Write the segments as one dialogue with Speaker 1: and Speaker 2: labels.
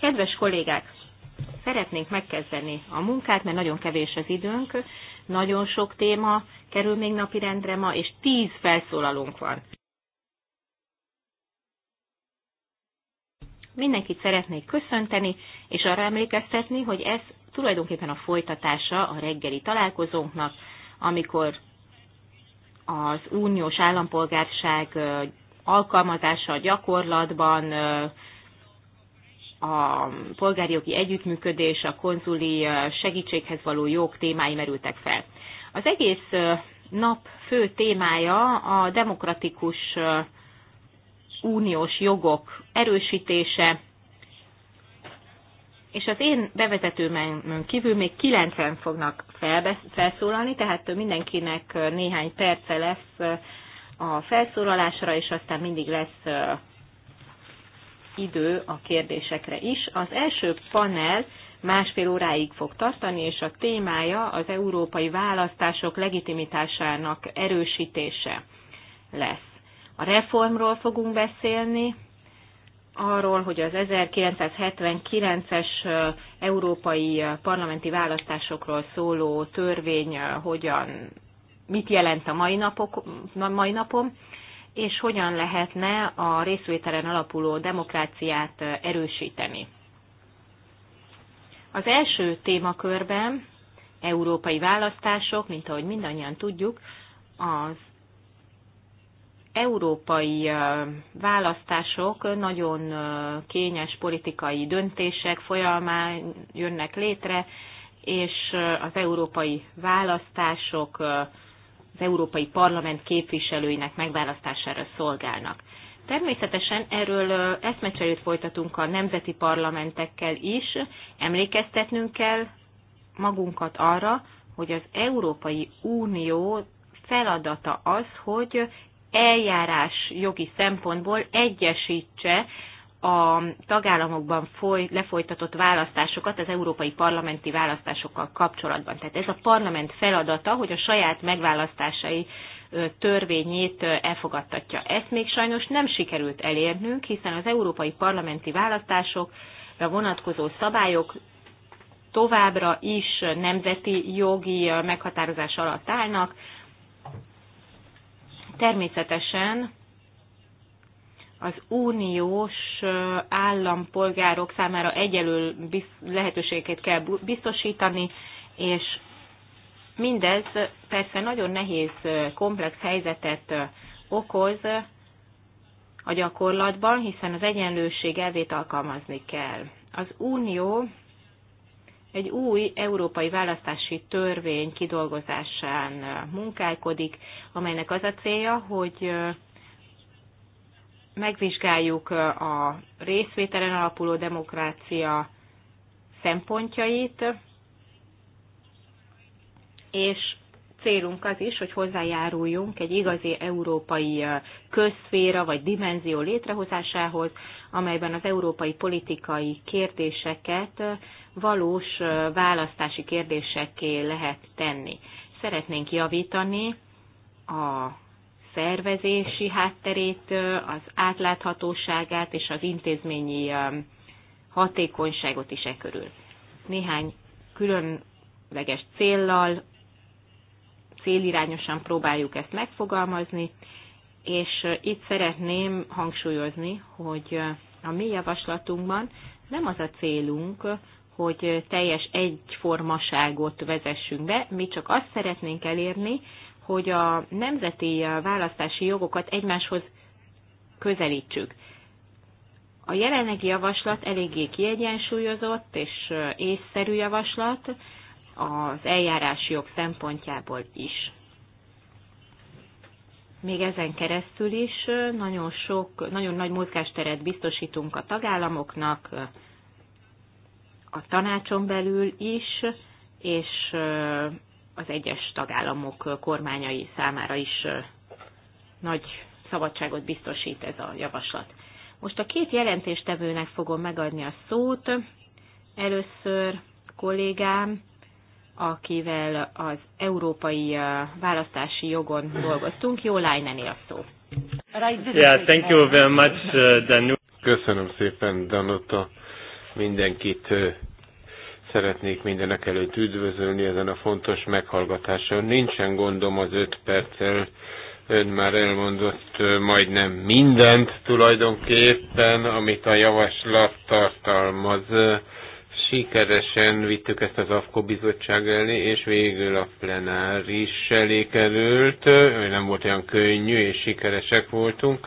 Speaker 1: Kedves kollégák, szeretnénk megkezdeni a munkát, mert nagyon kevés az időnk, nagyon sok téma kerül még napirendre ma, és tíz felszólalónk van. Mindenkit szeretnék köszönteni, és arra emlékeztetni, hogy ez tulajdonképpen a folytatása a reggeli találkozónknak, amikor az uniós állampolgárság alkalmazása a gyakorlatban, a polgári jogi együttműködés, a konzuli segítséghez való jog témái merültek fel. Az egész nap fő témája a demokratikus uniós jogok erősítése, és az én bevezetőmön kívül még 90 fognak felszólalni, tehát mindenkinek néhány perce lesz a felszólalásra, és aztán mindig lesz idő a kérdésekre is. Az első panel másfél óráig fog tartani, és a témája az európai választások legitimitásának erősítése lesz. A reformról fogunk beszélni, arról, hogy az 1979-es európai parlamenti választásokról szóló törvény hogyan mit jelent a mai, napok, mai napom, és hogyan lehetne a részvételen alapuló demokráciát erősíteni. Az első témakörben európai választások, mint ahogy mindannyian tudjuk, az európai választások nagyon kényes politikai döntések folyamán jönnek létre, és az európai választások Európai Parlament képviselőinek megválasztására szolgálnak. Természetesen erről eszmecserét folytatunk a nemzeti parlamentekkel is, emlékeztetnünk kell magunkat arra, hogy az Európai Unió feladata az, hogy eljárás jogi szempontból egyesítse a tagállamokban foly, lefolytatott választásokat az európai parlamenti választásokkal kapcsolatban. Tehát ez a parlament feladata, hogy a saját megválasztásai törvényét elfogadtatja. Ezt még sajnos nem sikerült elérnünk, hiszen az európai parlamenti választásokra vonatkozó szabályok továbbra is nemzeti jogi meghatározás alatt állnak. Természetesen az uniós állampolgárok számára egyelő lehetőségeket kell biztosítani, és mindez persze nagyon nehéz, komplex helyzetet okoz a gyakorlatban, hiszen az egyenlőség elvét alkalmazni kell. Az Unió egy új európai választási törvény kidolgozásán munkálkodik, amelynek az a célja, hogy megvizsgáljuk a részvételen alapuló demokrácia szempontjait, és célunk az is, hogy hozzájáruljunk egy igazi európai közszféra vagy dimenzió létrehozásához, amelyben az európai politikai kérdéseket valós választási kérdésekké lehet tenni. Szeretnénk javítani a szervezési hátterét, az átláthatóságát és az intézményi hatékonyságot is e körül. Néhány különleges céllal, célirányosan próbáljuk ezt megfogalmazni, és itt szeretném hangsúlyozni, hogy a mi javaslatunkban nem az a célunk, hogy teljes egyformaságot vezessünk be, mi csak azt szeretnénk elérni, hogy a nemzeti eh, választási jogokat egymáshoz közelítsük. A jelenlegi javaslat eléggé kiegyensúlyozott és eh, észszerű javaslat az eljárási jog szempontjából is. Még ezen keresztül is eh, nagyon sok, nagyon nagy mozgásteret biztosítunk a tagállamoknak, a tanácson belül is, és az egyes tagállamok kormányai számára is nagy szabadságot biztosít ez a javaslat. Most a két jelentéstevőnek fogom megadni a szót. Először kollégám, akivel az európai választási jogon dolgoztunk, Jó lájneni a szó. Yeah, thank you very much,
Speaker 2: uh, Köszönöm szépen, Danuta, mindenkit Szeretnék mindenek előtt üdvözölni ezen a fontos meghallgatáson. Nincsen gondom az öt perccel, ön már elmondott majdnem mindent tulajdonképpen, amit a javaslat tartalmaz. Sikeresen vittük ezt az AFKO bizottság elé, és végül a plenáris elé került. Nem volt olyan könnyű, és sikeresek voltunk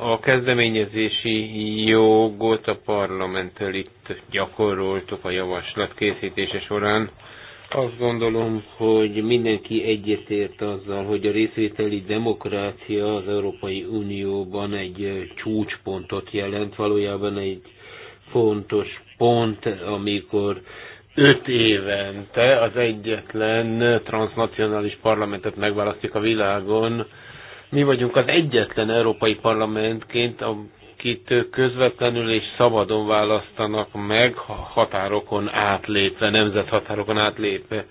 Speaker 2: a kezdeményezési jogot a parlamenttől itt gyakoroltuk a javaslat készítése során. Azt gondolom, hogy mindenki egyetért azzal, hogy a részvételi demokrácia az Európai Unióban egy csúcspontot jelent, valójában egy fontos pont, amikor öt évente az egyetlen transnacionális parlamentet megválasztjuk a világon, mi vagyunk az egyetlen európai parlamentként, akit közvetlenül és szabadon választanak meg, határokon átlépve, nemzethatárokon átlépve.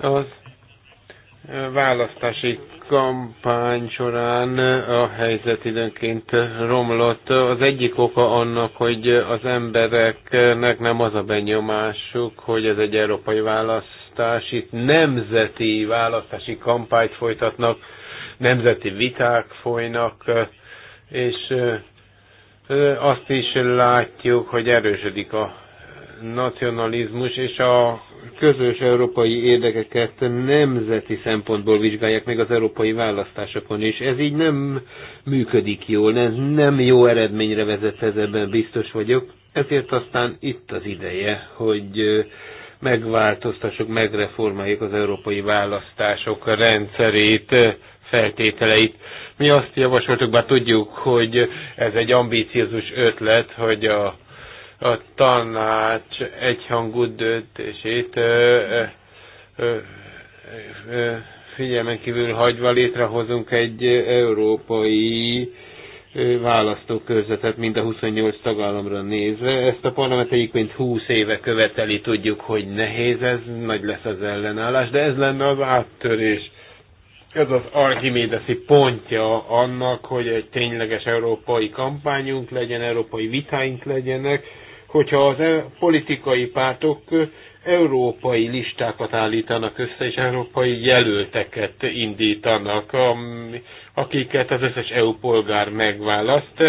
Speaker 2: Az választási kampány során a helyzet időnként romlott. Az egyik oka annak, hogy az embereknek nem az a benyomásuk, hogy ez egy európai választás, itt nemzeti választási kampányt folytatnak, nemzeti viták folynak, és azt is látjuk, hogy erősödik a nacionalizmus, és a közös európai érdekeket nemzeti szempontból vizsgálják meg az európai választásokon is. Ez így nem működik jól, ez nem jó eredményre ez ebben biztos vagyok. Ezért aztán itt az ideje, hogy megváltoztassuk, megreformáljuk az európai választások rendszerét feltételeit. Mi azt javasoltuk, bár tudjuk, hogy ez egy ambíciózus ötlet, hogy a, a tanács egyhangú döntését ö, ö, ö, figyelmen kívül hagyva létrehozunk egy európai választókörzetet mind a 28 tagállamra nézve. Ezt a parlament egyébként 20 éve követeli, tudjuk, hogy nehéz ez, nagy lesz az ellenállás, de ez lenne az áttörés ez az Archimedeszi pontja annak, hogy egy tényleges európai kampányunk legyen, európai vitáink legyenek, hogyha az e politikai pártok európai listákat állítanak össze, és európai jelölteket indítanak, akiket az összes EU polgár megválaszt.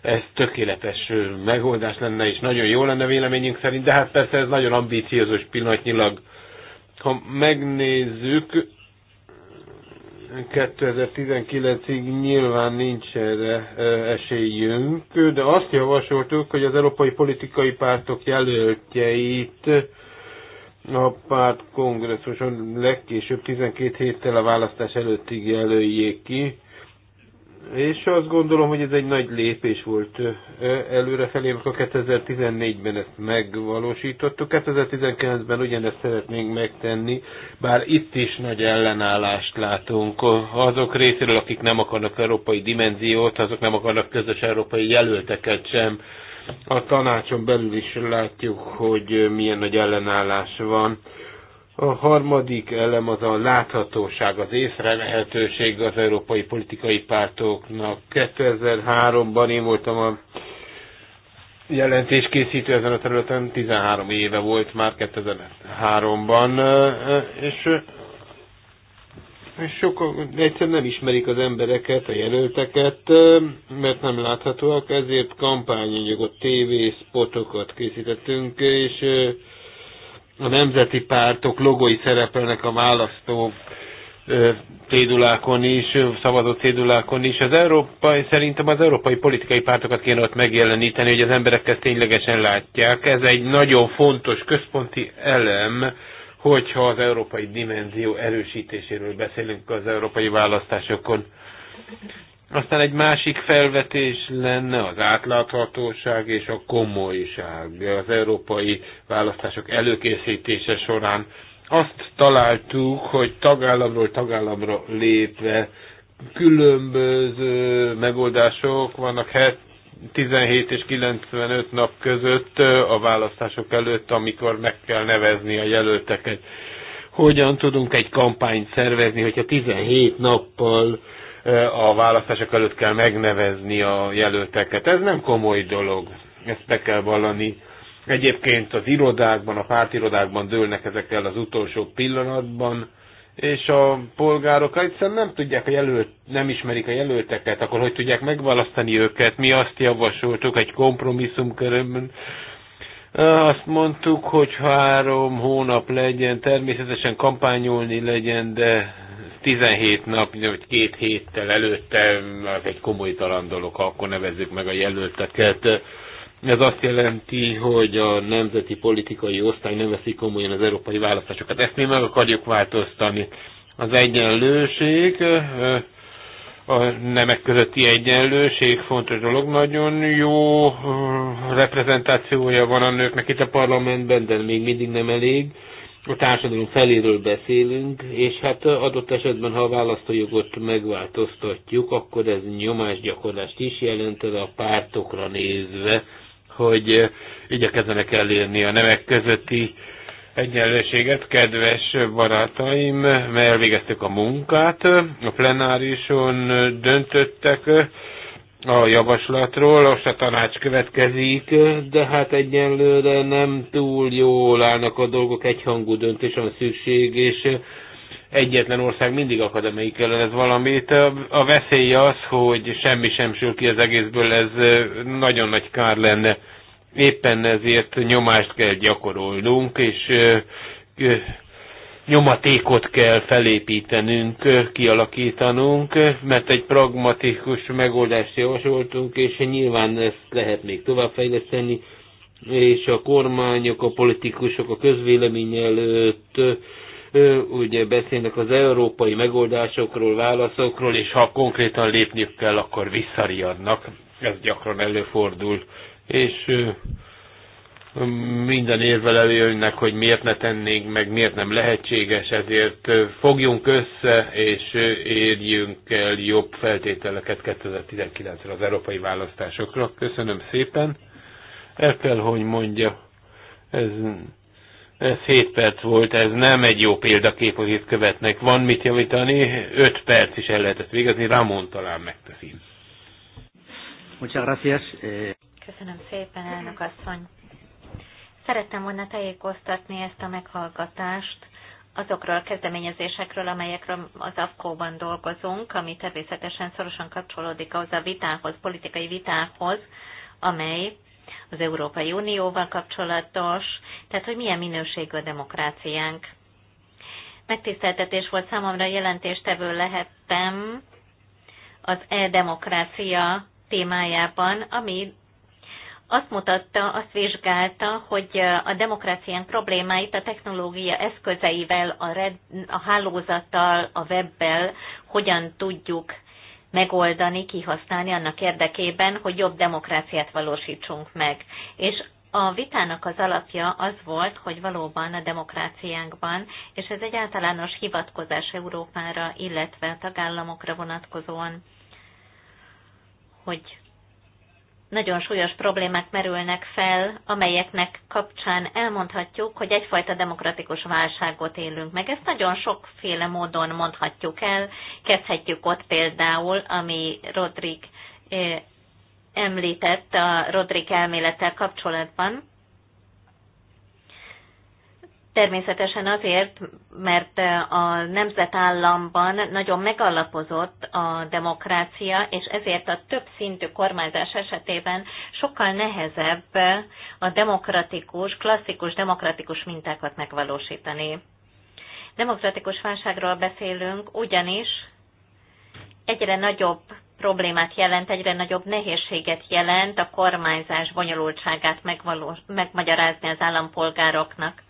Speaker 2: Ez tökéletes megoldás lenne, és nagyon jó lenne véleményünk szerint, de hát persze ez nagyon ambíciózus pillanatnyilag. Ha megnézzük, 2019-ig nyilván nincs erre esélyünk, de azt javasoltuk, hogy az európai politikai pártok jelöltjeit a párt kongresszuson legkésőbb 12 héttel a választás előttig jelöljék ki. És azt gondolom, hogy ez egy nagy lépés volt előrefelé, amikor 2014-ben ezt megvalósítottuk. 2019-ben ugyanezt szeretnénk megtenni, bár itt is nagy ellenállást látunk. Azok részéről, akik nem akarnak európai dimenziót, azok nem akarnak közös európai jelölteket sem. A tanácson belül is látjuk, hogy milyen nagy ellenállás van a harmadik elem az a láthatóság, az észrevehetőség az európai politikai pártoknak. 2003-ban én voltam a jelentéskészítő ezen a területen, 13 éve volt már 2003-ban, és, és sokan egyszerűen nem ismerik az embereket, a jelölteket, mert nem láthatóak, ezért kampányanyagot, TV spotokat készítettünk, és a nemzeti pártok logói szerepelnek a választó cédulákon is, szavazó cédulákon is. Az európai, szerintem az európai politikai pártokat kéne ott megjeleníteni, hogy az emberek ezt ténylegesen látják. Ez egy nagyon fontos központi elem, hogyha az európai dimenzió erősítéséről beszélünk az európai választásokon. Aztán egy másik felvetés lenne az átláthatóság és a komolyság az európai választások előkészítése során. Azt találtuk, hogy tagállamról tagállamra lépve különböző megoldások vannak 17 hát és 95 nap között a választások előtt, amikor meg kell nevezni a jelölteket. Hogyan tudunk egy kampányt szervezni, hogyha 17 nappal a választások előtt kell megnevezni a jelölteket. Ez nem komoly dolog, ezt be kell vallani. Egyébként az irodákban, a pártirodákban dőlnek ezek el az utolsó pillanatban, és a polgárok egyszerűen nem tudják a jelölt, nem ismerik a jelölteket, akkor hogy tudják megválasztani őket? Mi azt javasoltuk egy kompromisszum körülben. azt mondtuk, hogy három hónap legyen, természetesen kampányolni legyen, de 17 nap, vagy két héttel előtte, az hát egy komoly dolog, ha akkor nevezzük meg a jelölteket. Ez azt jelenti, hogy a nemzeti politikai osztály nem veszi komolyan az európai választásokat. Ezt mi meg akarjuk változtani. Az egyenlőség, a nemek közötti egyenlőség fontos dolog. Nagyon jó reprezentációja van a nőknek itt a parlamentben, de még mindig nem elég a társadalom feléről beszélünk, és hát adott esetben, ha a választójogot megváltoztatjuk, akkor ez nyomásgyakorlást is jelent a pártokra nézve, hogy eh, igyekezzenek elérni a nemek közötti egyenlőséget, kedves barátaim, mert elvégeztük a munkát, a plenárison döntöttek, a javaslatról, most a tanács következik, de hát egyenlőre nem túl jól állnak a dolgok, egyhangú döntés van szükség, és egyetlen ország mindig akad, amelyik ez valamit. A veszély az, hogy semmi sem sül ki az egészből, ez nagyon nagy kár lenne. Éppen ezért nyomást kell gyakorolnunk, és nyomatékot kell felépítenünk, kialakítanunk, mert egy pragmatikus megoldást javasoltunk, és nyilván ezt lehet még továbbfejleszteni, és a kormányok, a politikusok a közvélemény előtt ugye beszélnek az európai megoldásokról, válaszokról, és ha konkrétan lépniük kell, akkor visszariadnak. Ez gyakran előfordul. És minden érvel előjönnek, hogy miért ne tennénk meg, miért nem lehetséges, ezért fogjunk össze, és érjünk el jobb feltételeket 2019-re az európai választásokra. Köszönöm szépen. El kell, hogy mondja, ez, ez 7 perc volt, ez nem egy jó példakép, hogy itt követnek. Van mit javítani, 5 perc is el lehetett végezni, Ramon talán megteszi.
Speaker 1: Eh. Köszönöm
Speaker 3: szépen, elnök asszony. Szerettem volna tájékoztatni ezt a meghallgatást azokról a kezdeményezésekről, amelyekről az AFKO-ban dolgozunk, ami természetesen szorosan kapcsolódik ahhoz a vitához, politikai vitához, amely az Európai Unióval kapcsolatos, tehát hogy milyen minőségű a demokráciánk. Megtiszteltetés volt számomra jelentéstevő lehettem az e-demokrácia témájában, ami azt mutatta, azt vizsgálta, hogy a demokrácián problémáit a technológia eszközeivel, a, red, a hálózattal, a webbel hogyan tudjuk megoldani, kihasználni annak érdekében, hogy jobb demokráciát valósítsunk meg. És a vitának az alapja az volt, hogy valóban a demokráciánkban, és ez egy általános hivatkozás Európára, illetve a tagállamokra vonatkozóan, hogy nagyon súlyos problémák merülnek fel, amelyeknek kapcsán elmondhatjuk, hogy egyfajta demokratikus válságot élünk meg. Ezt nagyon sokféle módon mondhatjuk el. Kezdhetjük ott például, ami Rodrik eh, említett a Rodrik elmélettel kapcsolatban, Természetesen azért, mert a nemzetállamban nagyon megalapozott a demokrácia, és ezért a több szintű kormányzás esetében sokkal nehezebb a demokratikus, klasszikus demokratikus mintákat megvalósítani. Demokratikus válságról beszélünk, ugyanis egyre nagyobb problémát jelent, egyre nagyobb nehézséget jelent a kormányzás bonyolultságát megvalós, megmagyarázni az állampolgároknak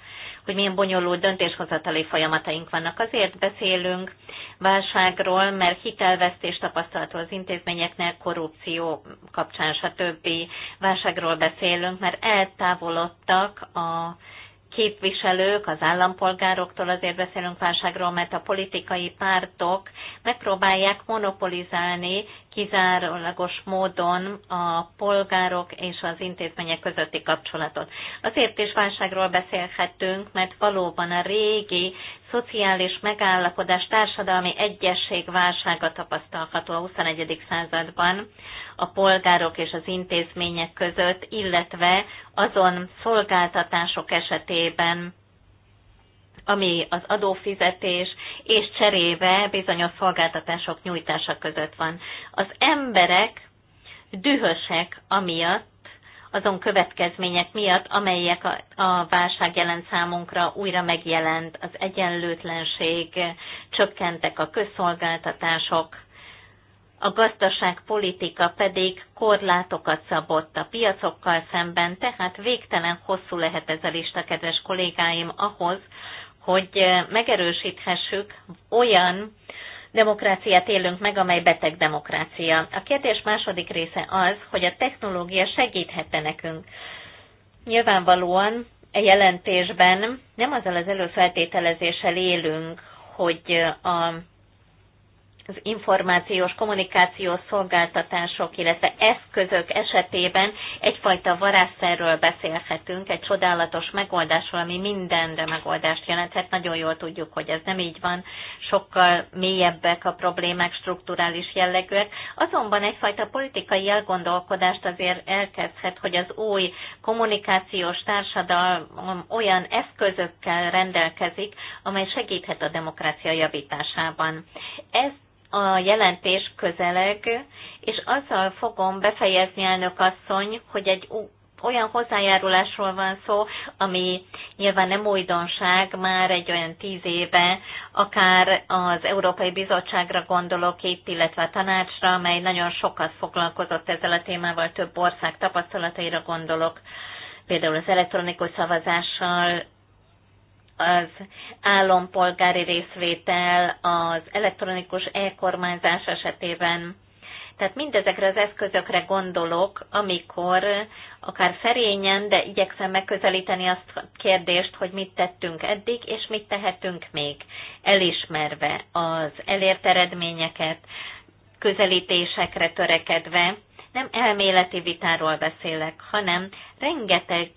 Speaker 3: hogy milyen bonyolult döntéshozatali folyamataink vannak. Azért beszélünk válságról, mert hitelvesztés tapasztalható az intézményeknek, korrupció kapcsán, stb. válságról beszélünk, mert eltávolodtak a képviselők, az állampolgároktól azért beszélünk válságról, mert a politikai pártok megpróbálják monopolizálni kizárólagos módon a polgárok és az intézmények közötti kapcsolatot. Azért is válságról beszélhetünk, mert valóban a régi szociális megállapodás, társadalmi egyesség válsága tapasztalható a XXI. században a polgárok és az intézmények között, illetve azon szolgáltatások esetében, ami az adófizetés és cserébe bizonyos szolgáltatások nyújtása között van. Az emberek dühösek amiatt, azon következmények miatt, amelyek a, a válság jelent számunkra, újra megjelent az egyenlőtlenség, csökkentek a közszolgáltatások, a gazdaságpolitika pedig korlátokat szabott a piacokkal szemben, tehát végtelen hosszú lehet ez a lista, kedves kollégáim, ahhoz, hogy megerősíthessük olyan demokráciát élünk meg, amely beteg demokrácia. A kérdés második része az, hogy a technológia segíthetne nekünk. Nyilvánvalóan e jelentésben nem azzal az előfeltételezéssel élünk, hogy a az információs kommunikációs szolgáltatások, illetve eszközök esetében egyfajta varázszerről beszélhetünk, egy csodálatos megoldásról, ami mindenre megoldást jelenthet. Nagyon jól tudjuk, hogy ez nem így van, sokkal mélyebbek a problémák, strukturális jellegűek. Azonban egyfajta politikai elgondolkodást azért elkezdhet, hogy az új kommunikációs társadalom olyan eszközökkel rendelkezik, amely segíthet a demokrácia javításában. ez a jelentés közeleg, és azzal fogom befejezni, elnök asszony, hogy egy olyan hozzájárulásról van szó, ami nyilván nem újdonság, már egy olyan tíz éve, akár az Európai Bizottságra gondolok itt, illetve a tanácsra, amely nagyon sokat foglalkozott ezzel a témával, több ország tapasztalataira gondolok, például az elektronikus szavazással az állampolgári részvétel, az elektronikus elkormányzás esetében. Tehát mindezekre az eszközökre gondolok, amikor akár szerényen, de igyekszem megközelíteni azt a kérdést, hogy mit tettünk eddig, és mit tehetünk még, elismerve az elért eredményeket, közelítésekre törekedve. Nem elméleti vitáról beszélek, hanem rengeteg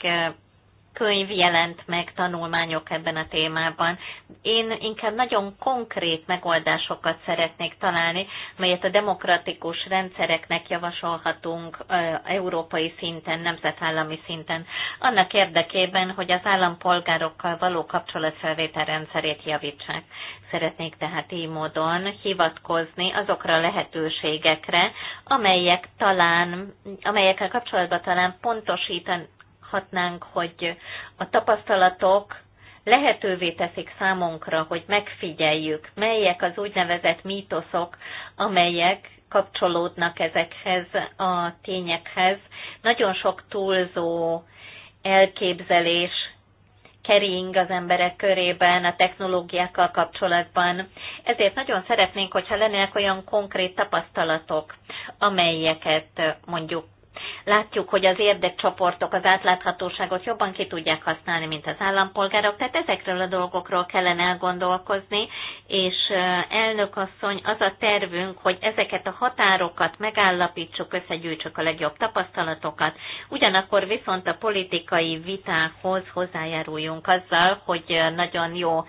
Speaker 3: könyv jelent meg, tanulmányok ebben a témában. Én inkább nagyon konkrét megoldásokat szeretnék találni, melyet a demokratikus rendszereknek javasolhatunk európai szinten, nemzetállami szinten, annak érdekében, hogy az állampolgárokkal való kapcsolatfelvétel rendszerét javítsák. Szeretnék tehát így módon hivatkozni azokra a lehetőségekre, amelyek talán, amelyekkel kapcsolatban talán pontosítan, mondhatnánk, hogy a tapasztalatok lehetővé teszik számunkra, hogy megfigyeljük, melyek az úgynevezett mítoszok, amelyek kapcsolódnak ezekhez a tényekhez. Nagyon sok túlzó elképzelés kering az emberek körében a technológiákkal kapcsolatban. Ezért nagyon szeretnénk, hogyha lennének olyan konkrét tapasztalatok, amelyeket mondjuk Látjuk, hogy az érdekcsoportok az átláthatóságot jobban ki tudják használni, mint az állampolgárok, tehát ezekről a dolgokról kellene elgondolkozni, és elnök asszony, az a tervünk, hogy ezeket a határokat megállapítsuk, összegyűjtsük a legjobb tapasztalatokat, ugyanakkor viszont a politikai vitához hozzájáruljunk azzal, hogy nagyon jó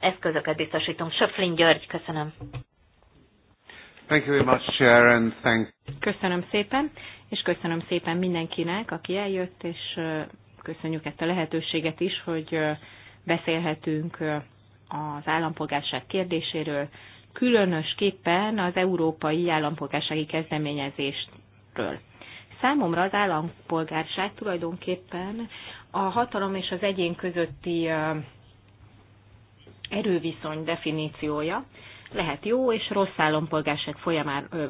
Speaker 3: eszközöket biztosítunk. Söflin György, köszönöm.
Speaker 2: Thank you very much, Sharon. thank...
Speaker 1: Köszönöm szépen, és köszönöm szépen mindenkinek, aki eljött, és köszönjük ezt a lehetőséget is, hogy beszélhetünk az állampolgárság kérdéséről, különösképpen az európai állampolgársági kezdeményezésről. Számomra az állampolgárság tulajdonképpen a hatalom és az egyén közötti erőviszony definíciója, lehet jó és rossz állampolgárság folyamár, ö,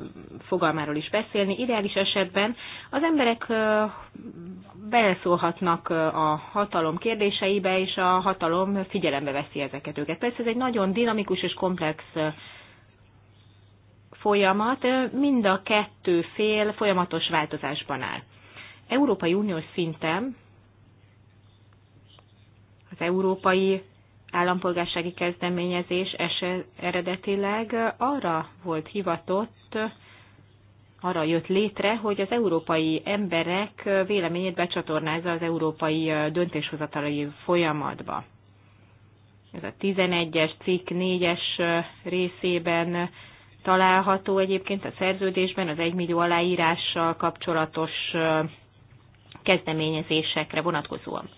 Speaker 1: fogalmáról is beszélni. Ideális esetben az emberek ö, beleszólhatnak a hatalom kérdéseibe, és a hatalom figyelembe veszi ezeket őket. Persze ez egy nagyon dinamikus és komplex folyamat, mind a kettő fél folyamatos változásban áll. Európai Uniós szinten az európai állampolgársági kezdeményezés eredetileg arra volt hivatott, arra jött létre, hogy az európai emberek véleményét becsatornázza az európai döntéshozatali folyamatba. Ez a 11-es cikk 4-es részében található egyébként a szerződésben az millió aláírással kapcsolatos kezdeményezésekre vonatkozóan.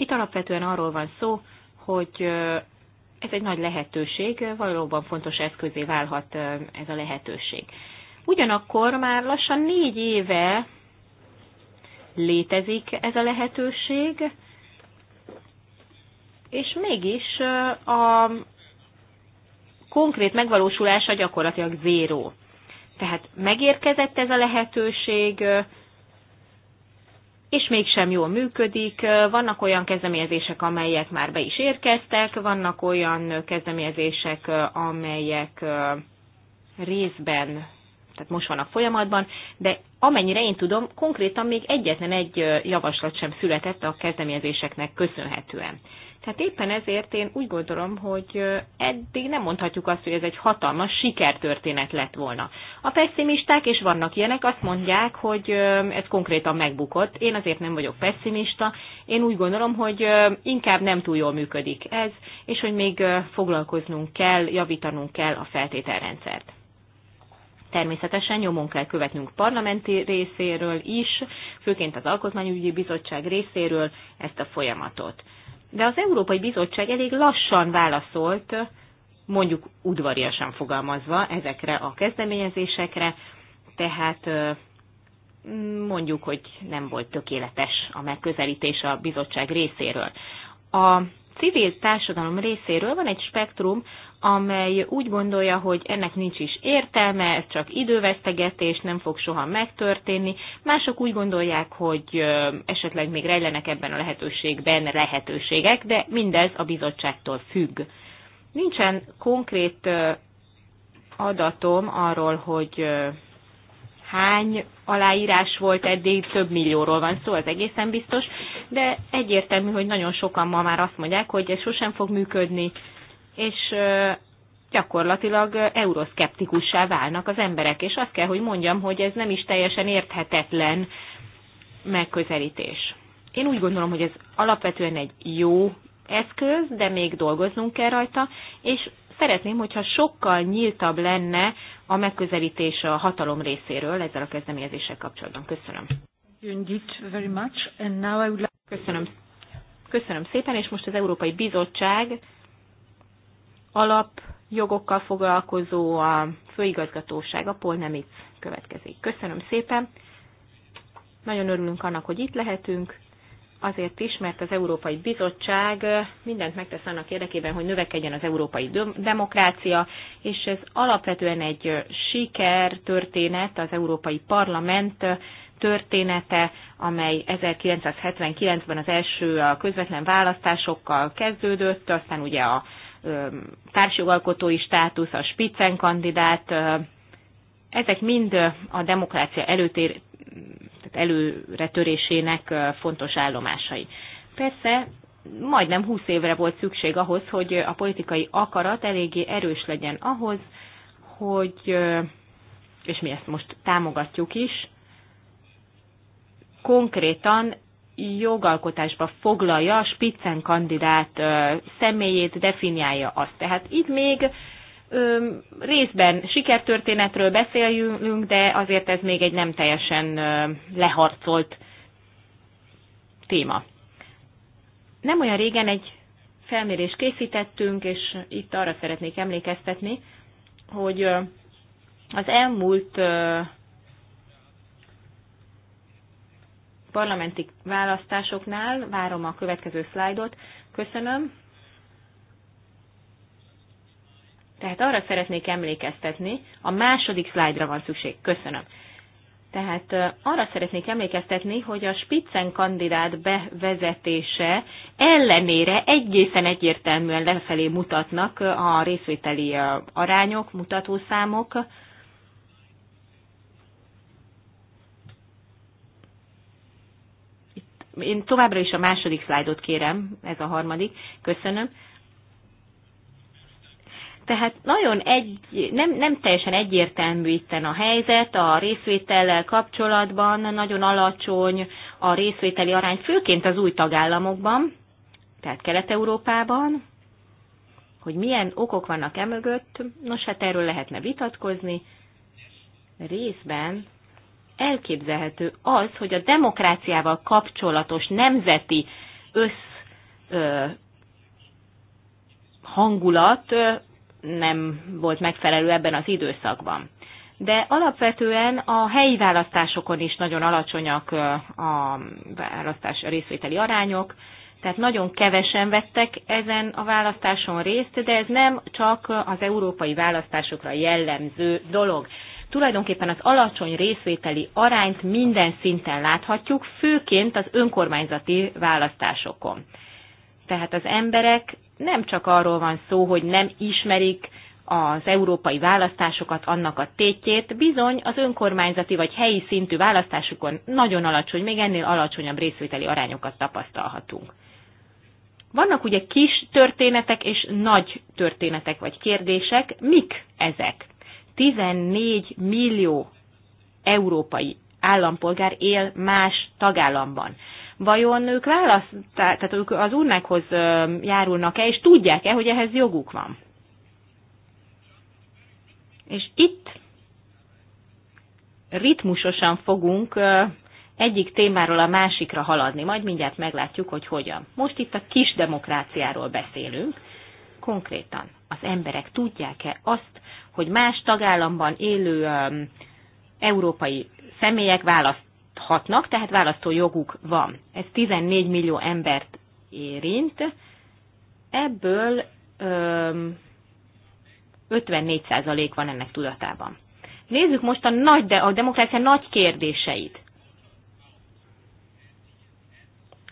Speaker 1: Itt alapvetően arról van szó, hogy ez egy nagy lehetőség, valóban fontos eszközé válhat ez a lehetőség. Ugyanakkor már lassan négy éve létezik ez a lehetőség, és mégis a konkrét megvalósulása gyakorlatilag zéró. Tehát megérkezett ez a lehetőség, és mégsem jól működik. Vannak olyan kezdeményezések, amelyek már be is érkeztek, vannak olyan kezdeményezések, amelyek részben, tehát most vannak folyamatban, de amennyire én tudom, konkrétan még egyetlen egy javaslat sem született a kezdeményezéseknek köszönhetően. Tehát éppen ezért én úgy gondolom, hogy eddig nem mondhatjuk azt, hogy ez egy hatalmas sikertörténet lett volna. A pessimisták, és vannak ilyenek, azt mondják, hogy ez konkrétan megbukott. Én azért nem vagyok pessimista. Én úgy gondolom, hogy inkább nem túl jól működik ez, és hogy még foglalkoznunk kell, javítanunk kell a feltételrendszert. Természetesen nyomon kell követnünk parlamenti részéről is, főként az Alkotmányügyi Bizottság részéről ezt a folyamatot de az Európai Bizottság elég lassan válaszolt, mondjuk udvariasan fogalmazva ezekre a kezdeményezésekre, tehát mondjuk, hogy nem volt tökéletes a megközelítés a bizottság részéről. A civil társadalom részéről van egy spektrum, amely úgy gondolja, hogy ennek nincs is értelme, ez csak idővesztegetés, nem fog soha megtörténni. Mások úgy gondolják, hogy esetleg még rejlenek ebben a lehetőségben lehetőségek, de mindez a bizottságtól függ. Nincsen konkrét adatom arról, hogy hány aláírás volt eddig, több millióról van szó, az egészen biztos, de egyértelmű, hogy nagyon sokan ma már azt mondják, hogy ez sosem fog működni, és gyakorlatilag euroszkeptikussá válnak az emberek, és azt kell, hogy mondjam, hogy ez nem is teljesen érthetetlen megközelítés. Én úgy gondolom, hogy ez alapvetően egy jó eszköz, de még dolgoznunk kell rajta, és szeretném, hogyha sokkal nyíltabb lenne a megközelítés a hatalom részéről ezzel a kezdeményezéssel kapcsolatban. Köszönöm. Köszönöm. Köszönöm szépen, és most az Európai Bizottság alapjogokkal foglalkozó a főigazgatóság, a Polnemic következik. Köszönöm szépen. Nagyon örülünk annak, hogy itt lehetünk azért is, mert az Európai Bizottság mindent megtesz annak érdekében, hogy növekedjen az európai demokrácia, és ez alapvetően egy siker történet, az Európai Parlament története, amely 1979-ben az első közvetlen választásokkal kezdődött, aztán ugye a társjogalkotói státusz, a kandidát, ezek mind a demokrácia előtér tehát előretörésének fontos állomásai. Persze majdnem 20 évre volt szükség ahhoz, hogy a politikai akarat eléggé erős legyen ahhoz, hogy, és mi ezt most támogatjuk is, konkrétan jogalkotásba foglalja a Spitzen kandidát személyét, definiálja azt. Tehát itt még részben sikertörténetről beszélünk, de azért ez még egy nem teljesen leharcolt téma. Nem olyan régen egy felmérést készítettünk, és itt arra szeretnék emlékeztetni, hogy az elmúlt parlamenti választásoknál, várom a következő szlájdot, köszönöm, Tehát arra szeretnék emlékeztetni, a második szlájdra van szükség, köszönöm. Tehát arra szeretnék emlékeztetni, hogy a Spitzen kandidát bevezetése ellenére egészen egyértelműen lefelé mutatnak a részvételi arányok, mutatószámok. Itt én továbbra is a második szlájdot kérem, ez a harmadik, köszönöm. Tehát nagyon egy, nem, nem teljesen egyértelmű itten a helyzet, a részvétellel kapcsolatban nagyon alacsony a részvételi arány, főként az új tagállamokban, tehát Kelet-Európában, hogy milyen okok vannak e mögött, nos hát erről lehetne vitatkozni, részben elképzelhető az, hogy a demokráciával kapcsolatos nemzeti össz ö, hangulat nem volt megfelelő ebben az időszakban. De alapvetően a helyi választásokon is nagyon alacsonyak a választás részvételi arányok, tehát nagyon kevesen vettek ezen a választáson részt, de ez nem csak az európai választásokra jellemző dolog. Tulajdonképpen az alacsony részvételi arányt minden szinten láthatjuk, főként az önkormányzati választásokon. Tehát az emberek nem csak arról van szó, hogy nem ismerik az európai választásokat, annak a tétjét, bizony az önkormányzati vagy helyi szintű választásukon nagyon alacsony, még ennél alacsonyabb részvételi arányokat tapasztalhatunk. Vannak ugye kis történetek és nagy történetek vagy kérdések. Mik ezek? 14 millió európai állampolgár él más tagállamban vajon ők választ, tehát ők az urnákhoz járulnak-e, és tudják-e, hogy ehhez joguk van. És itt ritmusosan fogunk egyik témáról a másikra haladni, majd mindjárt meglátjuk, hogy hogyan. Most itt a kis demokráciáról beszélünk, konkrétan az emberek tudják-e azt, hogy más tagállamban élő um, európai személyek választ választhatnak, tehát választójoguk van. Ez 14 millió embert érint, ebből 54% van ennek tudatában. Nézzük most a, nagy, de a demokrácia nagy kérdéseit.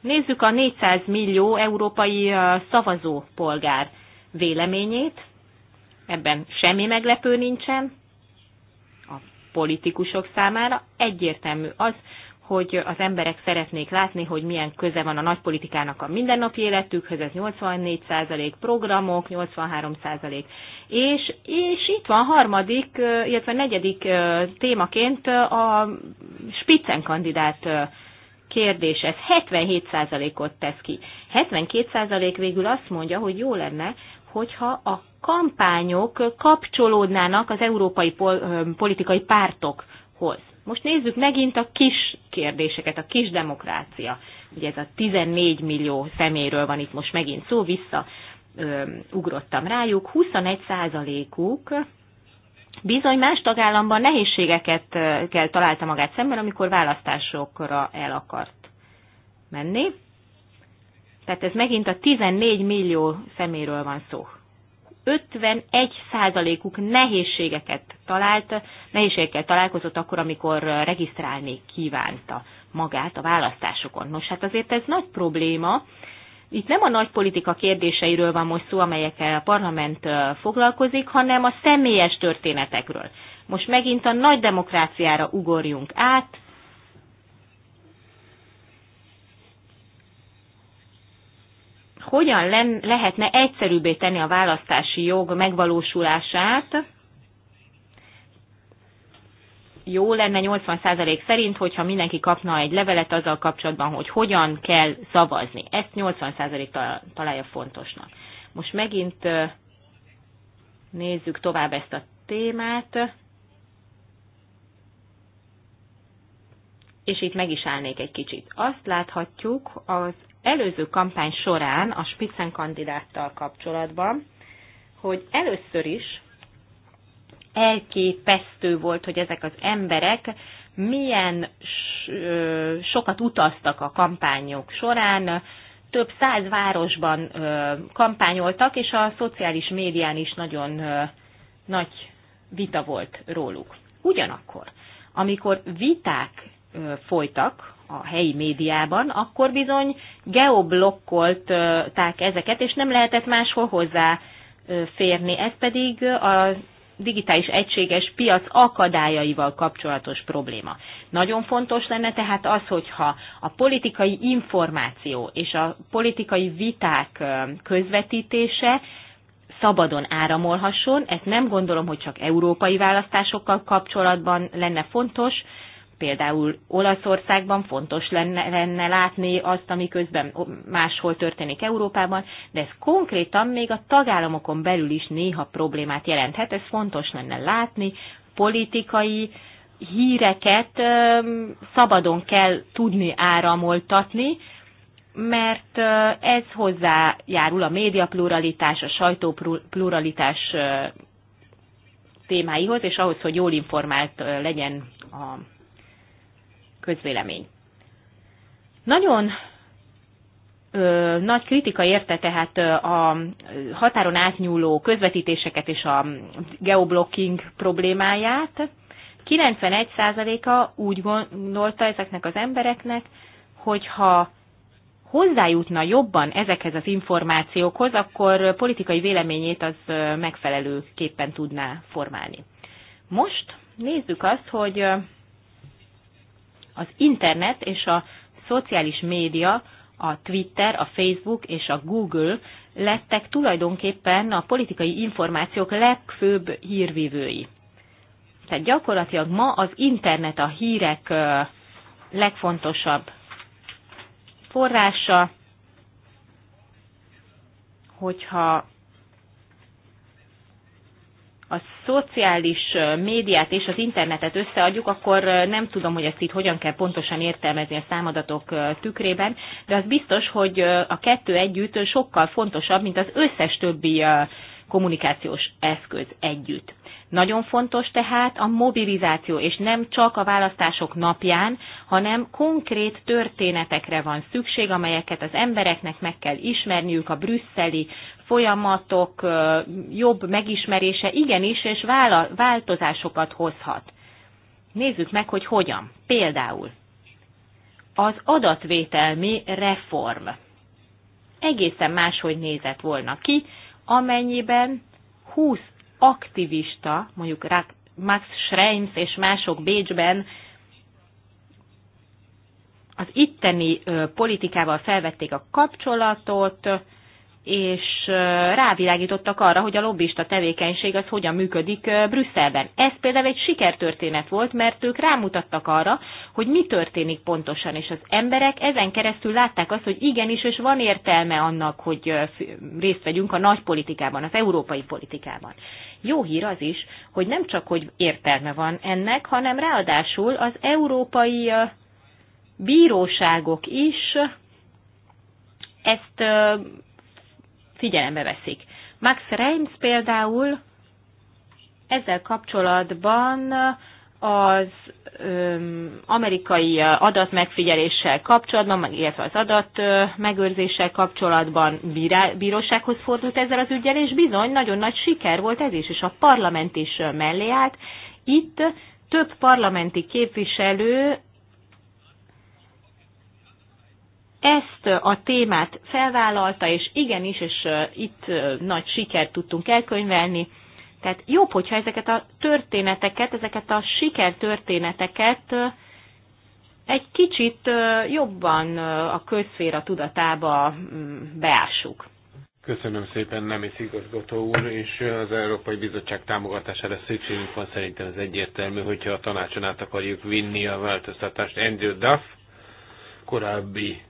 Speaker 1: Nézzük a 400 millió európai szavazó polgár véleményét. Ebben semmi meglepő nincsen politikusok számára egyértelmű az, hogy az emberek szeretnék látni, hogy milyen köze van a nagypolitikának a mindennapi életükhöz, ez 84% programok, 83% és, és itt van harmadik, illetve negyedik témaként a Spitzen kandidát kérdés, ez 77%-ot tesz ki. 72% végül azt mondja, hogy jó lenne, hogyha a kampányok kapcsolódnának az európai pol- politikai pártokhoz. Most nézzük megint a kis kérdéseket, a kis demokrácia. Ugye ez a 14 millió szeméről van itt most megint szó, vissza ö, ugrottam rájuk. 21 százalékuk bizony más tagállamban nehézségeket kell találta magát szemben, amikor választásokra el akart menni. Tehát ez megint a 14 millió szeméről van szó. 51 százalékuk nehézségeket talált, nehézségekkel találkozott akkor, amikor regisztrálni kívánta magát a választásokon. Nos, hát azért ez nagy probléma. Itt nem a nagy politika kérdéseiről van most szó, amelyekkel a parlament foglalkozik, hanem a személyes történetekről. Most megint a nagy demokráciára ugorjunk át, hogyan lehetne egyszerűbbé tenni a választási jog megvalósulását. Jó lenne 80% szerint, hogyha mindenki kapna egy levelet azzal kapcsolatban, hogy hogyan kell szavazni. Ezt 80% találja fontosnak. Most megint nézzük tovább ezt a témát. és itt meg is állnék egy kicsit. Azt láthatjuk az előző kampány során a Spitzen kandidáttal kapcsolatban, hogy először is elképesztő volt, hogy ezek az emberek milyen sokat utaztak a kampányok során, több száz városban kampányoltak, és a szociális médián is nagyon nagy vita volt róluk. Ugyanakkor, amikor viták folytak a helyi médiában, akkor bizony geoblokkolták ezeket, és nem lehetett máshol hozzá férni. Ez pedig a digitális egységes piac akadályaival kapcsolatos probléma. Nagyon fontos lenne tehát az, hogyha a politikai információ és a politikai viták közvetítése szabadon áramolhasson. ezt nem gondolom, hogy csak európai választásokkal kapcsolatban lenne fontos, Például Olaszországban fontos lenne, lenne látni azt, ami közben máshol történik Európában, de ez konkrétan még a tagállamokon belül is néha problémát jelenthet. Ez fontos lenne látni, politikai híreket szabadon kell tudni áramoltatni, mert ez hozzájárul a média pluralitás, a sajtó pluralitás témáihoz, és ahhoz, hogy jól informált legyen a közvélemény. Nagyon ö, nagy kritika érte tehát a határon átnyúló közvetítéseket és a geoblocking problémáját. 91%-a úgy gondolta ezeknek az embereknek, hogyha hozzájutna jobban ezekhez az információkhoz, akkor politikai véleményét az megfelelőképpen tudná formálni. Most nézzük azt, hogy az internet és a szociális média, a Twitter, a Facebook és a Google lettek tulajdonképpen a politikai információk legfőbb hírvívői. Tehát gyakorlatilag ma az internet a hírek legfontosabb forrása, hogyha a szociális médiát és az internetet összeadjuk, akkor nem tudom, hogy ezt itt hogyan kell pontosan értelmezni a számadatok tükrében, de az biztos, hogy a kettő együtt sokkal fontosabb, mint az összes többi kommunikációs eszköz együtt. Nagyon fontos tehát a mobilizáció, és nem csak a választások napján, hanem konkrét történetekre van szükség, amelyeket az embereknek meg kell ismerniük a brüsszeli folyamatok jobb megismerése igenis, és változásokat hozhat. Nézzük meg, hogy hogyan. Például az adatvételmi reform egészen máshogy nézett volna ki, amennyiben 20 aktivista, mondjuk Max Schrems és mások Bécsben az itteni politikával felvették a kapcsolatot, és rávilágítottak arra, hogy a lobbista tevékenység az hogyan működik Brüsszelben. Ez például egy sikertörténet volt, mert ők rámutattak arra, hogy mi történik pontosan, és az emberek ezen keresztül látták azt, hogy igenis, és van értelme annak, hogy részt vegyünk a nagy politikában, az európai politikában. Jó hír az is, hogy nem csak, hogy értelme van ennek, hanem ráadásul az európai bíróságok is ezt figyelembe veszik. Max Reims például ezzel kapcsolatban az öm, amerikai adatmegfigyeléssel kapcsolatban, illetve az adat megőrzéssel kapcsolatban bírá, bírósághoz fordult ezzel az ügyel, és bizony nagyon nagy siker volt ez is, és a parlament is mellé állt. Itt több parlamenti képviselő ezt a témát felvállalta, és igenis, és itt nagy sikert tudtunk elkönyvelni. Tehát jobb, hogyha ezeket a történeteket, ezeket a sikertörténeteket egy kicsit jobban a közféra tudatába mm, beássuk.
Speaker 2: Köszönöm szépen, is igazgató úr, és az Európai Bizottság támogatására szükségünk van, szerintem az egyértelmű, hogyha a tanácson át akarjuk vinni a változtatást. Andrew Duff, korábbi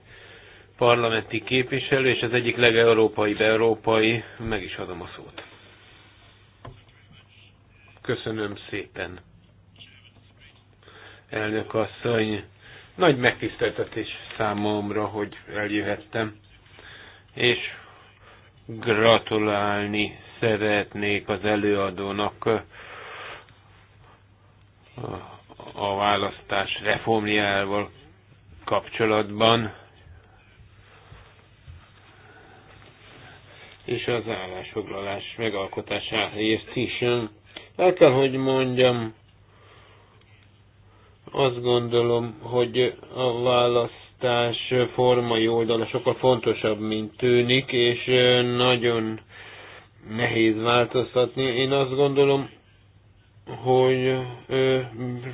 Speaker 2: parlamenti képviselő, és az egyik legeurópai európai, meg is adom a szót. Köszönöm szépen. Elnök asszony, nagy megtiszteltetés számomra, hogy eljöhettem, és gratulálni szeretnék az előadónak a választás reformjával kapcsolatban és az állásfoglalás megalkotásáért is. El kell, hogy mondjam, azt gondolom, hogy a választás formai oldala sokkal fontosabb, mint tűnik, és nagyon nehéz változtatni. Én azt gondolom, hogy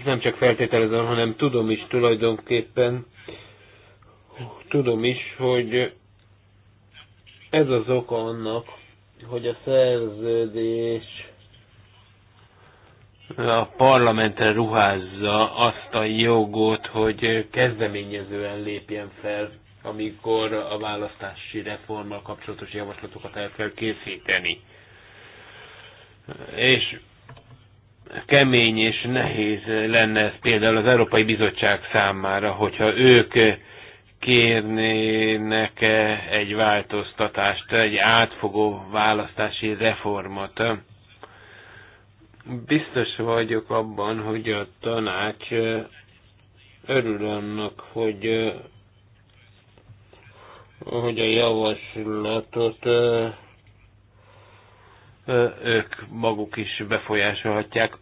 Speaker 2: nem csak feltételezem, hanem tudom is tulajdonképpen, tudom is, hogy ez az oka annak, hogy a szerződés a parlamentre ruházza azt a jogot, hogy kezdeményezően lépjen fel, amikor a választási reformmal kapcsolatos javaslatokat el kell készíteni. És kemény és nehéz lenne ez például az Európai Bizottság számára, hogyha ők kérnének -e egy változtatást, egy átfogó választási reformot. Biztos vagyok abban, hogy a tanács örül annak, hogy, hogy a javaslatot ők maguk is befolyásolhatják.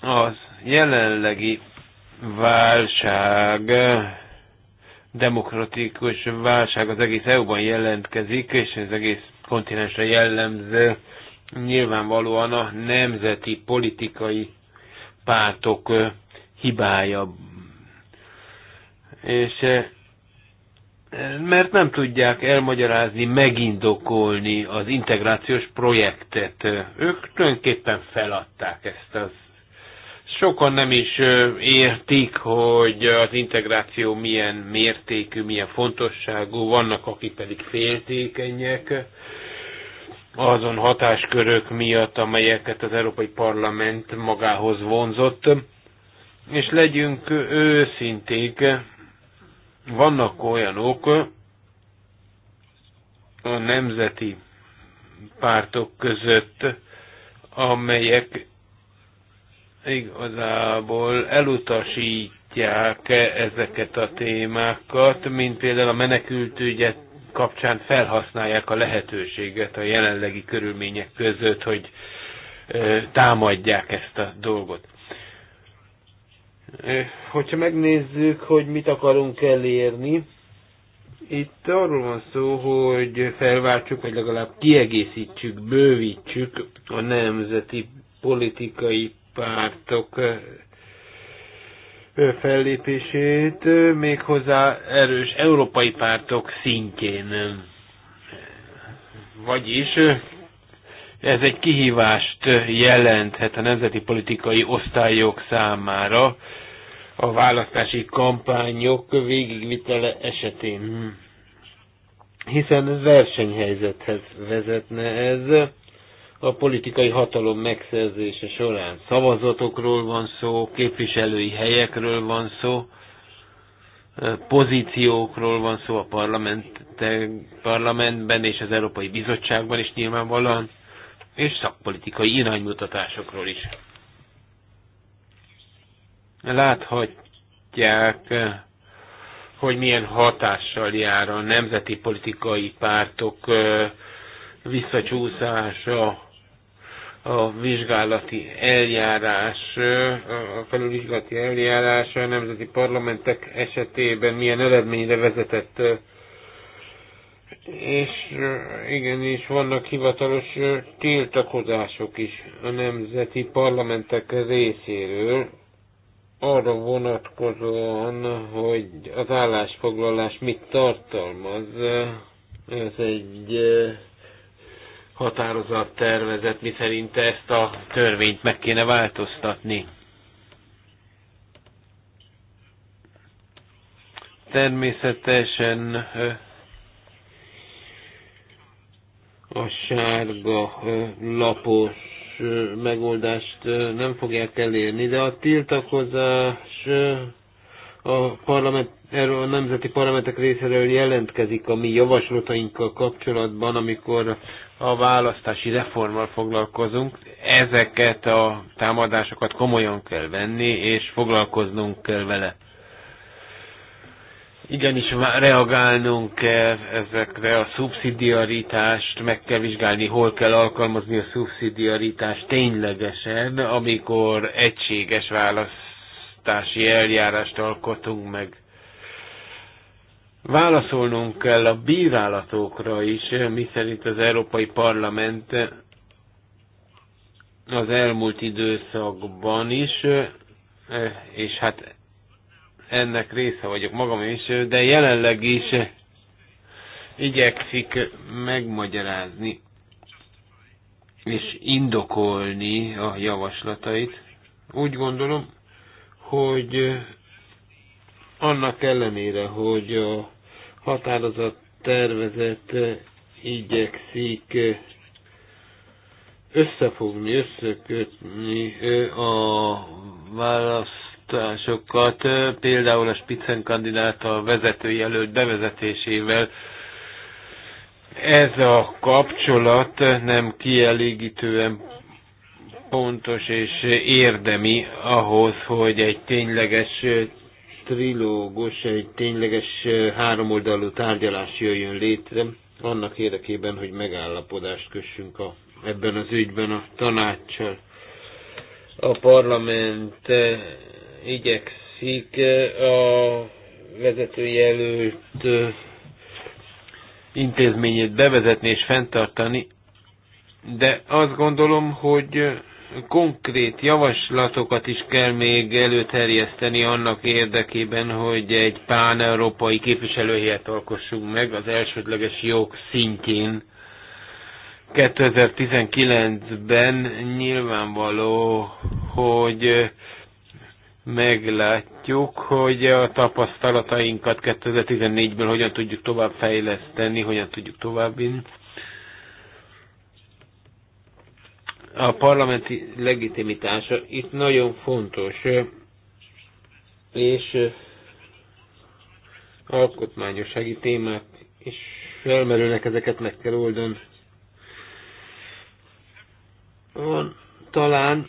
Speaker 2: Az jelenlegi válság, demokratikus válság az egész EU-ban jelentkezik, és az egész kontinensre jellemző. Nyilvánvalóan a nemzeti politikai pártok hibája. És mert nem tudják elmagyarázni, megindokolni az integrációs projektet. Ők tulajdonképpen feladták ezt az sokan nem is értik, hogy az integráció milyen mértékű, milyen fontosságú, vannak, akik pedig féltékenyek azon hatáskörök miatt, amelyeket az Európai Parlament magához vonzott. És legyünk őszinték, vannak olyanok a nemzeti pártok között, amelyek igazából elutasítják -e ezeket a témákat, mint például a menekültügyet kapcsán felhasználják a lehetőséget a jelenlegi körülmények között, hogy támadják ezt a dolgot. Hogyha megnézzük, hogy mit akarunk elérni, itt arról van szó, hogy felváltsuk, vagy legalább kiegészítsük, bővítsük a nemzeti politikai pártok fellépését, méghozzá erős európai pártok szintjén. Vagyis ez egy kihívást jelenthet a nemzeti politikai osztályok számára a választási kampányok végigvitele esetén. Hiszen versenyhelyzethez vezetne ez a politikai hatalom megszerzése során. Szavazatokról van szó, képviselői helyekről van szó, eh, pozíciókról van szó a parlament, parlamentben és az Európai Bizottságban is nyilvánvalóan, és szakpolitikai iránymutatásokról is. Láthatják, eh, hogy milyen hatással jár a nemzeti politikai pártok eh, visszacsúszása a vizsgálati eljárás, a felülvizsgálati eljárás a nemzeti parlamentek esetében milyen eredményre vezetett. És eh, igenis vannak hivatalos eh, tiltakozások is a nemzeti parlamentek részéről, arra vonatkozóan, hogy az állásfoglalás mit tartalmaz. Ez egy eh, határozat tervezet, miszerint ezt a törvényt meg kéne változtatni. Természetesen a sárga lapos megoldást nem fogják elérni, de a tiltakozás a, parlament, erről a nemzeti parlamentek részéről jelentkezik a mi javaslatainkkal kapcsolatban, amikor a választási reformmal foglalkozunk. Ezeket a támadásokat komolyan kell venni, és foglalkoznunk kell vele. Igenis reagálnunk kell ezekre a szubszidiaritást, meg kell vizsgálni, hol kell alkalmazni a szubszidiaritást ténylegesen, amikor egységes választási eljárást alkotunk meg Válaszolnunk kell a bírálatokra is, miszerint az Európai Parlament az elmúlt időszakban is, és hát ennek része vagyok magam is, de jelenleg is igyekszik megmagyarázni és indokolni a javaslatait. Úgy gondolom, hogy annak ellenére, hogy a határozat tervezet igyekszik összefogni, összekötni a választásokat, például a kandidát a vezetőjelölt bevezetésével. Ez a kapcsolat nem kielégítően pontos és érdemi ahhoz, hogy egy tényleges trilógus, egy tényleges háromoldalú tárgyalás jöjjön létre, annak érdekében, hogy megállapodást kössünk a, ebben az ügyben a tanácssal. A parlament igyekszik a vezetőjelölt intézményét bevezetni és fenntartani, de azt gondolom, hogy konkrét javaslatokat is kell még előterjeszteni annak érdekében, hogy egy pán-európai képviselőhelyet alkossunk meg az elsődleges jog szintjén. 2019-ben nyilvánvaló, hogy meglátjuk, hogy a tapasztalatainkat 2014-ből hogyan tudjuk tovább fejleszteni, hogyan tudjuk tovább a parlamenti legitimitása itt nagyon fontos, és alkotmányossági témák is felmerülnek, ezeket meg kell oldani. Van talán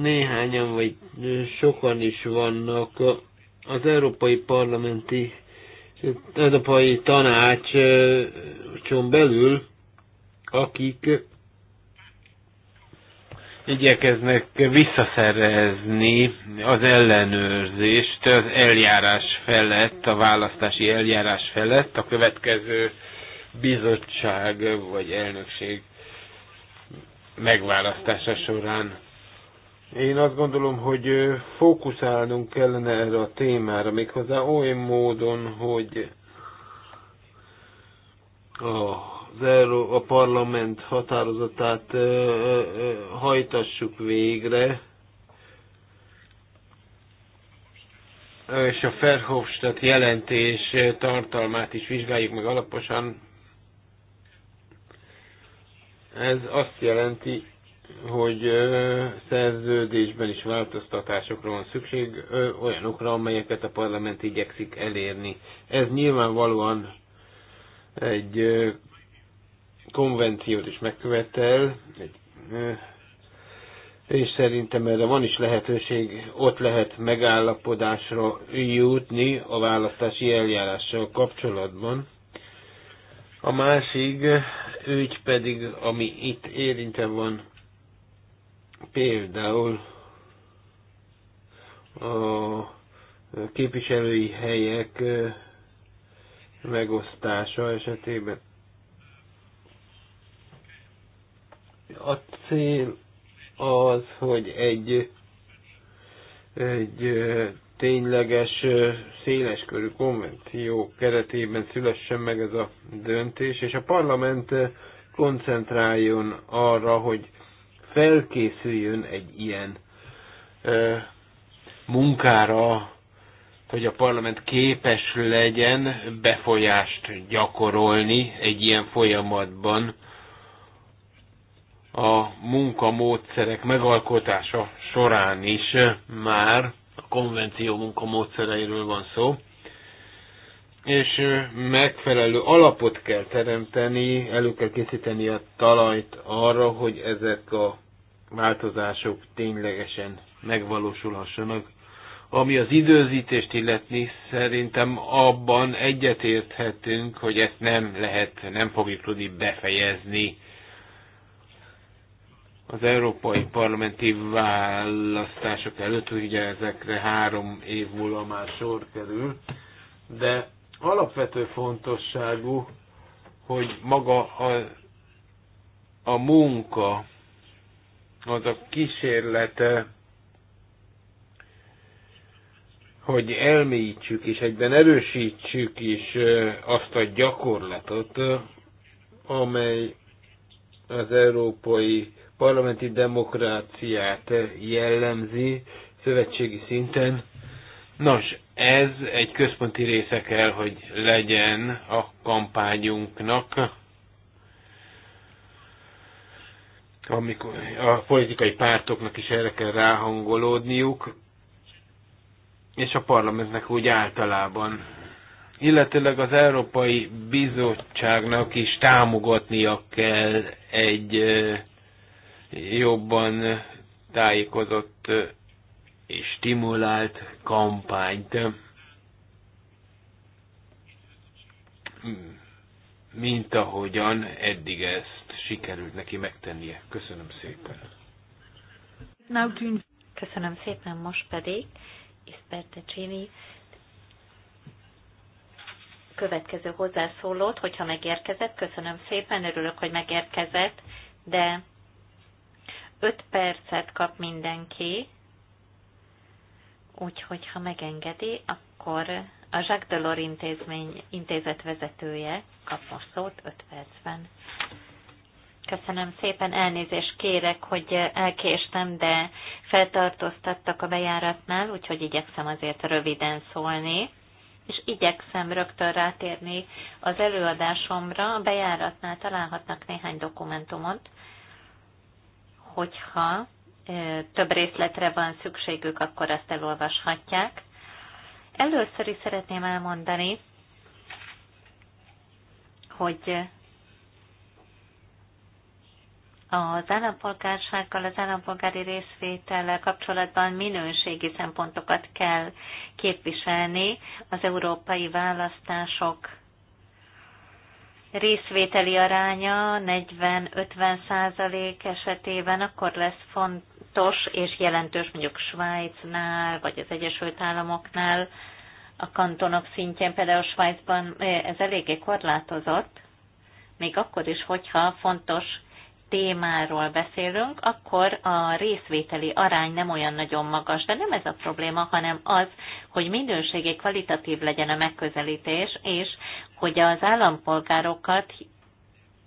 Speaker 2: néhányan, vagy sokan is vannak az Európai Parlamenti Európai Tanácson belül, akik igyekeznek visszaszerezni az ellenőrzést az eljárás felett, a választási eljárás felett a következő bizottság vagy elnökség megválasztása során. Én azt gondolom, hogy fókuszálnunk kellene erre a témára, méghozzá oly módon, hogy a az Euró, a parlament határozatát hajtassuk végre, és a Ferhofstadt jelentés tartalmát is vizsgáljuk meg alaposan. Ez azt jelenti, hogy szerződésben is változtatásokra van szükség, olyanokra, amelyeket a parlament igyekszik elérni. Ez nyilvánvalóan egy konvenciót is megkövetel, egy, és szerintem erre van is lehetőség, ott lehet megállapodásra jutni a választási eljárással kapcsolatban. A másik ügy pedig, ami itt érintve van, például a képviselői helyek megosztása esetében. a cél az, hogy egy, egy tényleges, széleskörű konvenció keretében szülessen meg ez a döntés, és a parlament koncentráljon arra, hogy felkészüljön egy ilyen munkára, hogy a parlament képes legyen befolyást gyakorolni egy ilyen folyamatban, a munkamódszerek megalkotása során is eh, már a konvenció munkamódszereiről van szó, és eh, megfelelő alapot kell teremteni, elő kell készíteni a talajt arra, hogy ezek a változások ténylegesen megvalósulhassanak. Ami az időzítést illetni, szerintem abban egyetérthetünk, hogy ezt nem lehet, nem fogjuk tudni befejezni az európai parlamenti választások előtt, ugye ezekre három év múlva már sor kerül, de alapvető fontosságú, hogy maga a, a munka, az a kísérlete, hogy elmélyítsük és egyben erősítsük is azt a gyakorlatot, amely az európai parlamenti demokráciát jellemzi szövetségi szinten. Nos, ez egy központi része kell, hogy legyen a kampányunknak, amikor a politikai pártoknak is erre kell ráhangolódniuk, és a parlamentnek úgy általában. Illetőleg az Európai Bizottságnak is támogatnia kell egy jobban tájékozott és stimulált kampányt. Mint ahogyan eddig ezt sikerült neki megtennie. Köszönöm szépen.
Speaker 3: Köszönöm szépen, most pedig Iszperte Csini következő hozzászólót, hogyha megérkezett. Köszönöm szépen, örülök, hogy megérkezett, de 5 percet kap mindenki, úgyhogy ha megengedi, akkor a Jacques Delors intézmény, intézet vezetője kap most szót 5 percben. Köszönöm szépen, elnézést kérek, hogy elkéstem, de feltartóztattak a bejáratnál, úgyhogy igyekszem azért röviden szólni, és igyekszem rögtön rátérni az előadásomra. A bejáratnál találhatnak néhány dokumentumot, hogyha több részletre van szükségük, akkor ezt elolvashatják. Először is szeretném elmondani, hogy az állampolgársággal, az állampolgári részvétellel kapcsolatban minőségi szempontokat kell képviselni az európai választások részvételi aránya 40-50 százalék esetében, akkor lesz fontos és jelentős mondjuk Svájcnál, vagy az Egyesült Államoknál, a kantonok szintjén, például Svájcban eh, ez eléggé korlátozott, még akkor is, hogyha fontos témáról beszélünk, akkor a részvételi arány nem olyan nagyon magas, de nem ez a probléma, hanem az, hogy minőségi kvalitatív legyen a megközelítés, és hogy az állampolgárokat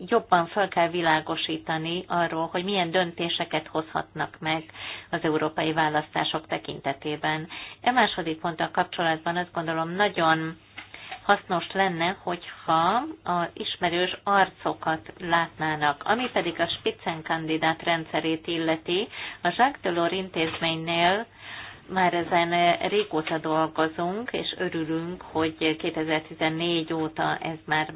Speaker 3: jobban fel kell világosítani arról, hogy milyen döntéseket hozhatnak meg az európai választások tekintetében. E második ponttal kapcsolatban azt gondolom nagyon hasznos lenne, hogyha a ismerős arcokat látnának. Ami pedig a spitzenkandidát rendszerét illeti, a Jacques Delors intézménynél már ezen régóta dolgozunk, és örülünk, hogy 2014 óta ez már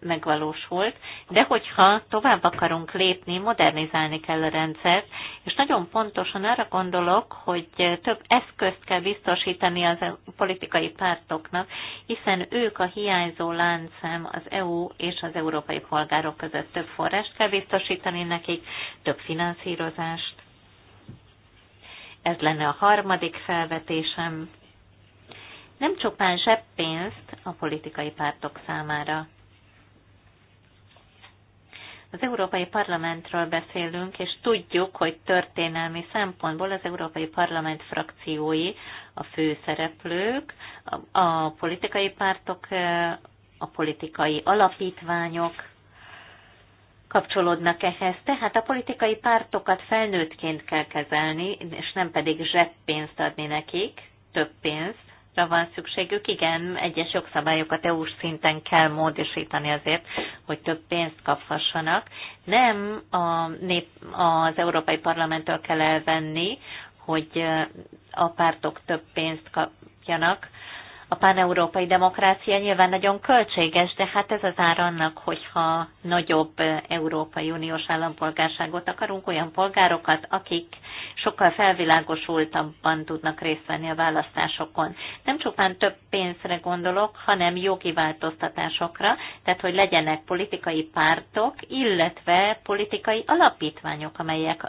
Speaker 3: megvalósult, de hogyha tovább akarunk lépni, modernizálni kell a rendszert, és nagyon pontosan arra gondolok, hogy több eszközt kell biztosítani az e- politikai pártoknak, hiszen ők a hiányzó láncem, az EU és az európai polgárok között több forrást kell biztosítani nekik, több finanszírozást. Ez lenne a harmadik felvetésem. Nem csupán zseppénzt a politikai pártok számára az Európai Parlamentről beszélünk, és tudjuk, hogy történelmi szempontból az Európai Parlament frakciói a főszereplők, a, a politikai pártok, a politikai alapítványok, kapcsolódnak ehhez. Tehát a politikai pártokat felnőttként kell kezelni, és nem pedig zseppénzt adni nekik, több pénzt, módosításokra van szükségük. Igen, egyes jogszabályokat EU-s szinten kell módosítani azért, hogy több pénzt kaphassanak. Nem a nép, az Európai Parlamenttől kell elvenni, hogy a pártok több pénzt kapjanak, a páneurópai demokrácia nyilván nagyon költséges, de hát ez az ár annak, hogyha nagyobb Európai Uniós állampolgárságot akarunk, olyan polgárokat, akik sokkal felvilágosultabban tudnak részt venni a választásokon. Nem csupán több pénzre gondolok, hanem jogi változtatásokra, tehát hogy legyenek politikai pártok, illetve politikai alapítványok, amelyek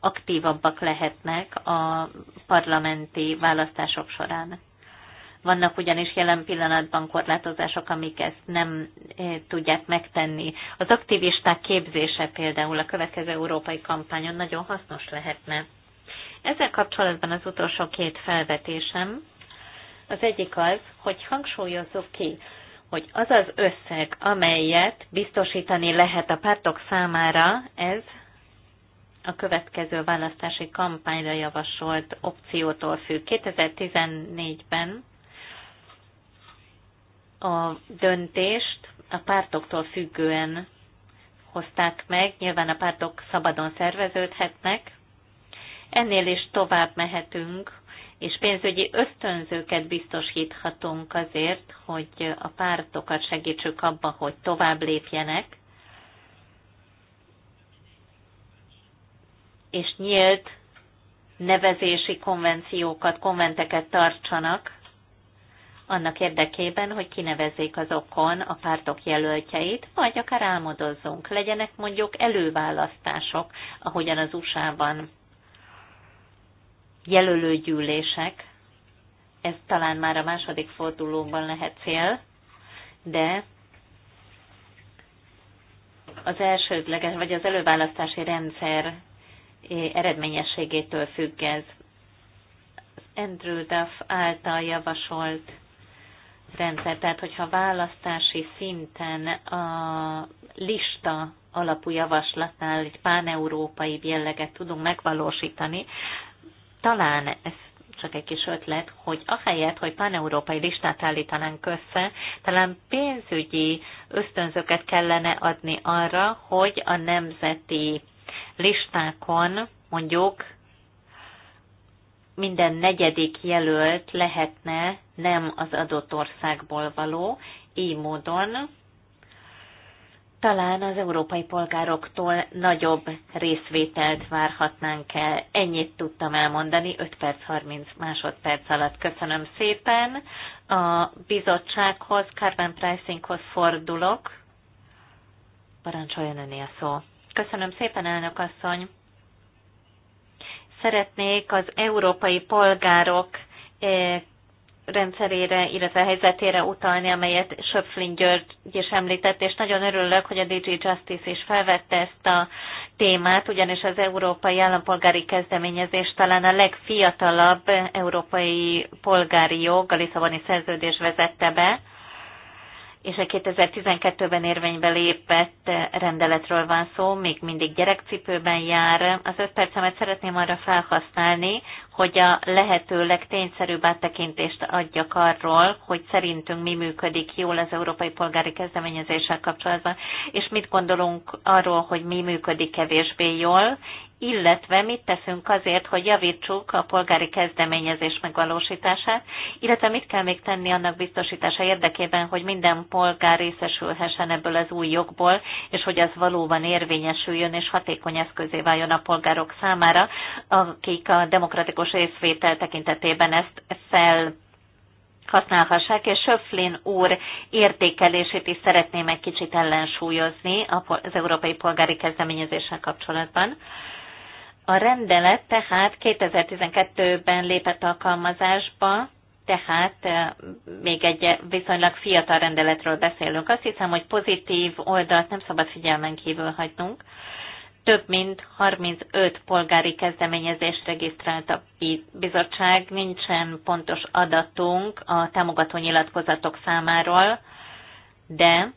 Speaker 3: aktívabbak lehetnek a parlamenti választások során. Vannak ugyanis jelen pillanatban korlátozások, amik ezt nem eh, tudják megtenni. Az aktivisták képzése például a következő európai kampányon nagyon hasznos lehetne. Ezzel kapcsolatban az utolsó két felvetésem. Az egyik az, hogy hangsúlyozzuk ki, hogy az az összeg, amelyet biztosítani lehet a pártok számára, ez a következő választási kampányra javasolt opciótól függ. 2014-ben a döntést a pártoktól függően hozták meg, nyilván a pártok szabadon szerveződhetnek. Ennél is tovább mehetünk, és pénzügyi ösztönzőket biztosíthatunk azért, hogy a pártokat segítsük abba, hogy tovább lépjenek, és nyílt nevezési konvenciókat, konventeket tartsanak, annak érdekében, hogy kinevezzék azokon a pártok jelöltjeit, vagy akár álmodozzunk. Legyenek mondjuk előválasztások, ahogyan az USA-ban jelölőgyűlések, ez talán már a második fordulóban lehet cél, de az elsődleges, vagy az előválasztási rendszer eredményességétől függ ez. Andrew Duff által javasolt rendszer. Tehát, hogyha választási szinten a lista alapú javaslatnál egy páneurópai jelleget tudunk megvalósítani, talán ez csak egy kis ötlet, hogy ahelyett, hogy paneurópai listát állítanánk össze, talán pénzügyi ösztönzöket kellene adni arra, hogy a nemzeti listákon mondjuk minden negyedik jelölt lehetne nem az adott országból való, így módon talán az európai polgároktól nagyobb részvételt várhatnánk el. Ennyit tudtam elmondani 5 perc 30 másodperc alatt. Köszönöm szépen. A bizottsághoz, Carbon Pricinghoz fordulok. Parancsoljon öné a szó. Köszönöm szépen, elnök asszony. Szeretnék az európai polgárok eh, rendszerére, illetve helyzetére utalni, amelyet Söpflin György is említett, és nagyon örülök, hogy a DG Justice is felvette ezt a témát, ugyanis az európai állampolgári kezdeményezés talán a legfiatalabb európai polgári jog, a Lisszaboni szerződés vezette be, és a 2012-ben érvénybe lépett rendeletről van szó, még mindig gyerekcipőben jár. Az öt percemet szeretném arra felhasználni, hogy a lehető legtényszerűbb áttekintést adjak arról, hogy szerintünk mi működik jól az európai polgári kezdeményezéssel kapcsolatban, és mit gondolunk arról, hogy mi működik kevésbé jól, illetve mit teszünk azért, hogy javítsuk a polgári kezdeményezés megvalósítását, illetve mit kell még tenni annak biztosítása érdekében, hogy minden polgár részesülhessen ebből az új jogból, és hogy az valóban érvényesüljön és hatékony eszközé váljon a polgárok számára, akik a demokratikus játékos részvétel tekintetében ezt fel használhassák, és Söflin úr értékelését is szeretném egy kicsit ellensúlyozni az európai polgári kezdeményezéssel kapcsolatban. A rendelet tehát 2012-ben lépett alkalmazásba, tehát még egy viszonylag fiatal rendeletről beszélünk. Azt hiszem, hogy pozitív oldalt nem szabad figyelmen kívül hagynunk több mint 35 polgári kezdeményezést regisztrált a bizottság, nincsen pontos adatunk a támogató nyilatkozatok számáról, de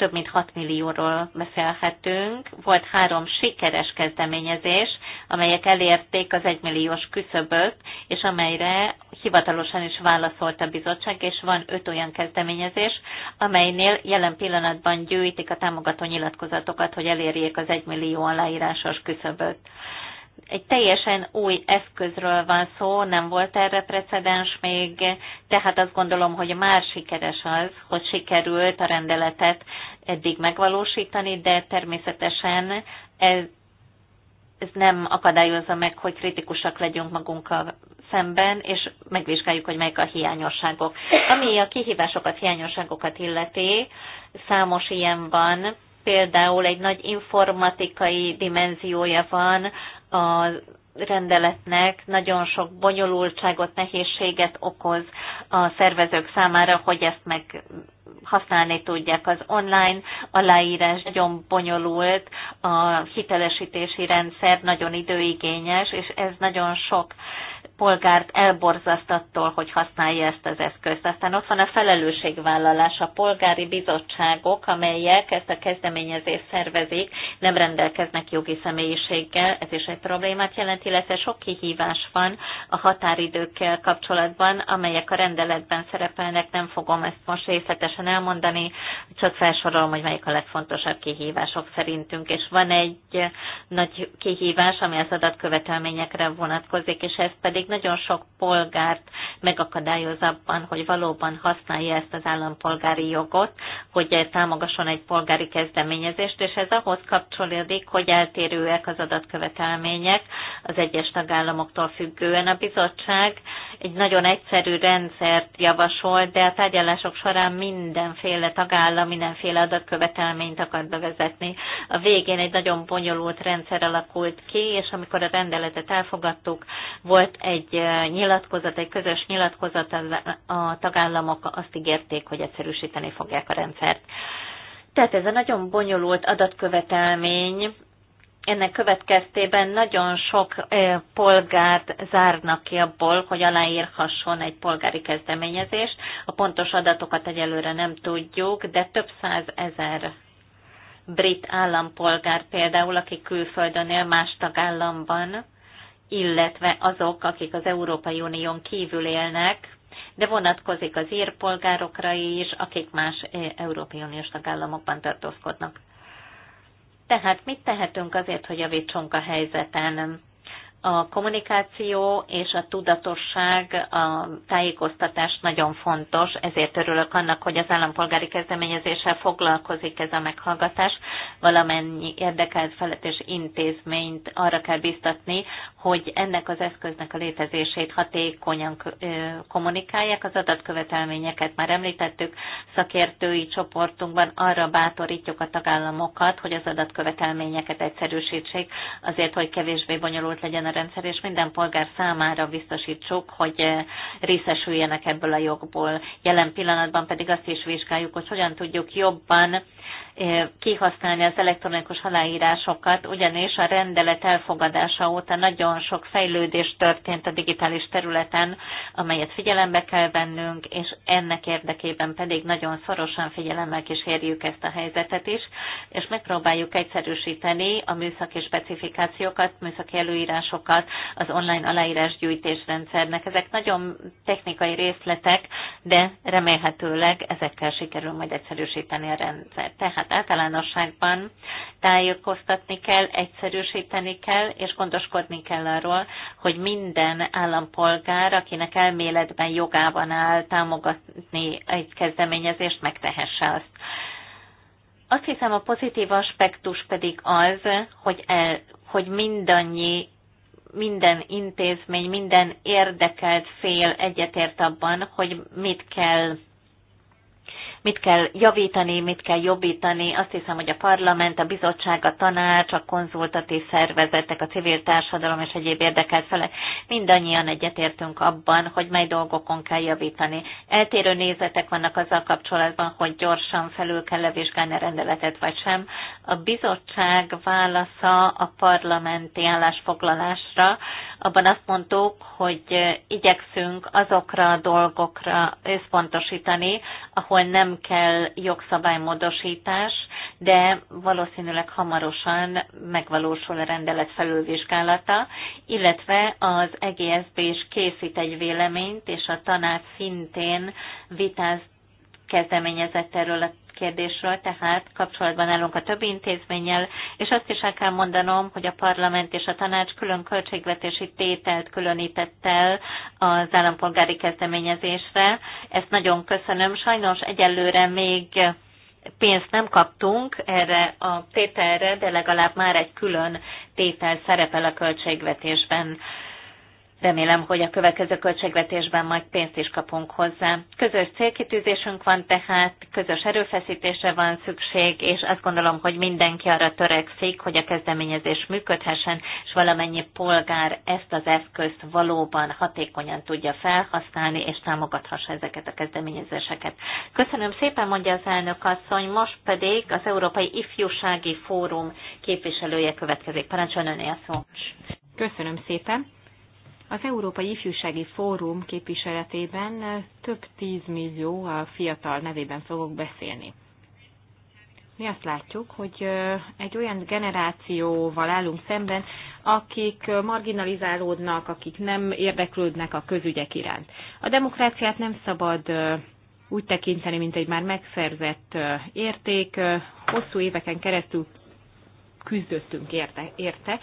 Speaker 3: több mint 6 millióról beszélhetünk. Volt három sikeres kezdeményezés, amelyek elérték az egymilliós küszöböt, és amelyre hivatalosan is válaszolt a bizottság, és van öt olyan kezdeményezés, amelynél jelen pillanatban gyűjtik a támogató nyilatkozatokat, hogy elérjék az egymillió millió aláírásos küszöböt egy teljesen új eszközről van szó, nem volt erre precedens még, tehát azt gondolom, hogy már sikeres az, hogy sikerült a rendeletet eddig megvalósítani, de természetesen ez, ez nem akadályozza meg, hogy kritikusak legyünk magunkkal szemben, és megvizsgáljuk, hogy melyek a hiányosságok. Ami a kihívásokat, hiányosságokat illeti, számos ilyen van, például egy nagy informatikai dimenziója van a rendeletnek nagyon sok bonyolultságot, nehézséget okoz a szervezők számára, hogy ezt meg használni tudják. Az online aláírás nagyon bonyolult, a hitelesítési rendszer nagyon időigényes, és ez nagyon sok polgárt elborzaszt attól, hogy használja ezt az eszközt. Aztán ott van a felelősségvállalás, a polgári bizottságok, amelyek ezt a kezdeményezést szervezik, nem rendelkeznek jogi személyiséggel, ez is egy problémát jelent, illetve sok kihívás van a határidőkkel kapcsolatban, amelyek a rendeletben szerepelnek, nem fogom ezt most részletesen elmondani, csak felsorolom, hogy melyik a legfontosabb kihívások szerintünk, és van egy nagy kihívás, ami az adatkövetelményekre vonatkozik, és ez pedig nagyon sok polgárt megakadályoz abban, hogy valóban használja ezt az állampolgári jogot, hogy támogasson egy polgári kezdeményezést, és ez ahhoz kapcsolódik, hogy eltérőek az adatkövetelmények az egyes tagállamoktól függően. A bizottság egy nagyon egyszerű rendszert javasol, de a tárgyalások során mindenféle tagállam mindenféle adatkövetelményt akar bevezetni. A végén egy nagyon bonyolult rendszer alakult ki, és amikor a rendeletet elfogadtuk, volt egy egy eh, nyilatkozat, egy közös nyilatkozat, a tagállamok azt ígérték, hogy egyszerűsíteni fogják a rendszert. Tehát ez a nagyon bonyolult adatkövetelmény, ennek következtében nagyon sok eh, polgárt zárnak ki abból, hogy aláírhasson egy polgári kezdeményezést. A pontos adatokat egyelőre nem tudjuk, de több száz ezer brit állampolgár például, aki külföldön él más tagállamban, illetve azok, akik az Európai Unión kívül élnek, de vonatkozik az ír polgárokra is, akik más eh, Európai Uniós tagállamokban tartózkodnak. Tehát mit tehetünk azért, hogy javítsunk a helyzeten? a kommunikáció és a tudatosság, a tájékoztatás nagyon fontos, ezért örülök annak, hogy az állampolgári kezdeményezéssel foglalkozik ez a meghallgatás. Valamennyi érdekelt felett és intézményt arra kell biztatni, hogy ennek az eszköznek a létezését hatékonyan kommunikálják. Az adatkövetelményeket már említettük, szakértői csoportunkban arra bátorítjuk a tagállamokat, hogy az adatkövetelményeket egyszerűsítsék, azért, hogy kevésbé bonyolult legyen a rendszer, és minden polgár számára biztosítsuk, hogy eh, részesüljenek ebből a jogból. Jelen pillanatban pedig azt is vizsgáljuk, hogy hogyan tudjuk jobban kihasználni az elektronikus aláírásokat, ugyanis a rendelet elfogadása óta nagyon sok fejlődés történt a digitális területen, amelyet figyelembe kell vennünk, és ennek érdekében pedig nagyon szorosan figyelemmel kísérjük ezt a helyzetet is, és megpróbáljuk egyszerűsíteni a műszaki specifikációkat, műszaki előírásokat, az online aláírásgyűjtés rendszernek. Ezek nagyon technikai részletek, de remélhetőleg ezekkel sikerül majd egyszerűsíteni a rendszert Tehát általánosságban tájékoztatni kell, egyszerűsíteni kell, és gondoskodni kell arról, hogy minden állampolgár, akinek elméletben jogában áll támogatni egy kezdeményezést, megtehesse azt. Azt hiszem a pozitív aspektus pedig az, hogy, el, hogy mindannyi minden intézmény, minden érdekelt fél egyetért abban, hogy mit kell mit kell javítani, mit kell jobbítani. Azt hiszem, hogy a parlament, a bizottság, a tanács, a konzultatív szervezetek, a civil társadalom és egyéb érdekelt felek mindannyian egyetértünk abban, hogy mely dolgokon kell javítani. Eltérő nézetek vannak azzal kapcsolatban, hogy gyorsan felül kell levizsgálni a rendeletet vagy sem. A bizottság válasza a parlamenti állásfoglalásra, abban azt mondtuk, hogy igyekszünk azokra a dolgokra összpontosítani, ahol nem kell jogszabálymódosítás, de valószínűleg hamarosan megvalósul a rendelet felülvizsgálata, illetve az EGSB is készít egy véleményt, és a tanács szintén vitáz kezdeményezett erről a kérdésről, tehát kapcsolatban állunk a többi intézménnyel, és azt is el kell mondanom, hogy a parlament és a tanács külön költségvetési tételt különített el az állampolgári kezdeményezésre. Ezt nagyon köszönöm. Sajnos egyelőre még pénzt nem kaptunk erre a tételre, de legalább már egy külön tétel szerepel a költségvetésben. Remélem, hogy a következő költségvetésben majd pénzt is kapunk hozzá. Közös célkitűzésünk van tehát, közös erőfeszítésre van szükség, és azt gondolom, hogy mindenki arra törekszik, hogy a kezdeményezés működhessen, és valamennyi polgár ezt az eszközt valóban hatékonyan tudja felhasználni, és támogathassa ezeket a kezdeményezéseket. Köszönöm szépen, mondja az elnök asszony, most pedig az Európai Ifjúsági Fórum képviselője következik.
Speaker 1: Parancsoljon a szó. Köszönöm szépen. Az Európai Ifjúsági Fórum képviseletében több tízmillió a fiatal nevében fogok beszélni. Mi azt látjuk, hogy egy olyan generációval állunk szemben, akik marginalizálódnak, akik nem érdeklődnek a közügyek iránt. A demokráciát nem szabad úgy tekinteni, mint egy már megszerzett érték. Hosszú éveken keresztül küzdöttünk érte, érte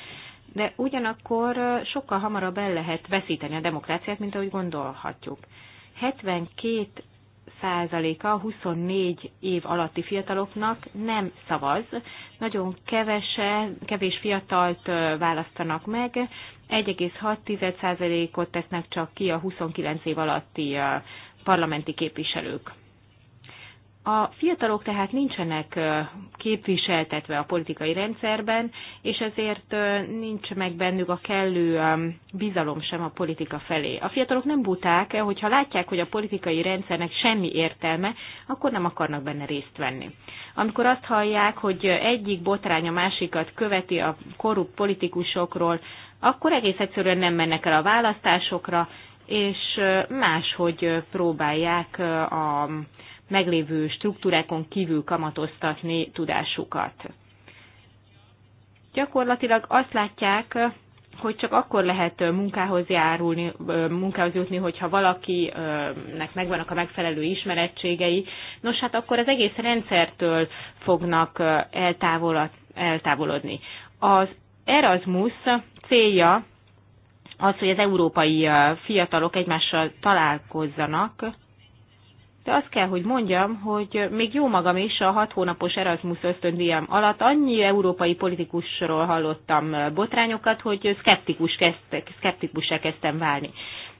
Speaker 1: de ugyanakkor sokkal hamarabb el lehet veszíteni a demokráciát, mint ahogy gondolhatjuk. 72 százaléka 24 év alatti fiataloknak nem szavaz. Nagyon kevese, kevés fiatalt választanak meg, 1,6 százalékot tesznek csak ki a 29 év alatti parlamenti képviselők. A fiatalok tehát nincsenek képviseltetve a politikai rendszerben, és ezért nincs meg bennük a kellő bizalom sem a politika felé. A fiatalok nem buták, hogyha látják, hogy a politikai rendszernek semmi értelme, akkor nem akarnak benne részt venni. Amikor azt hallják, hogy egyik botrány a másikat követi a korrupt politikusokról, akkor egész egyszerűen nem mennek el a választásokra, és máshogy próbálják a meglévő struktúrákon kívül kamatoztatni tudásukat. Gyakorlatilag azt látják, hogy csak akkor lehet munkához járulni, munkához jutni, hogyha valakinek megvannak a megfelelő ismerettségei. Nos, hát akkor az egész rendszertől fognak eltávolodni. Az Erasmus célja az, hogy az európai fiatalok egymással találkozzanak, de azt kell, hogy mondjam, hogy még jó magam is a hat hónapos Erasmus ösztöndíjam alatt annyi európai politikusról hallottam botrányokat, hogy szkeptikus kezdtek, szkeptikusra kezdtem válni.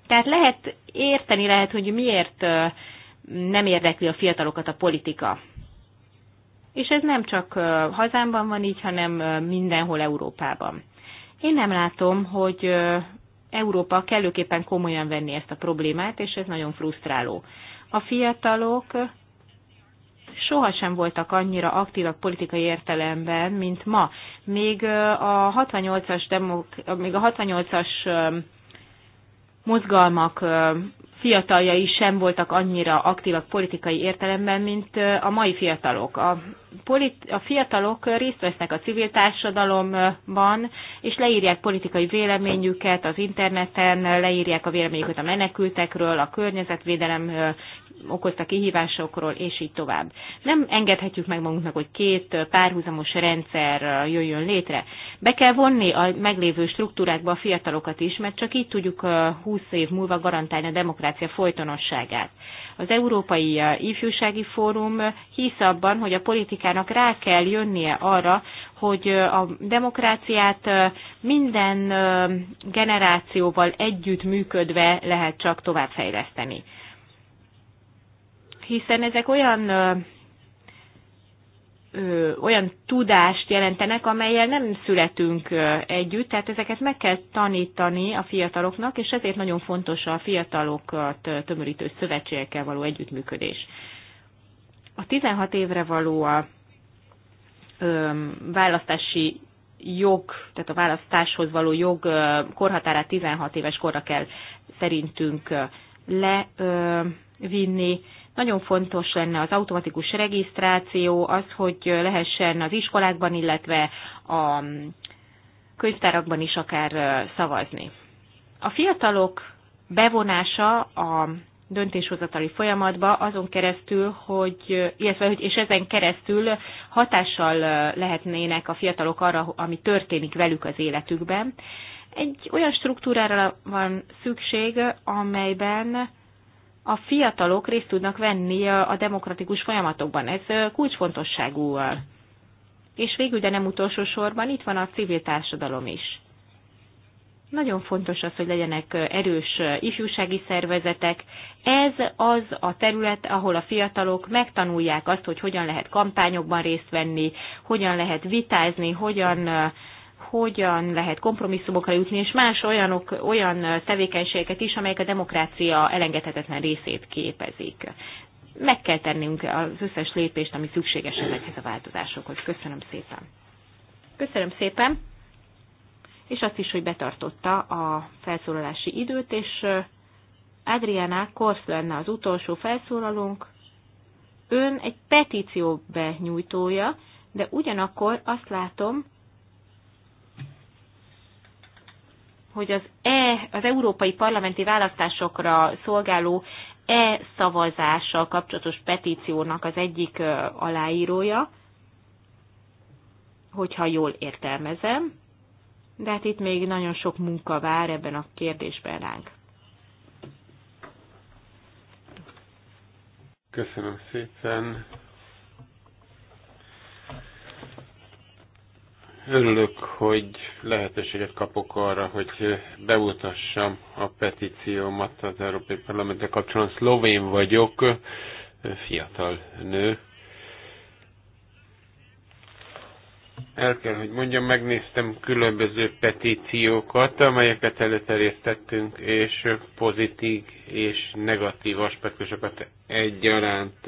Speaker 1: Tehát lehet érteni lehet, hogy miért nem érdekli a fiatalokat a politika. És ez nem csak hazámban van így, hanem mindenhol Európában. Én nem látom, hogy Európa kellőképpen komolyan venni ezt a problémát, és ez nagyon frusztráló a fiatalok sohasem voltak annyira aktívak politikai értelemben, mint ma. Még a 68-as, demok- még a 68-as mozgalmak fiataljai sem voltak annyira aktívak politikai értelemben, mint a mai fiatalok. A, polit, a fiatalok részt vesznek a civil társadalomban, és leírják politikai véleményüket az interneten, leírják a véleményüket a menekültekről, a környezetvédelem okozta kihívásokról, és így tovább. Nem engedhetjük meg magunknak, hogy két párhuzamos rendszer jöjjön létre. Be kell vonni a meglévő struktúrákba a fiatalokat is, mert csak így tudjuk 20 év múlva garantálni a demokrácia folytonosságát. Az Európai Ifjúsági Fórum hisz abban, hogy a politikának rá kell jönnie arra, hogy a demokráciát minden generációval együtt működve lehet csak továbbfejleszteni hiszen ezek olyan ö, olyan tudást jelentenek, amelyel nem születünk ö, együtt, tehát ezeket meg kell tanítani a fiataloknak, és ezért nagyon fontos a fiatalokat tömörítő szövetségekkel való együttműködés. A 16 évre való a ö, választási jog, tehát a választáshoz való jog ö, korhatárát 16 éves korra kell szerintünk levinni. Ö, nagyon fontos lenne az automatikus regisztráció, az, hogy lehessen az iskolákban, illetve a könyvtárakban is akár szavazni. A fiatalok bevonása a döntéshozatali folyamatba azon keresztül, hogy, illetve, hogy, és ezen keresztül hatással lehetnének a fiatalok arra, ami történik velük az életükben. Egy olyan struktúrára van szükség, amelyben a fiatalok részt tudnak venni a demokratikus folyamatokban. Ez kulcsfontosságú. És végül, de nem utolsó sorban, itt van a civil társadalom is. Nagyon fontos az, hogy legyenek erős ifjúsági szervezetek. Ez az a terület, ahol a fiatalok megtanulják azt, hogy hogyan lehet kampányokban részt venni, hogyan lehet vitázni, hogyan hogyan lehet kompromisszumokra jutni, és más olyanok, olyan tevékenységeket is, amelyek a demokrácia elengedhetetlen részét képezik. Meg kell tennünk az összes lépést, ami szükséges ezekhez a változásokhoz. Köszönöm szépen. Köszönöm szépen, és azt is, hogy betartotta a felszólalási időt, és Adriana Korsz lenne az utolsó felszólalónk. Ön egy petíció benyújtója, de ugyanakkor azt látom, hogy az, e, az európai parlamenti választásokra szolgáló e-szavazással kapcsolatos petíciónak az egyik aláírója, hogyha jól értelmezem, de hát itt még nagyon sok munka vár ebben a kérdésben ránk.
Speaker 2: Köszönöm szépen. Örülök, hogy lehetőséget kapok arra, hogy bemutassam a petíciómat az Európai Parlamentre kapcsolatban. Szlovén vagyok, fiatal nő. El kell, hogy mondjam, megnéztem különböző petíciókat, amelyeket előterjesztettünk, és pozitív és negatív aspektusokat egyaránt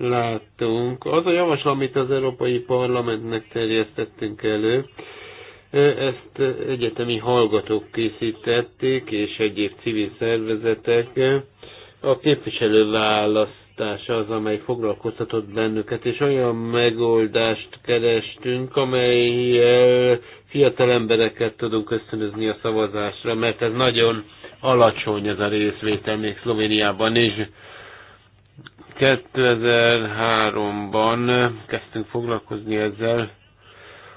Speaker 2: láttunk. Az a javaslat, amit az Európai Parlamentnek terjesztettünk elő, ezt egyetemi hallgatók készítették, és egyéb civil szervezetek. A képviselő választás az, amely foglalkoztatott bennünket, és olyan megoldást kerestünk, amelyel fiatal embereket tudunk ösztönözni a szavazásra, mert ez nagyon alacsony ez a részvétel, még Szlovéniában is. 2003-ban kezdtünk foglalkozni ezzel,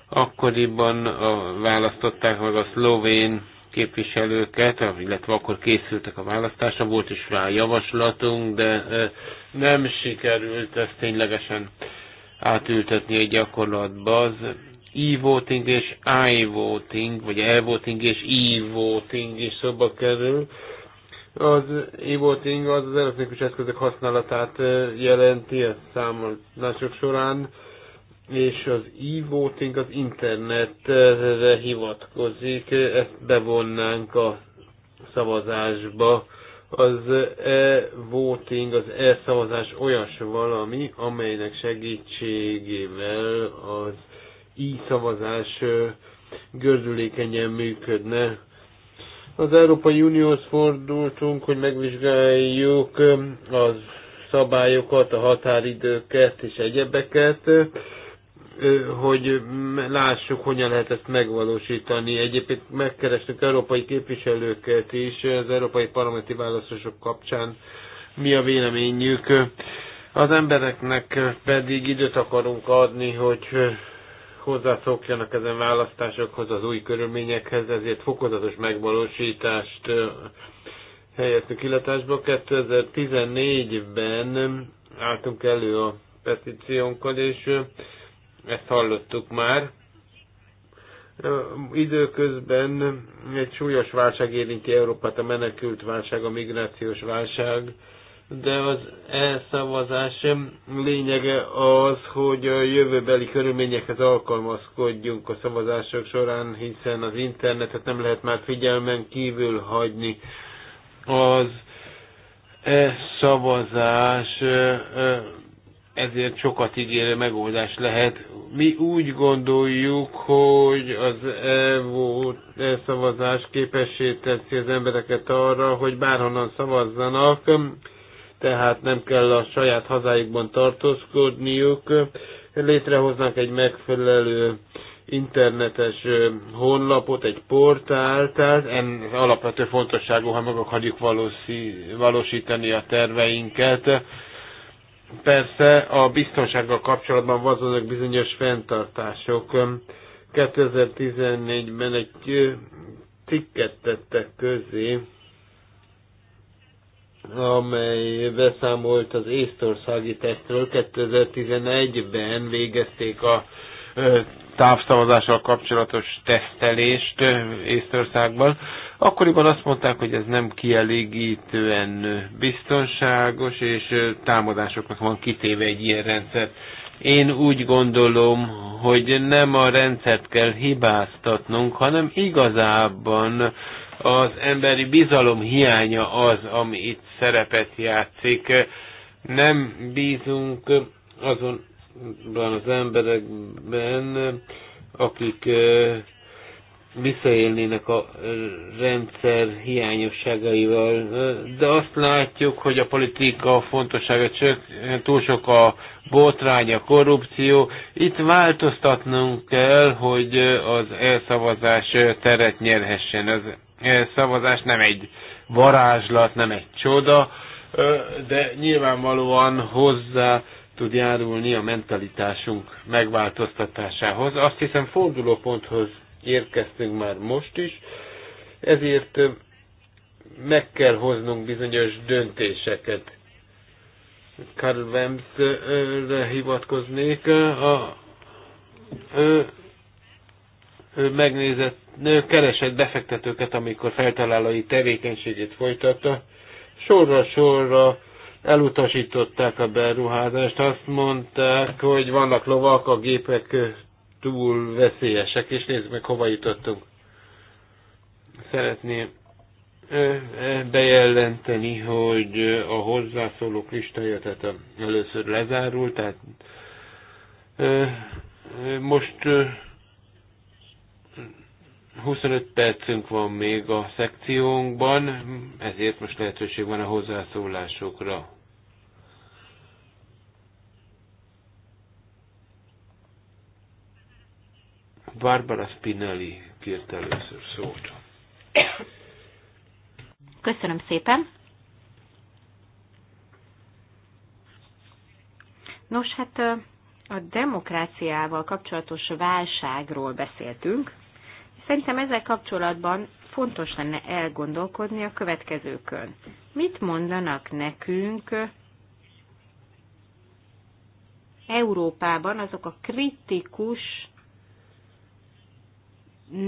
Speaker 2: akkoriban a, választották meg a szlovén képviselőket, illetve akkor készültek a választásra, volt is rá javaslatunk, de nem sikerült ezt ténylegesen átültetni egy gyakorlatba. Az e-voting és i-voting, vagy e-voting és e-voting is szóba kerül. Az e-voting az, az elektronikus eszközök használatát jelenti a számolások során, és az e-voting az internetre hivatkozik, ezt bevonnánk a szavazásba. Az e-voting, az e-szavazás olyas valami, amelynek segítségével az e-szavazás gördülékenyen működne, az Európai Unióhoz fordultunk, hogy megvizsgáljuk um, az szabályokat, a határidőket és egyebeket, hogy lássuk, hogyan lehet ezt megvalósítani. Egyébként megkerestünk európai képviselőket is az európai parlamenti választások kapcsán, mi a véleményük. Az embereknek pedig időt akarunk adni, hogy hozzászokjanak ezen választásokhoz, az új körülményekhez, ezért fokozatos megvalósítást helyeztük illetásba. 2014-ben álltunk elő a petíciónkkal, és ezt hallottuk már. Időközben egy súlyos válság érinti Európát, a menekült válság, a migrációs válság, de az elszavazás lényege az, hogy a jövőbeli körülményekhez alkalmazkodjunk a szavazások során, hiszen az internetet nem lehet már figyelmen kívül hagyni. Az e-szavazás ezért sokat ígérő megoldás lehet. Mi úgy gondoljuk, hogy az EVO szavazás képessé teszi az embereket arra, hogy bárhonnan szavazzanak, tehát nem kell a saját hazájukban tartózkodniuk. Létrehoznak egy megfelelő internetes honlapot, egy portált, tehát en alapvető fontosságú, ha meg akarjuk valósítani a terveinket. Persze a biztonsággal kapcsolatban vannak bizonyos fenntartások. 2014-ben egy cikket tettek közé, amely beszámolt az észtországi tesztről. 2011-ben végezték a távszavazással kapcsolatos tesztelést Észtországban. Akkoriban azt mondták, hogy ez nem kielégítően biztonságos, és támadásoknak van kitéve egy ilyen rendszer. Én úgy gondolom, hogy nem a rendszert kell hibáztatnunk, hanem igazában az emberi bizalom hiánya az, ami itt szerepet játszik. Nem bízunk azonban az emberekben, akik eh, visszaélnének a rendszer hiányosságaival, eh, de azt látjuk, hogy a politika fontossága csak eh, túl sok a botrány, a korrupció. Itt változtatnunk kell, hogy az elszavazás teret nyerhessen. Az elszavazás nem egy varázslat, nem egy csoda, de nyilvánvalóan hozzá tud járulni a mentalitásunk megváltoztatásához. Azt hiszem fordulóponthoz érkeztünk már most is, ezért meg kell hoznunk bizonyos döntéseket. Karl Wemsre hivatkoznék, a, megnézett, keresett befektetőket, amikor feltalálói tevékenységét folytatta. Sorra-sorra elutasították a beruházást, azt mondták, hogy vannak lovak, a gépek túl veszélyesek, és nézd meg, hova jutottunk. Szeretném bejelenteni, hogy a hozzászólók listája, tehát először lezárult, tehát most 25 percünk van még a szekciónkban, ezért most lehetőség van a hozzászólásokra. Barbara Spinelli kért először szót.
Speaker 3: Köszönöm szépen.
Speaker 1: Nos, hát a demokráciával kapcsolatos válságról beszéltünk, Szerintem ezzel kapcsolatban fontos lenne elgondolkodni a következőkön. Mit mondanak nekünk Európában azok a kritikus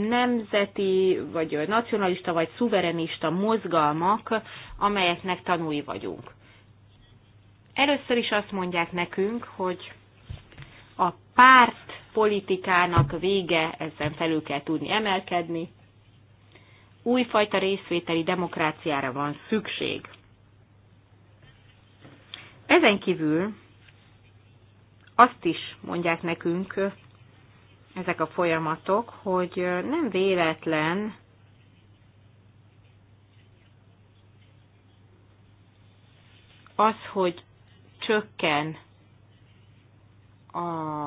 Speaker 1: nemzeti, vagy nacionalista, vagy szuverenista mozgalmak, amelyeknek tanúi vagyunk. Először is azt mondják nekünk, hogy a párt politikának vége, ezen felül kell tudni emelkedni. Újfajta részvételi demokráciára van szükség. Ezen kívül azt is mondják nekünk ezek a folyamatok, hogy nem véletlen, az, hogy csökken a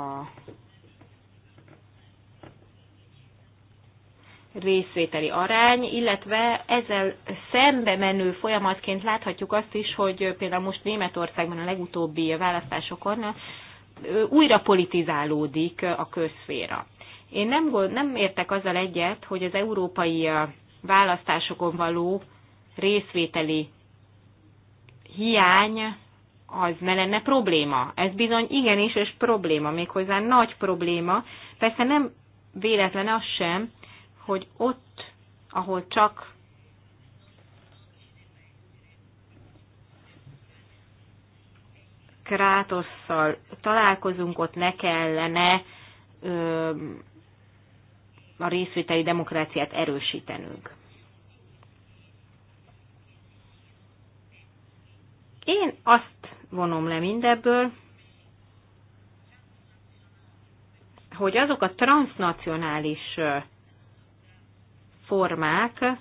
Speaker 1: részvételi arány, illetve ezzel szembe menő folyamatként láthatjuk azt is, hogy például most Németországban a legutóbbi választásokon újra politizálódik a közszféra. Én nem, nem értek azzal egyet, hogy az európai választásokon való részvételi hiány az ne lenne probléma. Ez bizony igenis, és probléma, méghozzá nagy probléma. Persze nem véletlen az sem, hogy ott, ahol csak Krátosszal találkozunk, ott ne kellene ö, a részvételi demokráciát erősítenünk. Én azt vonom le mindebből, hogy azok a transnacionális formák,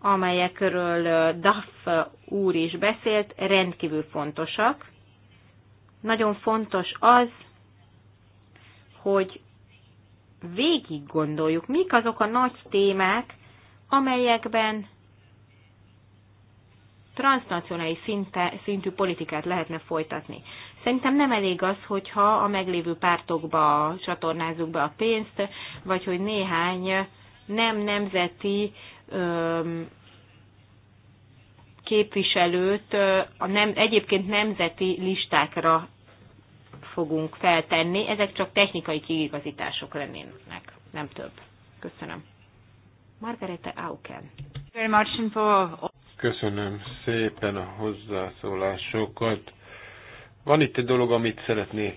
Speaker 1: amelyekről Duff úr is beszélt, rendkívül fontosak. Nagyon fontos az, hogy végig gondoljuk, mik azok a nagy témák, amelyekben transnacionális szinte, szintű politikát lehetne folytatni. Szerintem nem elég az, hogyha a meglévő pártokba csatornázzuk be a pénzt, vagy hogy néhány nem nemzeti képviselőt a nem, egyébként nemzeti listákra fogunk feltenni. Ezek csak technikai kiigazítások lennének, nem több. Köszönöm. Margarete Auken.
Speaker 2: Köszönöm szépen a hozzászólásokat. Van itt egy dolog, amit szeretnék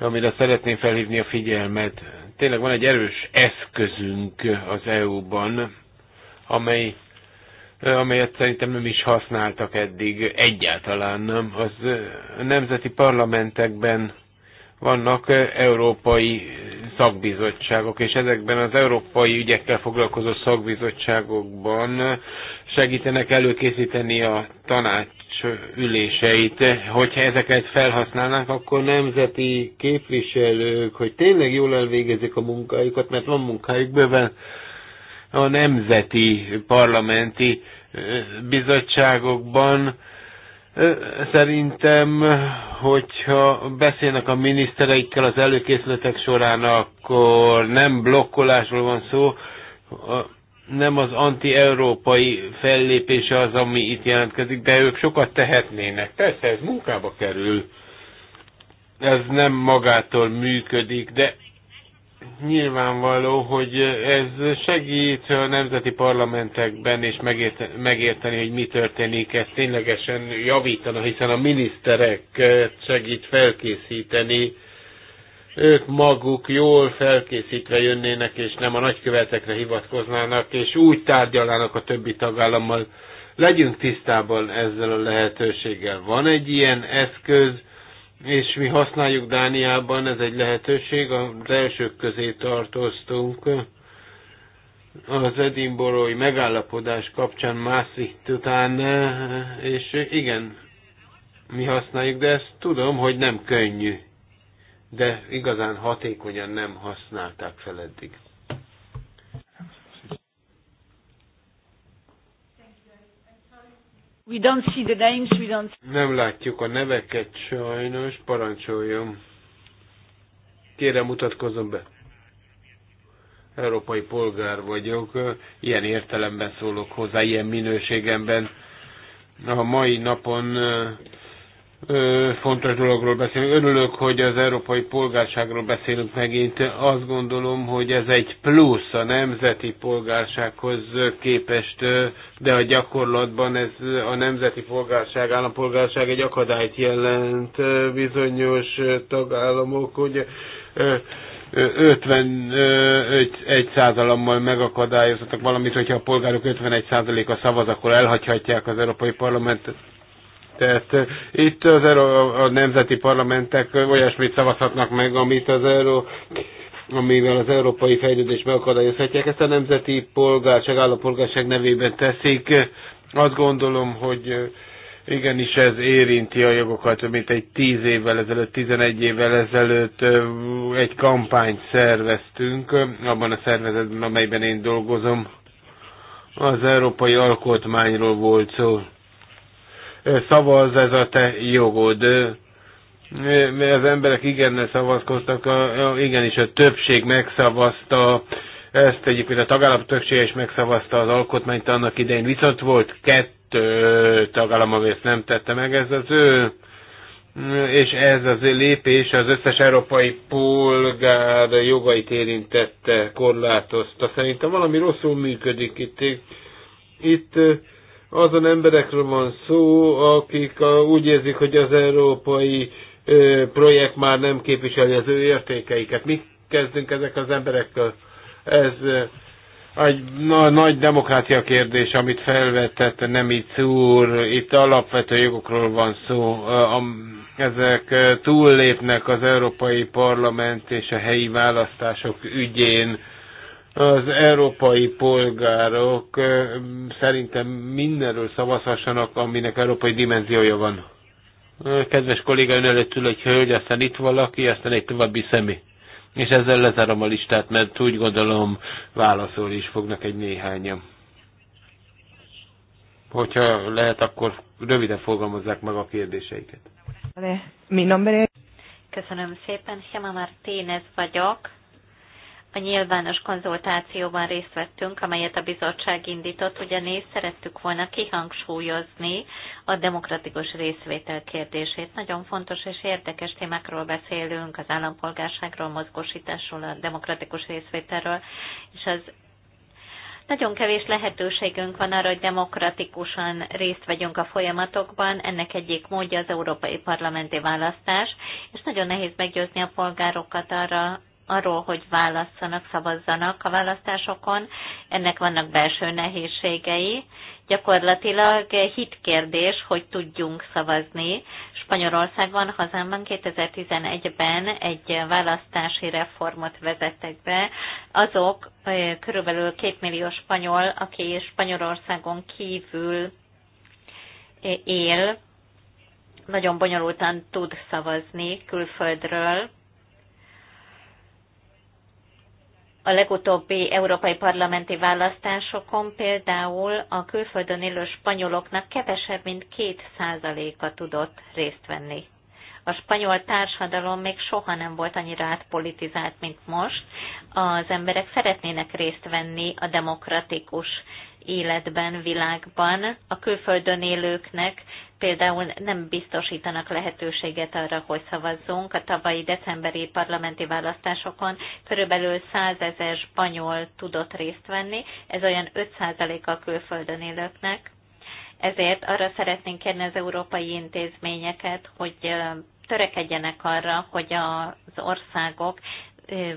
Speaker 2: amire szeretném felhívni a figyelmet. Tényleg van egy erős eszközünk az EU-ban, amely, amelyet szerintem nem is használtak eddig egyáltalán nem. Az nemzeti parlamentekben vannak európai szakbizottságok, és ezekben az európai ügyekkel foglalkozó szakbizottságokban segítenek előkészíteni a tanács üléseit, hogyha ezeket felhasználnánk, akkor nemzeti képviselők, hogy tényleg jól elvégezik a munkájukat, mert van munkájuk bőven a nemzeti parlamenti bizottságokban, Szerintem, hogyha beszélnek a minisztereikkel az előkészületek során, akkor nem blokkolásról van szó, nem az anti-európai fellépése az, ami itt jelentkezik, de ők sokat tehetnének. Persze ez munkába kerül, ez nem magától működik, de nyilvánvaló, hogy ez segít a nemzeti parlamentekben és megérteni, hogy mi történik, ez ténylegesen javítana, hiszen a minisztereket segít felkészíteni, ők maguk jól felkészítve jönnének, és nem a nagykövetekre hivatkoznának, és úgy tárgyalának a többi tagállammal. Legyünk tisztában ezzel a lehetőséggel. Van egy ilyen eszköz, és mi használjuk Dániában, ez egy lehetőség, az elsők közé tartoztunk az edinborói megállapodás kapcsán Maastricht után, és igen, mi használjuk, de ezt tudom, hogy nem könnyű de igazán hatékonyan nem használták fel eddig.
Speaker 1: We don't see the names, we don't...
Speaker 2: Nem látjuk a neveket sajnos, parancsoljon. Kérem, mutatkozom be. Európai polgár vagyok, ilyen értelemben szólok hozzá, ilyen minőségemben. A mai napon fontos dologról beszélünk. Örülök, hogy az európai polgárságról beszélünk megint. Azt gondolom, hogy ez egy plusz a nemzeti polgársághoz képest, de a gyakorlatban ez a nemzeti polgárság, állampolgárság egy akadályt jelent bizonyos tagállamok, hogy 51 százalommal megakadályozottak valamit, hogyha a polgárok 51 a szavaz, akkor elhagyhatják az Európai Parlamentet tehát itt az Euró, a nemzeti parlamentek olyasmit szavazhatnak meg, amit az Euró amivel az európai fejlődés megakadályozhatják, ezt a nemzeti polgárság, állampolgárság nevében teszik. Azt gondolom, hogy igenis ez érinti a jogokat, mint egy 10 évvel ezelőtt, 11 évvel ezelőtt egy kampányt szerveztünk abban a szervezetben, amelyben én dolgozom. Az európai alkotmányról volt szó szavaz, ez a te jogod. Az emberek igenne szavazkoztak, igenis a többség megszavazta, ezt egyébként a tagállam többsége is megszavazta az alkotmányt annak idején, viszont volt kettő tagállam, ami ezt nem tette meg, ez az ő és ez az lépés az összes európai polgár jogait érintette, korlátozta. Szerintem valami rosszul működik itt. Itt azon emberekről van szó, akik úgy érzik, hogy az európai projekt már nem képviseli az ő értékeiket. Mi kezdünk ezek az emberekkel? Ez egy na, nagy demokrácia kérdés, amit felvetett Nemic úr. Itt alapvető jogokról van szó. Ezek túllépnek az Európai Parlament és a helyi választások ügyén az európai polgárok szerintem mindenről szavazhassanak, aminek európai dimenziója van. Kedves kolléga, ön előtt ül egy hölgy, aztán itt valaki, aztán egy további személy. És ezzel lezárom a listát, mert úgy gondolom válaszolni is fognak egy néhányan. Hogyha lehet, akkor röviden fogalmazzák meg a kérdéseiket.
Speaker 3: Mi Köszönöm szépen, Sema Martínez vagyok a nyilvános konzultációban részt vettünk, amelyet a bizottság indított, ugyanis szerettük volna kihangsúlyozni a demokratikus részvétel kérdését. Nagyon fontos és érdekes témákról beszélünk, az állampolgárságról, mozgósításról, a demokratikus részvételről, és az nagyon kevés lehetőségünk van arra, hogy demokratikusan részt vegyünk a folyamatokban. Ennek egyik módja az európai parlamenti választás, és nagyon nehéz meggyőzni a polgárokat arra, arról, hogy válasszanak, szavazzanak a választásokon. Ennek vannak belső nehézségei. Gyakorlatilag hitkérdés, hogy tudjunk szavazni. Spanyolországban, hazámban 2011-ben egy választási reformot vezettek be. Azok körülbelül 2 millió spanyol, aki Spanyolországon kívül él, nagyon bonyolultan tud szavazni külföldről, a legutóbbi európai parlamenti választásokon például a külföldön élő spanyoloknak kevesebb, mint két százaléka tudott részt venni. A spanyol társadalom még soha nem volt annyira átpolitizált, mint most. Az emberek szeretnének részt venni a demokratikus életben, világban a külföldön élőknek például nem biztosítanak lehetőséget arra, hogy szavazzunk. A tavalyi decemberi parlamenti választásokon körülbelül 100 ezer spanyol tudott részt venni, ez olyan 5% a külföldön élőknek. Ezért arra szeretnénk kérni az európai intézményeket, hogy törekedjenek arra, hogy az országok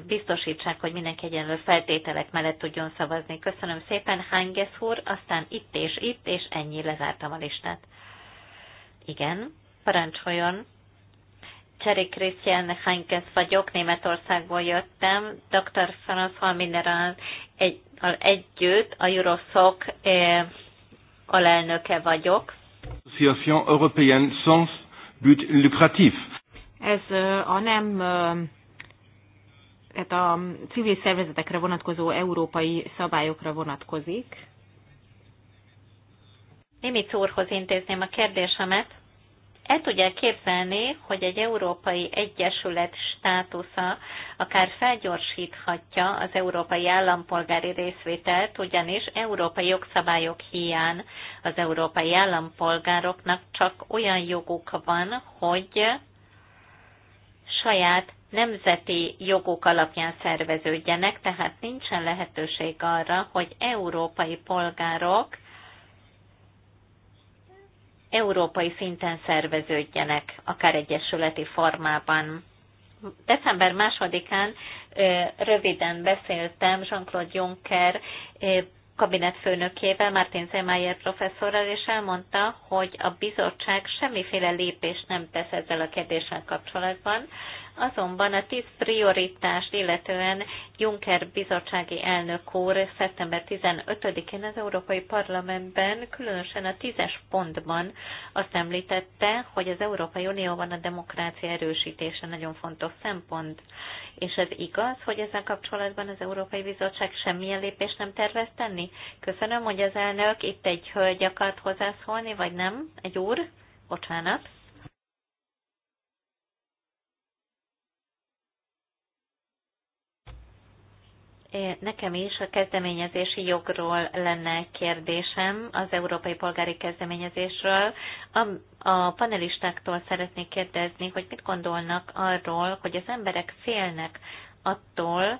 Speaker 3: biztosítsák, hogy mindenki egyenlő feltételek mellett tudjon szavazni. Köszönöm szépen, Hánges úr, aztán itt és itt, és ennyi lezártam a listát. Igen, parancsoljon. Cseri Krisztián Heinkes vagyok, Németországból jöttem, dr. Franz Mineral egy, együtt a Euroszok eh, alelnöke vagyok.
Speaker 2: Association Européenne sans but lucratif.
Speaker 1: Ez a nem tehát a civil szervezetekre vonatkozó európai szabályokra vonatkozik.
Speaker 3: Nimitz úrhoz intézném a kérdésemet. El tudja képzelni, hogy egy európai egyesület státusza akár felgyorsíthatja az európai állampolgári részvételt, ugyanis európai jogszabályok hiány az európai állampolgároknak csak olyan joguk van, hogy saját nemzeti jogok alapján szerveződjenek, tehát nincsen lehetőség arra, hogy európai polgárok európai szinten szerveződjenek, akár egyesületi formában. December másodikán röviden beszéltem Jean-Claude Juncker kabinetfőnökével, Martin Zemeyer professzorral, és elmondta, hogy a bizottság semmiféle lépést nem tesz ezzel a kérdéssel kapcsolatban, Azonban a tíz prioritást illetően Juncker bizottsági elnök úr szeptember 15-én az Európai Parlamentben, különösen a tízes pontban azt említette, hogy az Európai Unióban a demokrácia erősítése nagyon fontos szempont. És ez igaz, hogy ezzel kapcsolatban az Európai Bizottság semmilyen lépést nem tervez tenni? Köszönöm, hogy az elnök itt egy hölgy akart hozzászólni, vagy nem? Egy úr? Bocsánat. Nekem is a kezdeményezési jogról lenne kérdésem, az európai polgári kezdeményezésről. A, a panelistáktól szeretnék kérdezni, hogy mit gondolnak arról, hogy az emberek félnek attól,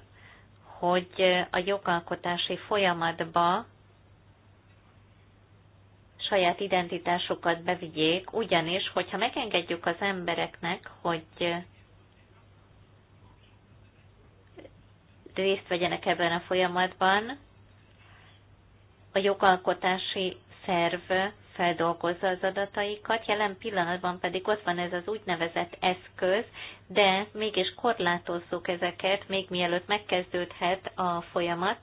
Speaker 3: hogy a jogalkotási folyamatba saját identitásukat bevigyék, ugyanis, hogyha megengedjük az embereknek, hogy részt vegyenek ebben a folyamatban. A jogalkotási szerv feldolgozza az adataikat, jelen pillanatban pedig ott van ez az úgynevezett eszköz, de mégis korlátozzuk ezeket, még mielőtt megkezdődhet a folyamat.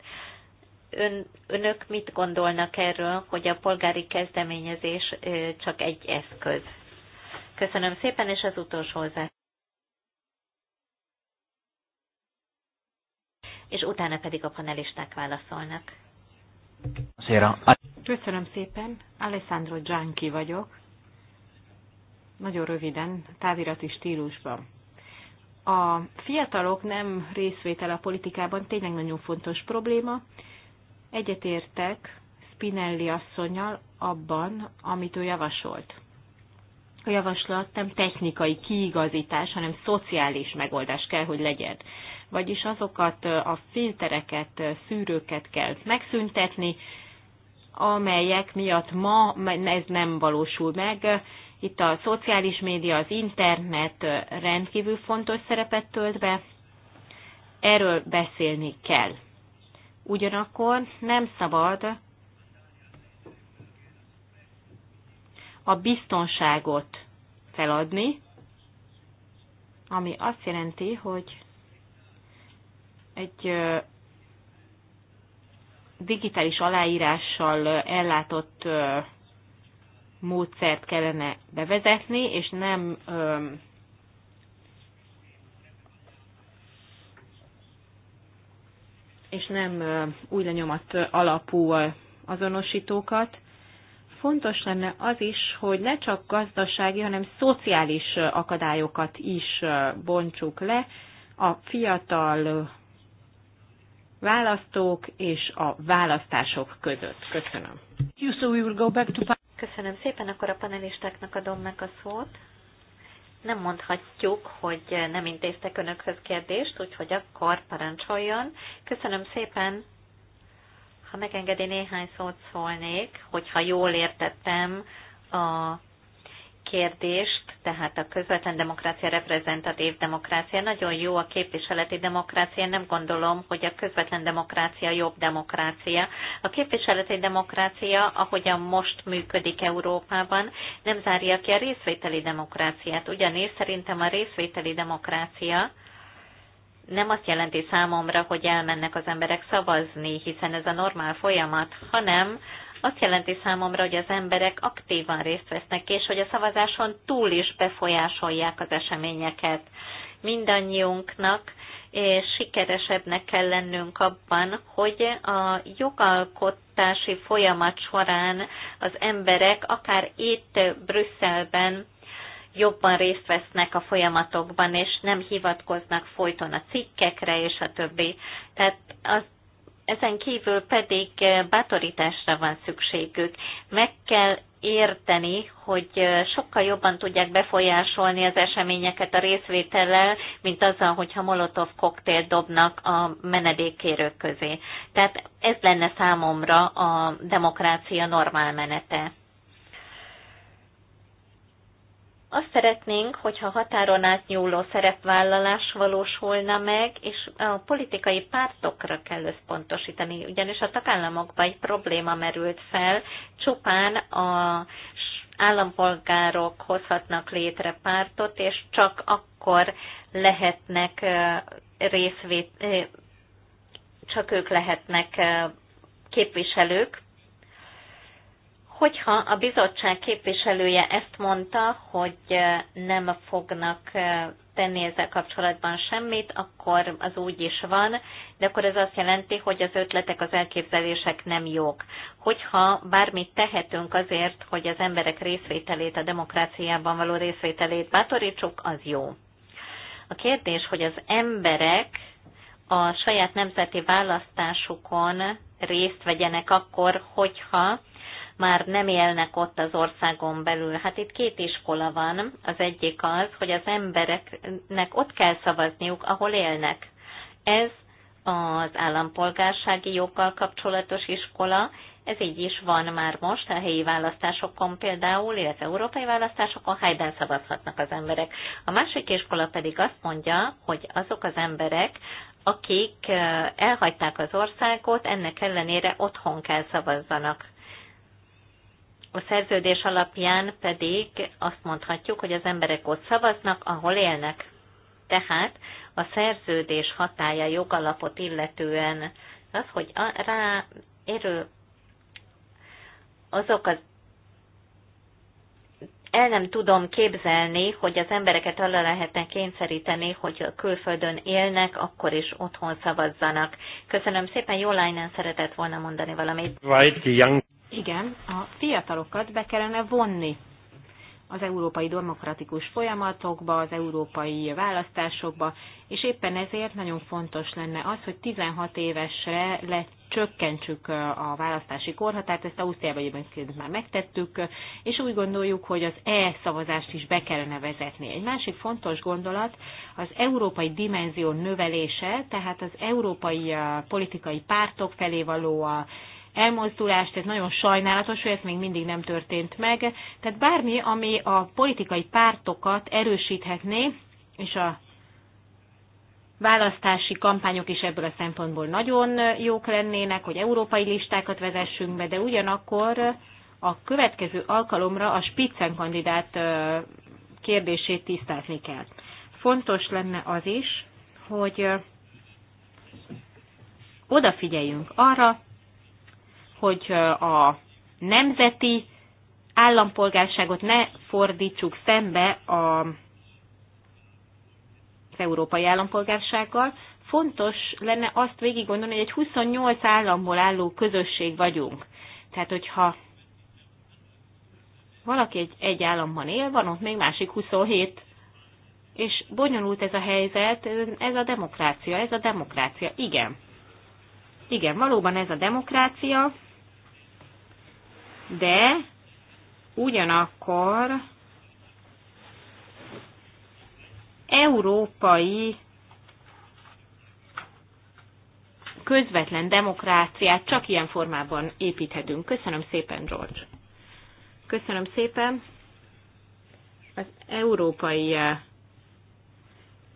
Speaker 3: Ön, önök mit gondolnak erről, hogy a polgári kezdeményezés csak egy eszköz? Köszönöm szépen, és az utolsó hozzá. és utána pedig a panelisták válaszolnak.
Speaker 1: Köszönöm szépen, Alessandro Gianki vagyok. Nagyon röviden, távirati stílusban. A fiatalok nem részvétele a politikában tényleg nagyon fontos probléma. Egyetértek Spinelli asszonyal abban, amit ő javasolt. A javaslat nem technikai kiigazítás, hanem szociális megoldás kell, hogy legyen vagyis azokat a filtereket, szűrőket kell megszüntetni, amelyek miatt ma ez nem valósul meg. Itt a szociális média, az internet rendkívül fontos szerepet tölt be, erről beszélni kell. Ugyanakkor nem szabad a biztonságot feladni, ami azt jelenti, hogy egy digitális aláírással ellátott módszert kellene bevezetni, és nem és nem új lenyomat alapú azonosítókat. Fontos lenne az is, hogy ne csak gazdasági, hanem szociális akadályokat is bontsuk le a fiatal választók és a választások között. Köszönöm. Köszönöm szépen, akkor
Speaker 3: a panelistáknak adom meg a szót. Nem mondhatjuk, hogy nem intéztek önökhöz kérdést, úgyhogy akkor parancsoljon. Köszönöm szépen, ha megengedi néhány szót szólnék, hogyha jól értettem a kérdést, tehát a közvetlen demokrácia, reprezentatív demokrácia, nagyon jó a képviseleti demokrácia, nem gondolom, hogy a közvetlen demokrácia jobb demokrácia. A képviseleti demokrácia, ahogyan most működik Európában, nem zárja ki a részvételi demokráciát, ugyanis szerintem a részvételi demokrácia, nem azt jelenti számomra, hogy elmennek az emberek szavazni, hiszen ez a normál folyamat, hanem azt jelenti számomra, hogy az emberek aktívan részt vesznek, és hogy a szavazáson túl is befolyásolják az eseményeket. Mindannyiunknak és sikeresebbnek kell lennünk abban, hogy a jogalkotási folyamat során az emberek akár itt Brüsszelben jobban részt vesznek a folyamatokban, és nem hivatkoznak folyton a cikkekre és a többi. Tehát azt ezen kívül pedig eh, bátorításra van szükségük. Meg kell érteni, hogy eh, sokkal jobban tudják befolyásolni az eseményeket a részvétellel, mint azzal, hogyha molotov koktél dobnak a menedékkérők közé. Tehát ez lenne számomra a demokrácia normál menete. Azt szeretnénk, hogyha határon átnyúló szerepvállalás valósulna meg, és a politikai pártokra kell összpontosítani, ugyanis a tagállamokban egy probléma merült fel, csupán a állampolgárok hozhatnak létre pártot, és csak akkor lehetnek részvét, csak ők lehetnek képviselők, Hogyha a bizottság képviselője ezt mondta, hogy nem fognak tenni ezzel kapcsolatban semmit, akkor az úgy is van, de akkor ez azt jelenti, hogy az ötletek, az elképzelések nem jók. Hogyha bármit tehetünk azért, hogy az emberek részvételét, a demokráciában való részvételét bátorítsuk, az jó. A kérdés, hogy az emberek a saját nemzeti választásukon részt vegyenek akkor, hogyha már nem élnek ott az országon belül. Hát itt két iskola van. Az egyik az, hogy az embereknek ott kell szavazniuk, ahol élnek. Ez az állampolgársági joggal kapcsolatos iskola, ez így is van már most, a helyi választásokon például, illetve európai választásokon helyben szavazhatnak az emberek. A másik iskola pedig azt mondja, hogy azok az emberek, akik eh, elhagyták az országot, ennek ellenére otthon kell szavazzanak. A szerződés alapján pedig azt mondhatjuk, hogy az emberek ott szavaznak, ahol élnek. Tehát a szerződés hatája jogalapot illetően az, hogy rá érő azok az el nem tudom képzelni, hogy az embereket arra lehetne kényszeríteni, hogy külföldön élnek, akkor is otthon szavazzanak. Köszönöm szépen, jó lányan szeretett
Speaker 1: volna mondani valamit.
Speaker 2: Right, young.
Speaker 1: Igen, a fiatalokat be kellene vonni az európai demokratikus folyamatokba, az európai választásokba, és éppen ezért nagyon fontos lenne az, hogy 16 évesre lecsökkentsük a választási korhatárt, ezt Ausztriában egyébként már megtettük, és úgy gondoljuk, hogy az e-szavazást is be kellene vezetni. Egy másik fontos gondolat az európai dimenzió növelése, tehát az európai politikai pártok felé való a elmozdulást, ez nagyon sajnálatos, hogy ez még mindig nem történt meg. Tehát bármi, ami a politikai pártokat erősíthetné, és a választási kampányok is ebből a szempontból nagyon jók lennének, hogy európai listákat vezessünk be, de ugyanakkor a következő alkalomra a Spitzen kandidát kérdését tisztázni kell. Fontos lenne az is, hogy odafigyeljünk arra, hogy a nemzeti állampolgárságot ne fordítsuk szembe a, az európai állampolgársággal. Fontos lenne azt végig gondolni, hogy egy 28 államból álló közösség vagyunk. Tehát, hogyha valaki egy, egy államban él, van ott még másik 27 és bonyolult ez a helyzet, ez a demokrácia, ez a demokrácia, igen. Igen, valóban ez a demokrácia, de ugyanakkor európai közvetlen demokráciát csak ilyen formában építhetünk. Köszönöm szépen, George. Köszönöm szépen. Az európai eh,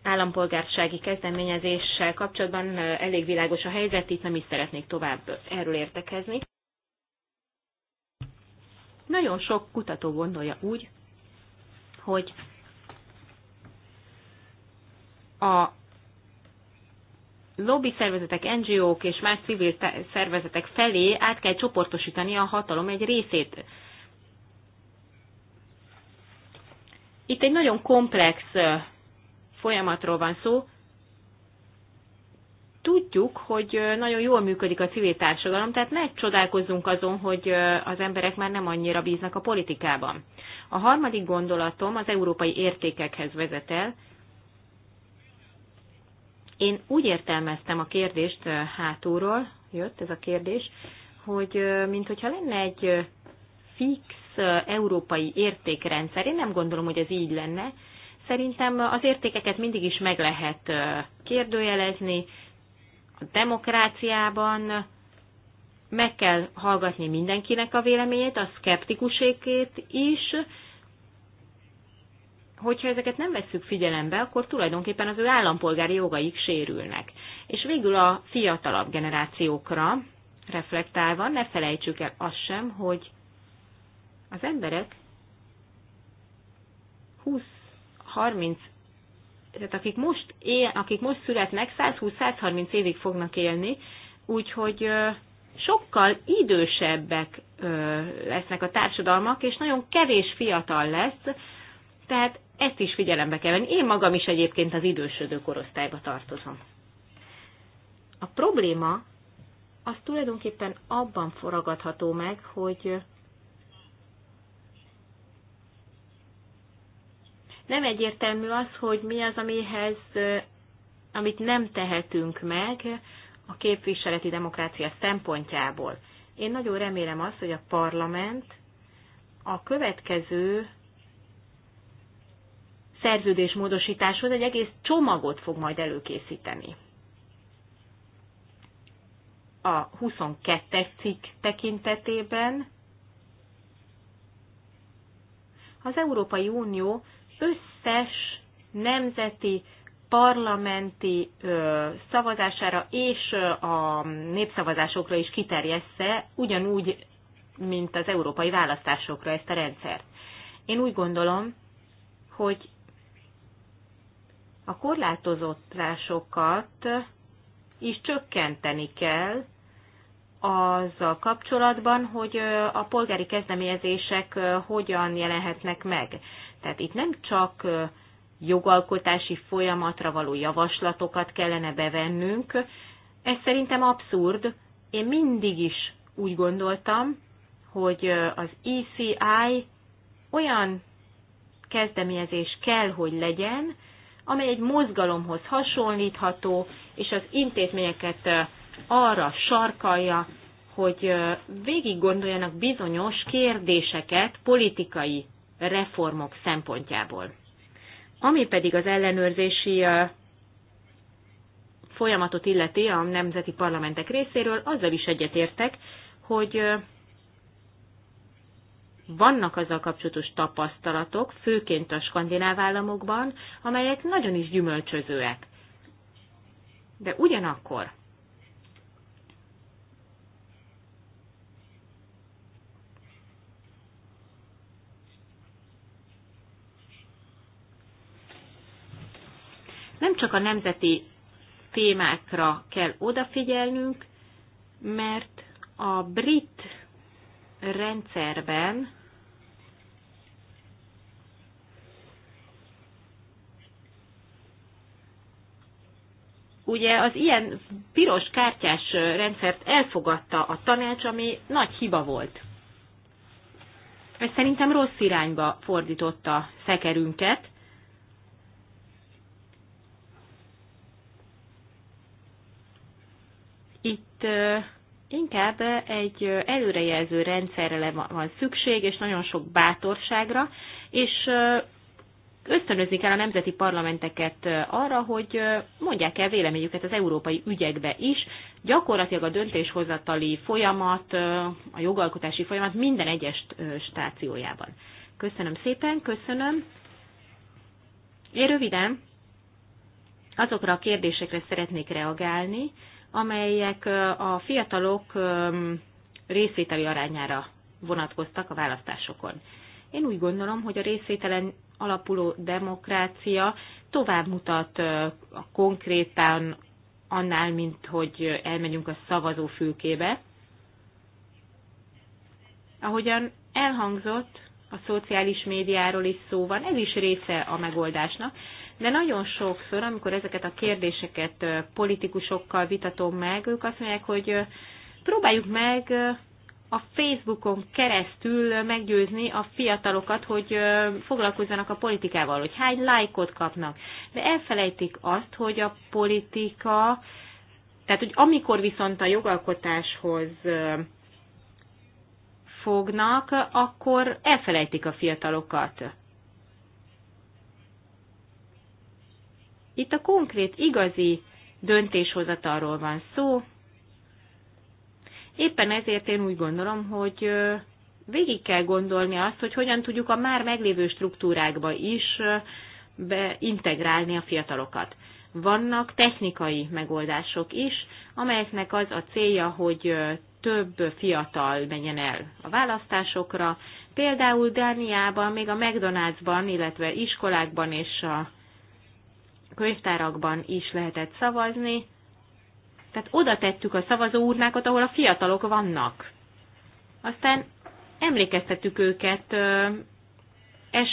Speaker 1: állampolgársági kezdeményezéssel kapcsolatban eh, elég világos a helyzet, itt nem is szeretnék tovább erről értekezni. Nagyon sok kutató gondolja úgy, hogy a lobby szervezetek, NGO-k és más civil szervezetek felé át kell csoportosítani a hatalom egy részét. Itt egy nagyon komplex folyamatról van szó, tudjuk, hogy nagyon jól működik a civil társadalom, tehát ne csodálkozzunk azon, hogy az emberek már nem annyira bíznak a politikában. A harmadik gondolatom az európai értékekhez vezet el. Én úgy értelmeztem a kérdést hátulról, jött ez a kérdés, hogy mintha lenne egy fix európai értékrendszer, én nem gondolom, hogy ez így lenne, szerintem az értékeket mindig is meg lehet kérdőjelezni, a demokráciában meg kell hallgatni mindenkinek a véleményét, a szkeptikusékét is. Hogyha ezeket nem vesszük figyelembe, akkor tulajdonképpen az ő állampolgári jogaik sérülnek. És végül a fiatalabb generációkra reflektálva, ne felejtsük el azt sem, hogy az emberek 20-30 tehát akik most, él, akik most születnek, 120-130 évig fognak élni, úgyhogy sokkal idősebbek lesznek a társadalmak, és nagyon kevés fiatal lesz, tehát ezt is figyelembe kell venni. Én magam is egyébként az idősödő korosztályba tartozom. A probléma az tulajdonképpen abban foragadható meg, hogy nem egyértelmű az, hogy mi az, amihez, amit nem tehetünk meg a képviseleti demokrácia szempontjából. Én nagyon remélem azt, hogy a parlament a következő szerződésmódosításhoz egy egész csomagot fog majd előkészíteni. A 22-es cikk tekintetében az Európai Unió összes nemzeti parlamenti ö, szavazására és a népszavazásokra is kiterjessze, ugyanúgy, mint az európai választásokra ezt a rendszert. Én úgy gondolom, hogy a korlátozottásokat is csökkenteni kell azzal kapcsolatban, hogy a polgári kezdeményezések hogyan jelenhetnek meg. Tehát itt nem csak jogalkotási folyamatra való javaslatokat kellene bevennünk, ez szerintem abszurd. Én mindig is úgy gondoltam, hogy az ECI olyan kezdeményezés kell, hogy legyen, amely egy mozgalomhoz hasonlítható, és az intézményeket arra sarkalja, hogy végig gondoljanak bizonyos kérdéseket politikai reformok szempontjából. Ami pedig az ellenőrzési folyamatot illeti a nemzeti parlamentek részéről, azzal is egyetértek, hogy vannak azzal kapcsolatos tapasztalatok, főként a skandináv államokban, amelyek nagyon is gyümölcsözőek. De ugyanakkor Nem csak a nemzeti témákra kell odafigyelnünk, mert a brit rendszerben ugye az ilyen piros kártyás rendszert elfogadta a tanács, ami nagy hiba volt. Ez szerintem rossz irányba fordította szekerünket, Itt inkább egy előrejelző rendszerre van szükség, és nagyon sok bátorságra, és ösztönözni kell a nemzeti parlamenteket arra, hogy mondják el véleményüket az európai ügyekbe is. Gyakorlatilag a döntéshozatali folyamat, a jogalkotási folyamat minden egyes stációjában. Köszönöm szépen, köszönöm. Én röviden azokra a kérdésekre szeretnék reagálni, amelyek a fiatalok részvételi arányára vonatkoztak a választásokon. Én úgy gondolom, hogy a részvételen alapuló demokrácia tovább mutat a konkrétan annál, mint hogy elmegyünk a szavazófülkébe. Ahogyan elhangzott, a szociális médiáról is szó van, ez is része a megoldásnak, de nagyon sokszor, amikor ezeket a kérdéseket politikusokkal vitatom meg, ők azt mondják, hogy próbáljuk meg a Facebookon keresztül meggyőzni a fiatalokat, hogy foglalkozzanak a politikával, hogy hány lájkot kapnak. De elfelejtik azt, hogy a politika, tehát hogy amikor viszont a jogalkotáshoz fognak, akkor elfelejtik a fiatalokat. Itt a konkrét, igazi döntéshozatalról van szó. Éppen ezért én úgy gondolom, hogy végig kell gondolni azt, hogy hogyan tudjuk a már meglévő struktúrákba is beintegrálni a fiatalokat. Vannak technikai megoldások is, amelyeknek az a célja, hogy több fiatal menjen el a választásokra. Például Dániában, még a McDonald'sban, illetve iskolákban és a könyvtárakban is lehetett szavazni, tehát oda tettük a szavazóurnákat, ahol a fiatalok vannak. Aztán emlékeztettük őket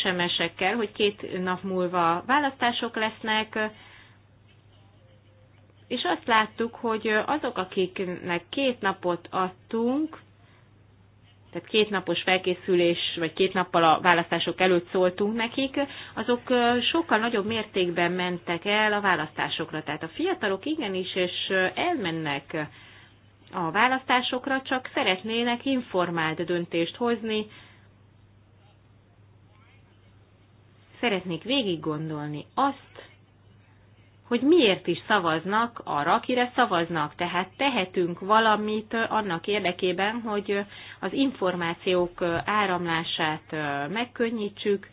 Speaker 1: SMS-ekkel, hogy két nap múlva választások lesznek, és azt láttuk, hogy azok, akiknek két napot adtunk, tehát két napos felkészülés, vagy két nappal a választások előtt szóltunk nekik, azok sokkal nagyobb mértékben mentek el a választásokra. Tehát a fiatalok igenis, és elmennek a választásokra, csak szeretnének informált döntést hozni, szeretnék végig gondolni azt, hogy miért is szavaznak arra, akire szavaznak. Tehát tehetünk valamit annak érdekében, hogy az információk áramlását megkönnyítsük,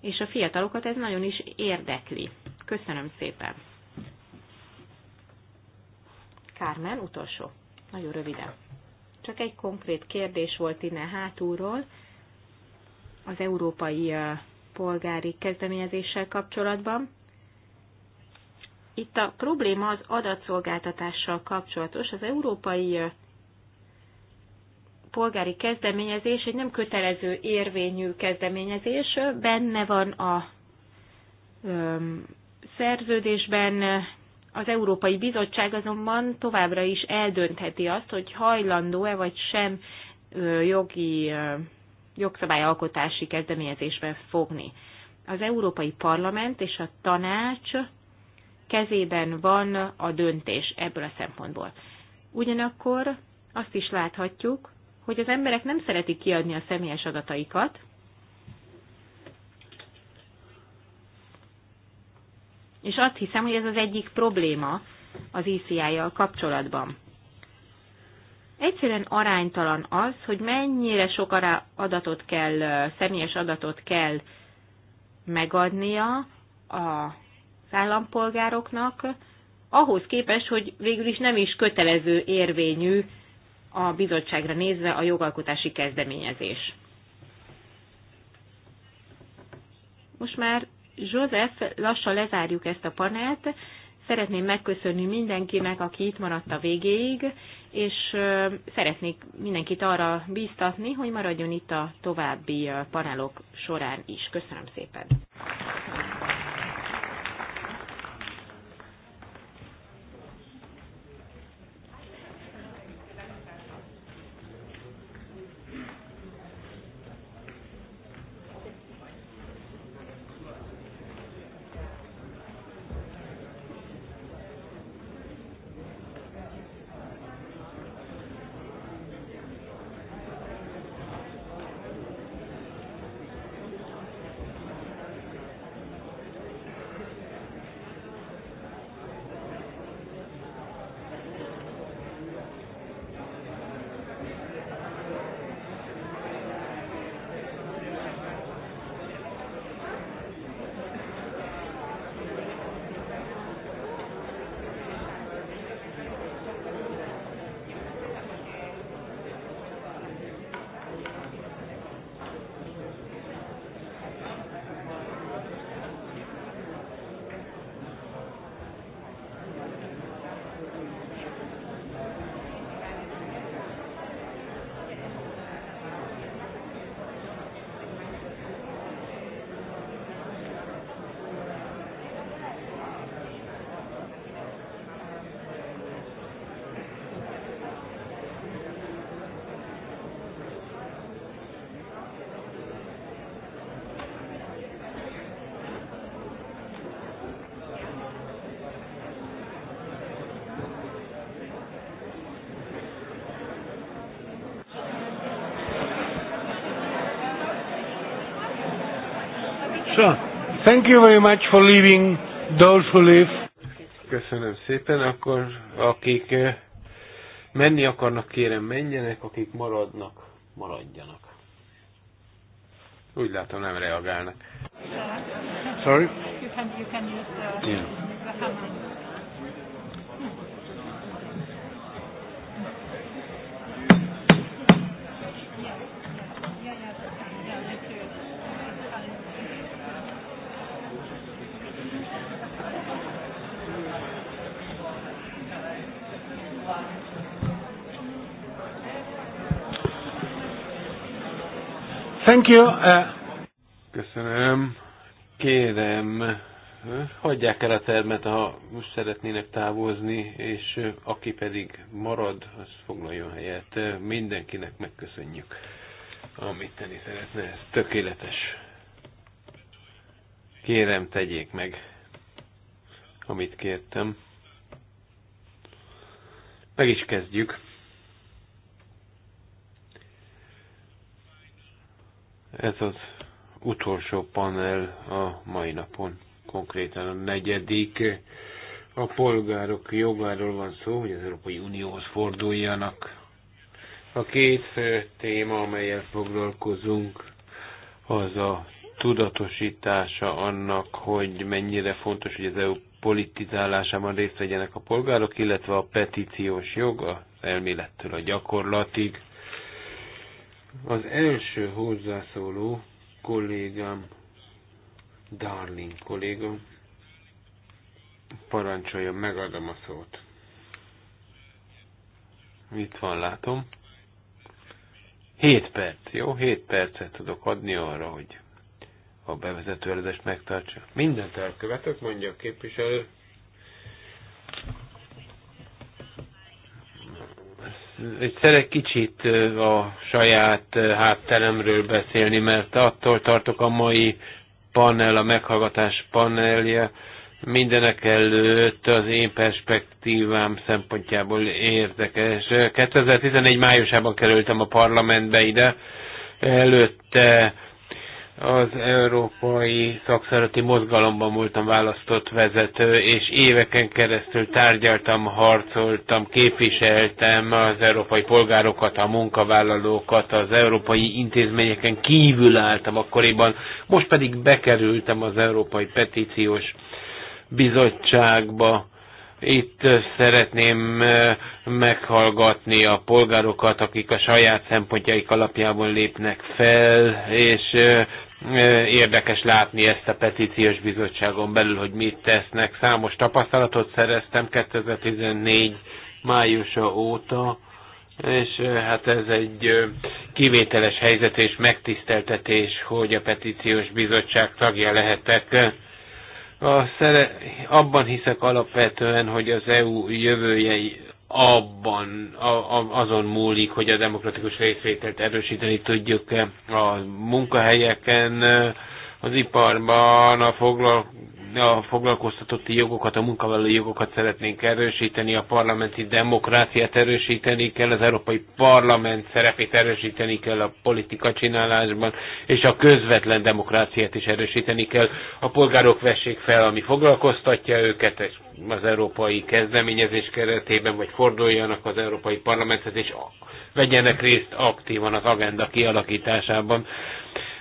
Speaker 1: és a fiatalokat ez nagyon is érdekli. Köszönöm szépen. Kármen, utolsó. Nagyon röviden. Csak egy konkrét kérdés volt innen hátulról az európai eh, polgári kezdeményezéssel kapcsolatban. Itt a probléma az adatszolgáltatással kapcsolatos. Az európai polgári kezdeményezés egy nem kötelező érvényű kezdeményezés, benne van a szerződésben, az Európai Bizottság azonban továbbra is eldöntheti azt, hogy hajlandó-e vagy sem jogi jogszabályalkotási kezdeményezésbe fogni. Az Európai Parlament és a Tanács kezében van a döntés ebből a szempontból. Ugyanakkor azt is láthatjuk, hogy az emberek nem szeretik kiadni a személyes adataikat, és azt hiszem, hogy ez az egyik probléma az ICI-jal kapcsolatban. Egyszerűen aránytalan az, hogy mennyire sok adatot kell, személyes adatot kell megadnia a állampolgároknak, ahhoz képest, hogy végül is nem is kötelező érvényű a bizottságra nézve a jogalkotási kezdeményezés. Most már József, lassan lezárjuk ezt a panelt. Szeretném megköszönni mindenkinek, aki itt maradt a végéig, és szeretnék mindenkit arra bíztatni, hogy maradjon itt a további panelok során is. Köszönöm szépen!
Speaker 2: So, thank you very much for leaving those who live. Köszönöm szépen, akkor akik eh, menni akarnak, kérem menjenek, akik maradnak, maradjanak. Úgy látom, nem reagálnak.
Speaker 1: Sorry? You can, you can use the, yeah. the
Speaker 2: Thank you. Uh... Köszönöm. Kérem, hagyják el a termet, ha most szeretnének távozni, és aki pedig marad, az foglaljon helyet. Mindenkinek megköszönjük, amit tenni szeretne. Ez tökéletes. Kérem, tegyék meg, amit kértem. Meg is kezdjük. Ez az utolsó panel a mai napon, konkrétan a negyedik. A polgárok jogáról van szó, hogy az Európai Unióhoz forduljanak. A két fő téma, amelyel foglalkozunk, az a tudatosítása annak, hogy mennyire fontos, hogy az EU politizálásában részt vegyenek a polgárok, illetve a petíciós jog az elmélettől a gyakorlatig. Az első hozzászóló kollégám, Darling kolléga, parancsolja, megadom a szót. Itt van, látom. 7 perc, jó? 7 percet tudok adni arra, hogy a bevezető előadást megtartsa. Mindent elkövetök, mondja a képviselő. egy szeret kicsit a saját hátteremről beszélni, mert attól tartok a mai panel, a meghallgatás panelje, mindenek előtt az én perspektívám szempontjából érdekes. 2014 májusában kerültem a parlamentbe ide, előtte az Európai Szakszereti Mozgalomban voltam választott vezető, és éveken keresztül tárgyaltam, harcoltam, képviseltem az európai polgárokat, a munkavállalókat, az európai intézményeken kívül álltam akkoriban, most pedig bekerültem az Európai Petíciós Bizottságba, itt szeretném eh, meghallgatni a polgárokat, akik a saját szempontjaik alapjából lépnek fel, és eh, érdekes látni ezt a petíciós bizottságon belül, hogy mit tesznek. Számos tapasztalatot szereztem 2014 májusa óta, és hát ez egy kivételes helyzet és megtiszteltetés, hogy a petíciós bizottság tagja lehetek. A szere, abban hiszek alapvetően, hogy az EU jövője abban a, a, azon múlik, hogy a demokratikus részvételt erősíteni tudjuk e a munkahelyeken, az iparban, a foglalkozásban, a foglalkoztatotti jogokat, a munkavállalói jogokat szeretnénk erősíteni, a parlamenti demokráciát erősíteni kell, az Európai Parlament szerepét erősíteni kell a politika csinálásban, és a közvetlen demokráciát is erősíteni kell. A polgárok vessék fel, ami foglalkoztatja őket, és az európai kezdeményezés keretében, vagy forduljanak az Európai Parlamenthez, és vegyenek részt aktívan az agenda kialakításában.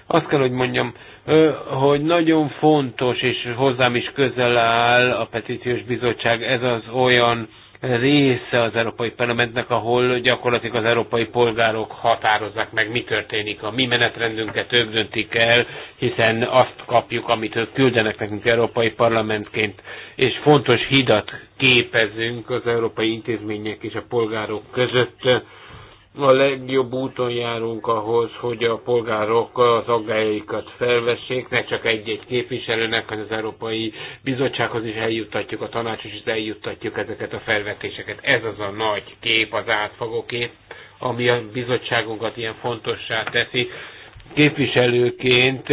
Speaker 2: Azt kell, hogy mondjam, hogy nagyon fontos, és hozzám is közel áll a petíciós bizottság, ez az olyan része az Európai Parlamentnek, ahol gyakorlatilag az európai polgárok határozzák meg, mi történik. A mi menetrendünket ők döntik el, hiszen azt kapjuk, amit ők küldenek nekünk Európai Parlamentként, és fontos hidat képezünk az európai intézmények és a polgárok között a legjobb úton járunk ahhoz, hogy a polgárok az aggájaikat felvessék, ne csak egy-egy képviselőnek, hanem az Európai Bizottsághoz is eljuttatjuk, a tanácshoz is eljuttatjuk ezeket a felvetéseket. Ez az a nagy kép, az átfogó kép, ami a bizottságunkat ilyen fontossá teszi. Képviselőként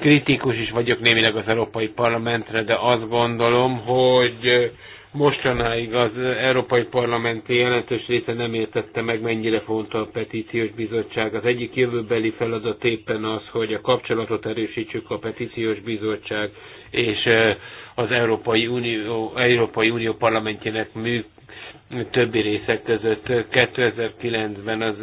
Speaker 2: kritikus is vagyok némileg az Európai Parlamentre, de azt gondolom, hogy mostanáig az Európai Parlamenti jelentős része nem értette meg, mennyire fontos a petíciós bizottság. Az egyik jövőbeli feladat éppen az, hogy a kapcsolatot erősítsük a petíciós bizottság és e, az Európai Unió, Európai Unió parlamentjének mű többi részek között. 2009-ben az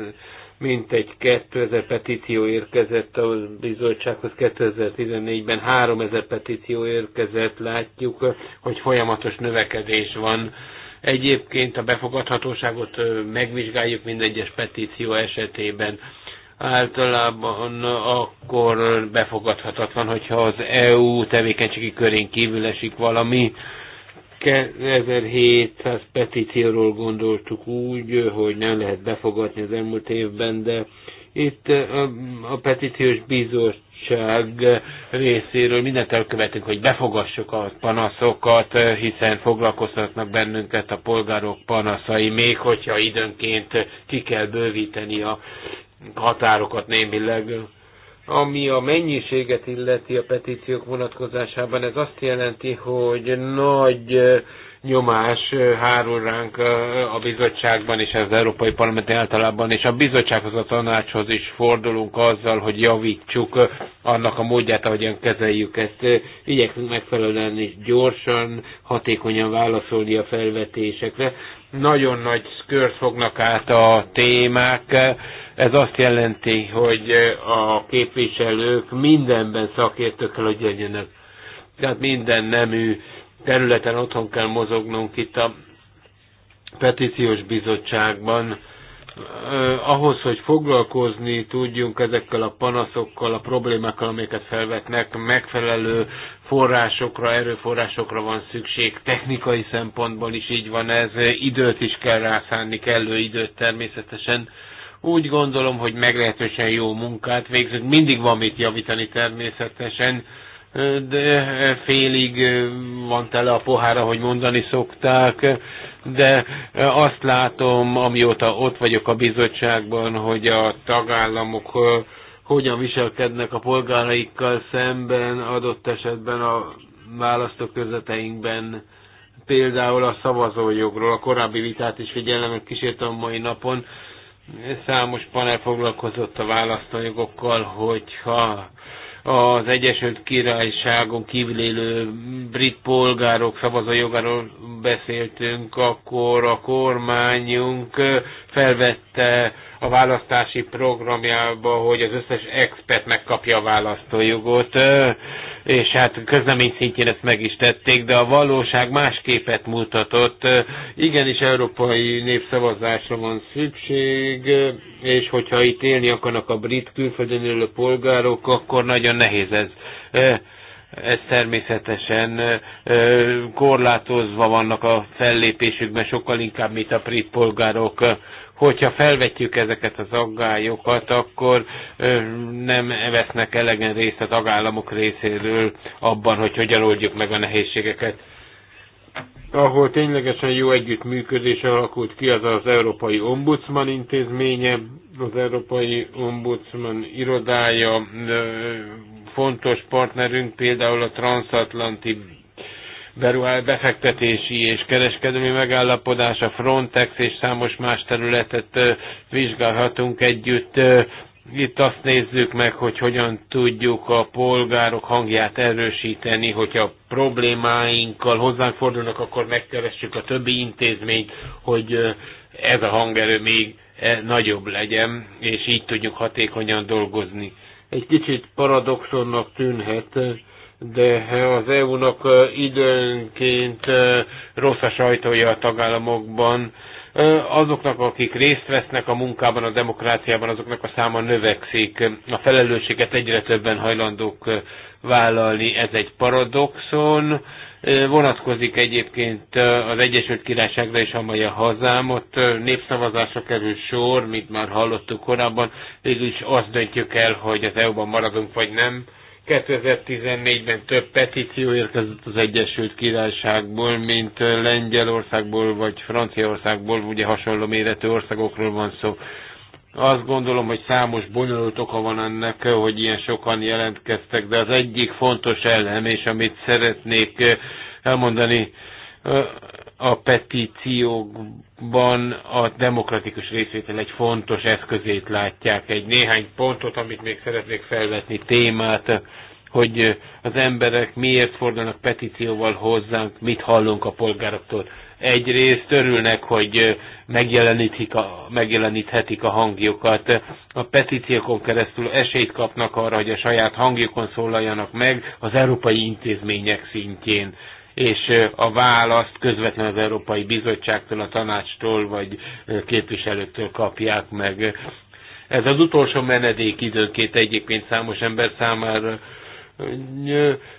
Speaker 2: mint egy 2000 petíció érkezett a bizottsághoz 2014-ben, 3000 petíció érkezett, látjuk, hogy folyamatos növekedés van. Egyébként a befogadhatóságot megvizsgáljuk minden egyes petíció esetében. Általában akkor befogadhatatlan, hogyha az EU tevékenységi körén kívül esik valami, 1700 petícióról gondoltuk úgy, hogy nem lehet befogadni az elmúlt évben, de itt um, a petíciós bizottság részéről mindent elkövetünk, hogy befogassuk a panaszokat, hiszen foglalkoztatnak bennünket a polgárok panaszai, még hogyha időnként ki kell bővíteni a határokat némileg. Ami a mennyiséget illeti a petíciók vonatkozásában, ez azt jelenti, hogy nagy nyomás hárul ránk a bizottságban és az Európai Parlament általában, és a bizottsághoz, a tanácshoz is fordulunk azzal, hogy javítsuk annak a módját, ahogyan kezeljük ezt. Igyekszünk megfelelően és gyorsan, hatékonyan válaszolni a felvetésekre. Nagyon nagy kört fognak át a témák, ez azt jelenti, hogy a képviselők mindenben szakértők kell, hogy Tehát minden nemű területen otthon kell mozognunk itt a petíciós bizottságban, ahhoz, hogy foglalkozni tudjunk ezekkel a panaszokkal, a problémákkal, amiket felvetnek, megfelelő forrásokra, erőforrásokra van szükség, technikai szempontból is így van ez, időt is kell rászánni, kellő időt természetesen. Úgy gondolom, hogy meglehetősen jó munkát végzünk. Mindig van mit javítani természetesen, de félig van tele a pohára, hogy mondani szokták, de azt látom, amióta ott vagyok a bizottságban, hogy a tagállamok hogyan viselkednek a polgáraikkal szemben, adott esetben a választókörzeteinkben, például a szavazójogról, a korábbi vitát is figyelemmel kísértem a mai napon, Számos panel foglalkozott a választójogokkal, hogyha az Egyesült Királyságon kívül élő brit polgárok szavazójogáról beszéltünk, akkor a kormányunk felvette a választási programjába, hogy az összes expert megkapja a választójogot, és hát közlemény szintjén ezt meg is tették, de a valóság más képet mutatott. Igenis európai népszavazásra van szükség, és hogyha itt élni akarnak a brit külföldön élő polgárok, akkor nagyon nehéz ez ez természetesen korlátozva vannak a fellépésükben, sokkal inkább, mint a brit polgárok hogyha felvetjük ezeket az aggályokat, akkor nem vesznek elegen részt a tagállamok részéről abban, hogy hogyan oldjuk meg a nehézségeket. Ahol ténylegesen jó együttműködés alakult ki, az az Európai Ombudsman intézménye, az Európai Ombudsman irodája, fontos partnerünk például a transatlanti befektetési és kereskedelmi megállapodás, a Frontex és számos más területet vizsgálhatunk együtt. Itt azt nézzük meg, hogy hogyan tudjuk a polgárok hangját erősíteni, hogyha problémáinkkal hozzánk fordulnak, akkor megkeressük a többi intézményt, hogy ez a hangerő még e, nagyobb legyen, és így tudjuk hatékonyan dolgozni. Egy kicsit paradoxonnak tűnhet, de az EU-nak időnként rossz a sajtója a tagállamokban. Azoknak, akik részt vesznek a munkában, a demokráciában, azoknak a száma növekszik. A felelősséget egyre többen hajlandók vállalni. Ez egy paradoxon. Vonatkozik egyébként az Egyesült Királyságra és amely a hazám, ott népszavazásra kerül sor, mint már hallottuk korábban, végül is azt döntjük el, hogy az EU-ban maradunk vagy nem 2014-ben több petíció érkezett az Egyesült Királyságból, mint Lengyelországból vagy Franciaországból, ugye hasonló méretű országokról van szó. Azt gondolom, hogy számos bonyolult oka van ennek, hogy ilyen sokan jelentkeztek, de az egyik fontos elem, és amit szeretnék elmondani, a petíciókban a demokratikus részvétel egy fontos eszközét látják. Egy néhány pontot, amit még szeretnék felvetni, témát, hogy az emberek miért fordulnak petícióval hozzánk, mit hallunk a polgároktól. Egyrészt örülnek, hogy megjeleníthetik a, megjeleníthetik a hangjukat. A petíciókon keresztül esélyt kapnak arra, hogy a saját hangjukon szólaljanak meg az európai intézmények szintjén és a választ közvetlen az Európai Bizottságtól, a tanácstól vagy képviselőktől kapják meg. Ez az utolsó menedék időként egyébként számos ember számára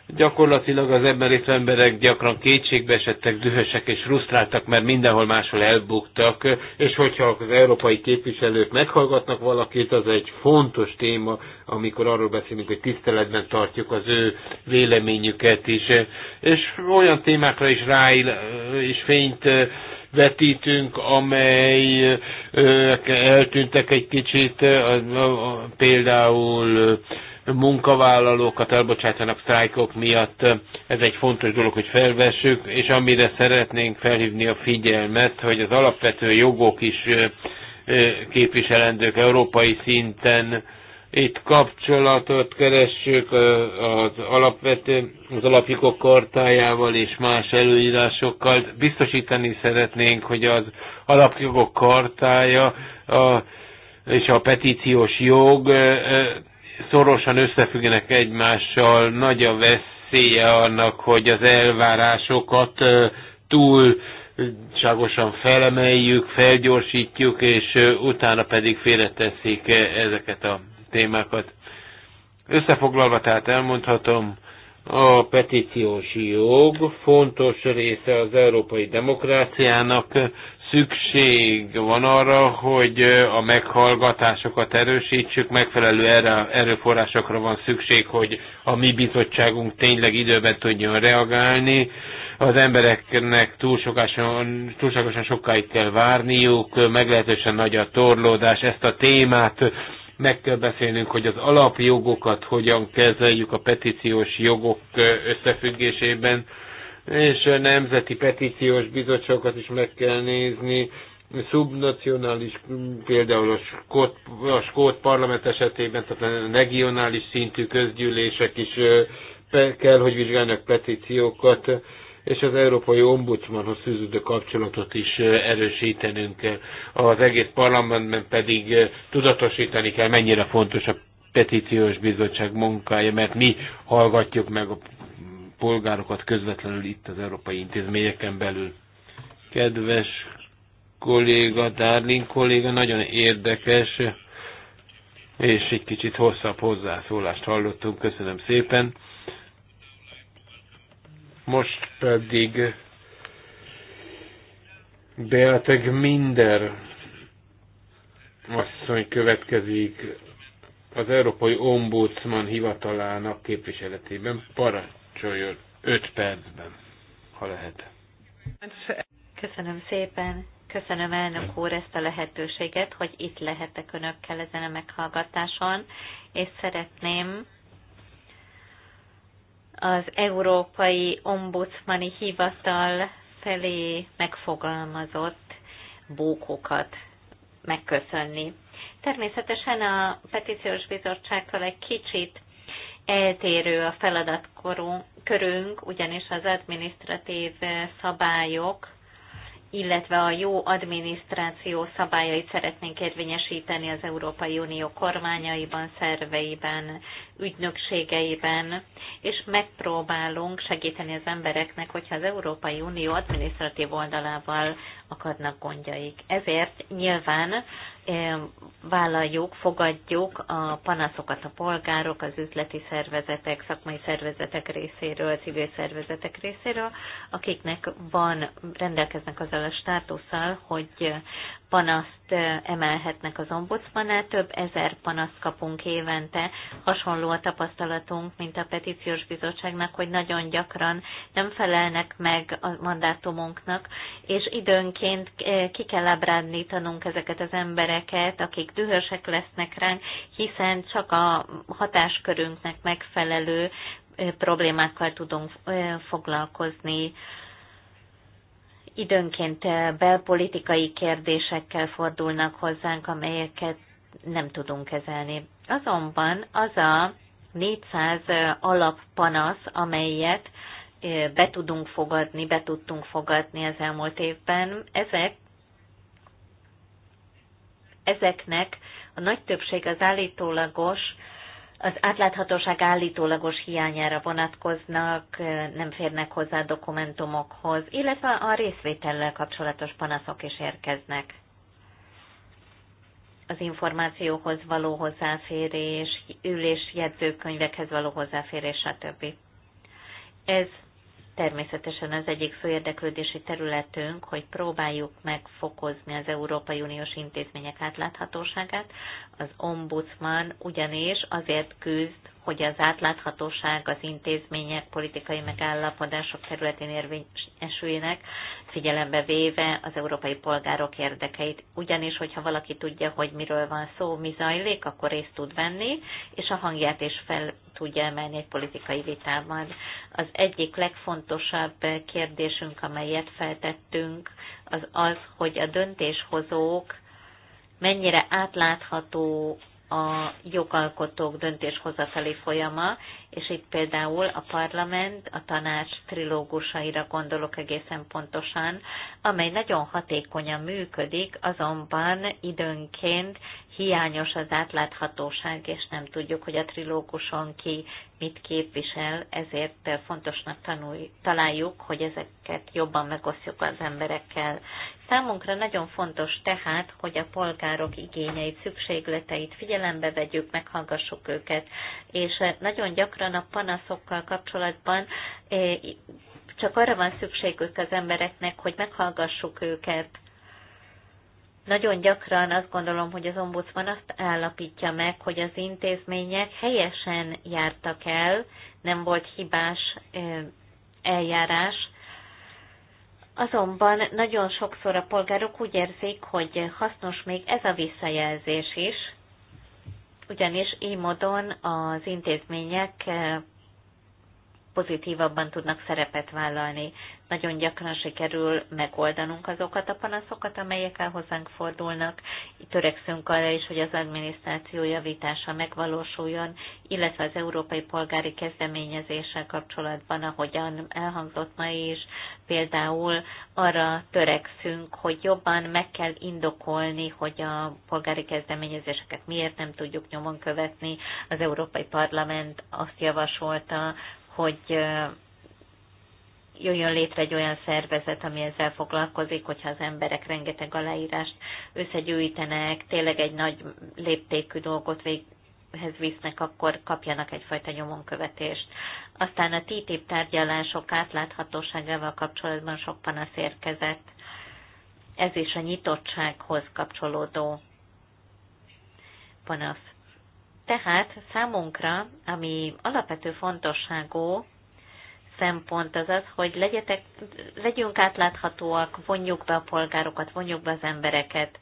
Speaker 2: gyakorlatilag az emberi emberek gyakran kétségbe esettek, dühösek és frusztráltak, mert mindenhol máshol elbuktak, és hogyha az európai képviselők meghallgatnak valakit, az egy fontos téma, amikor arról beszélünk, hogy tiszteletben tartjuk az ő véleményüket is, és olyan témákra is rá is fényt vetítünk, amely eltűntek egy kicsit, például munkavállalókat elbocsátanak sztrájkok miatt. Ez egy fontos dolog, hogy felvessük, és amire szeretnénk felhívni a figyelmet, hogy az alapvető jogok is képviselendők európai szinten. Itt kapcsolatot keressük az alapvető, az alapjogok kartájával és más előírásokkal. Biztosítani szeretnénk, hogy az alapjogok kartája a, és a petíciós jog szorosan összefüggenek egymással, nagy a veszélye annak, hogy az elvárásokat túl ságosan felemeljük, felgyorsítjuk, és utána pedig félretesszik ezeket a témákat. Összefoglalva tehát elmondhatom, a petíciós jog fontos része az európai demokráciának, szükség van arra, hogy a meghallgatásokat erősítsük, megfelelő erőforrásokra van szükség, hogy a mi bizottságunk tényleg időben tudjon reagálni. Az embereknek túlságosan, túlságosan sokáig kell várniuk, meglehetősen nagy a torlódás, ezt a témát meg kell beszélnünk, hogy az alapjogokat hogyan kezeljük a petíciós jogok összefüggésében és a nemzeti petíciós bizottságokat is meg kell nézni, szubnacionális, például a skót, a skót parlament esetében, tehát a regionális szintű közgyűlések is kell, hogy vizsgálnak petíciókat, és az Európai Ombudsmanhoz szűződő kapcsolatot is erősítenünk kell. Az egész parlamentben pedig tudatosítani kell, mennyire fontos a petíciós bizottság munkája, mert mi hallgatjuk meg a polgárokat közvetlenül itt az európai intézményeken belül. Kedves kolléga, Darling kolléga, nagyon érdekes és egy kicsit hosszabb hozzászólást hallottunk. Köszönöm szépen. Most pedig Beateg Minder asszony következik az Európai Ombudsman hivatalának képviseletében. Parancs! kapcsoljon 5 percben, ha lehet.
Speaker 3: Köszönöm szépen. Köszönöm elnök úr ezt a lehetőséget, hogy itt lehetek önökkel ezen a meghallgatáson, és szeretném az Európai Ombudsmani Hivatal felé megfogalmazott bókokat megköszönni. Természetesen a petíciós bizottságtól egy kicsit eltérő a feladatkörünk, ugyanis az administratív szabályok, illetve a jó adminisztráció szabályait szeretnénk érvényesíteni az Európai Unió kormányaiban, szerveiben, ügynökségeiben, és megpróbálunk segíteni az embereknek, hogyha az Európai Unió adminisztratív oldalával akadnak gondjaik. Ezért nyilván vállaljuk, fogadjuk a panaszokat a polgárok, az üzleti szervezetek, szakmai szervezetek részéről, civil szervezetek részéről, akiknek van, rendelkeznek azzal a státusszal, hogy panaszt emelhetnek az ombudsmanát. Több ezer panaszt kapunk évente hasonló a tapasztalatunk, mint a petíciós bizottságnak, hogy nagyon gyakran nem felelnek meg a mandátumunknak, és időnként eh, ki kell ábrádnítanunk ezeket az embereket, akik dühösek lesznek ránk, hiszen csak a hatáskörünknek megfelelő eh, problémákkal tudunk eh, foglalkozni időnként belpolitikai kérdésekkel fordulnak hozzánk, amelyeket nem tudunk kezelni. Azonban az a 400 alappanasz, amelyet be tudunk fogadni, be tudtunk fogadni az elmúlt évben, ezek, ezeknek a nagy többség az állítólagos, az átláthatóság állítólagos hiányára vonatkoznak, nem férnek hozzá dokumentumokhoz, illetve a részvétellel kapcsolatos panaszok is érkeznek az információhoz való hozzáférés, ülés jegyzőkönyvekhez való hozzáférés, stb. Ez természetesen az egyik fő érdeklődési területünk, hogy próbáljuk megfokozni az Európai Uniós intézmények átláthatóságát. Az ombudsman ugyanis azért küzd, hogy az átláthatóság az intézmények, politikai megállapodások területén érvényesüljenek, figyelembe véve az európai polgárok érdekeit. Ugyanis, hogyha valaki tudja, hogy miről van szó, mi zajlik, akkor részt tud venni, és a hangját is fel tudja emelni egy politikai vitában. Az egyik legfontosabb kérdésünk, amelyet feltettünk, az az, hogy a döntéshozók mennyire átlátható a jogalkotók döntéshozatali folyama, és itt például a parlament, a tanács trilógusaira gondolok egészen pontosan, amely nagyon hatékonyan működik, azonban időnként hiányos az átláthatóság, és nem tudjuk, hogy a trilóguson ki mit képvisel, ezért fontosnak tanulj, találjuk, hogy ezeket jobban megosztjuk az emberekkel. Számunkra nagyon fontos tehát, hogy a polgárok igényeit, szükségleteit figyelembe vegyük, meghallgassuk őket, és nagyon gyakran gyakran a panaszokkal kapcsolatban eh, csak arra van szükségük az embereknek, hogy meghallgassuk őket. Nagyon gyakran azt gondolom, hogy az ombudsman azt állapítja meg, hogy az intézmények helyesen jártak el, nem volt hibás eh, eljárás, Azonban nagyon sokszor a polgárok úgy érzik, hogy hasznos még ez a visszajelzés is, ugyanis így módon az intézmények eh, pozitívabban tudnak szerepet vállalni. Nagyon gyakran sikerül megoldanunk azokat a panaszokat, amelyek el hozzánk fordulnak. Törekszünk arra is, hogy az adminisztráció javítása megvalósuljon, illetve az európai polgári kezdeményezéssel kapcsolatban, ahogyan elhangzott ma is, például arra törekszünk, hogy jobban meg kell indokolni, hogy a polgári kezdeményezéseket miért nem tudjuk nyomon követni. Az Európai Parlament azt javasolta, hogy jöjjön létre egy olyan szervezet, ami ezzel foglalkozik, hogyha az emberek rengeteg aláírást összegyűjtenek, tényleg egy nagy léptékű dolgot véghez visznek, akkor kapjanak egyfajta nyomonkövetést. Aztán a TTIP tárgyalások átláthatóságával kapcsolatban sok panasz érkezett. Ez is a nyitottsághoz kapcsolódó panasz. Tehát számunkra, ami alapvető fontosságú szempont az az, hogy legyetek, legyünk átláthatóak, vonjuk be a polgárokat, vonjuk be az embereket,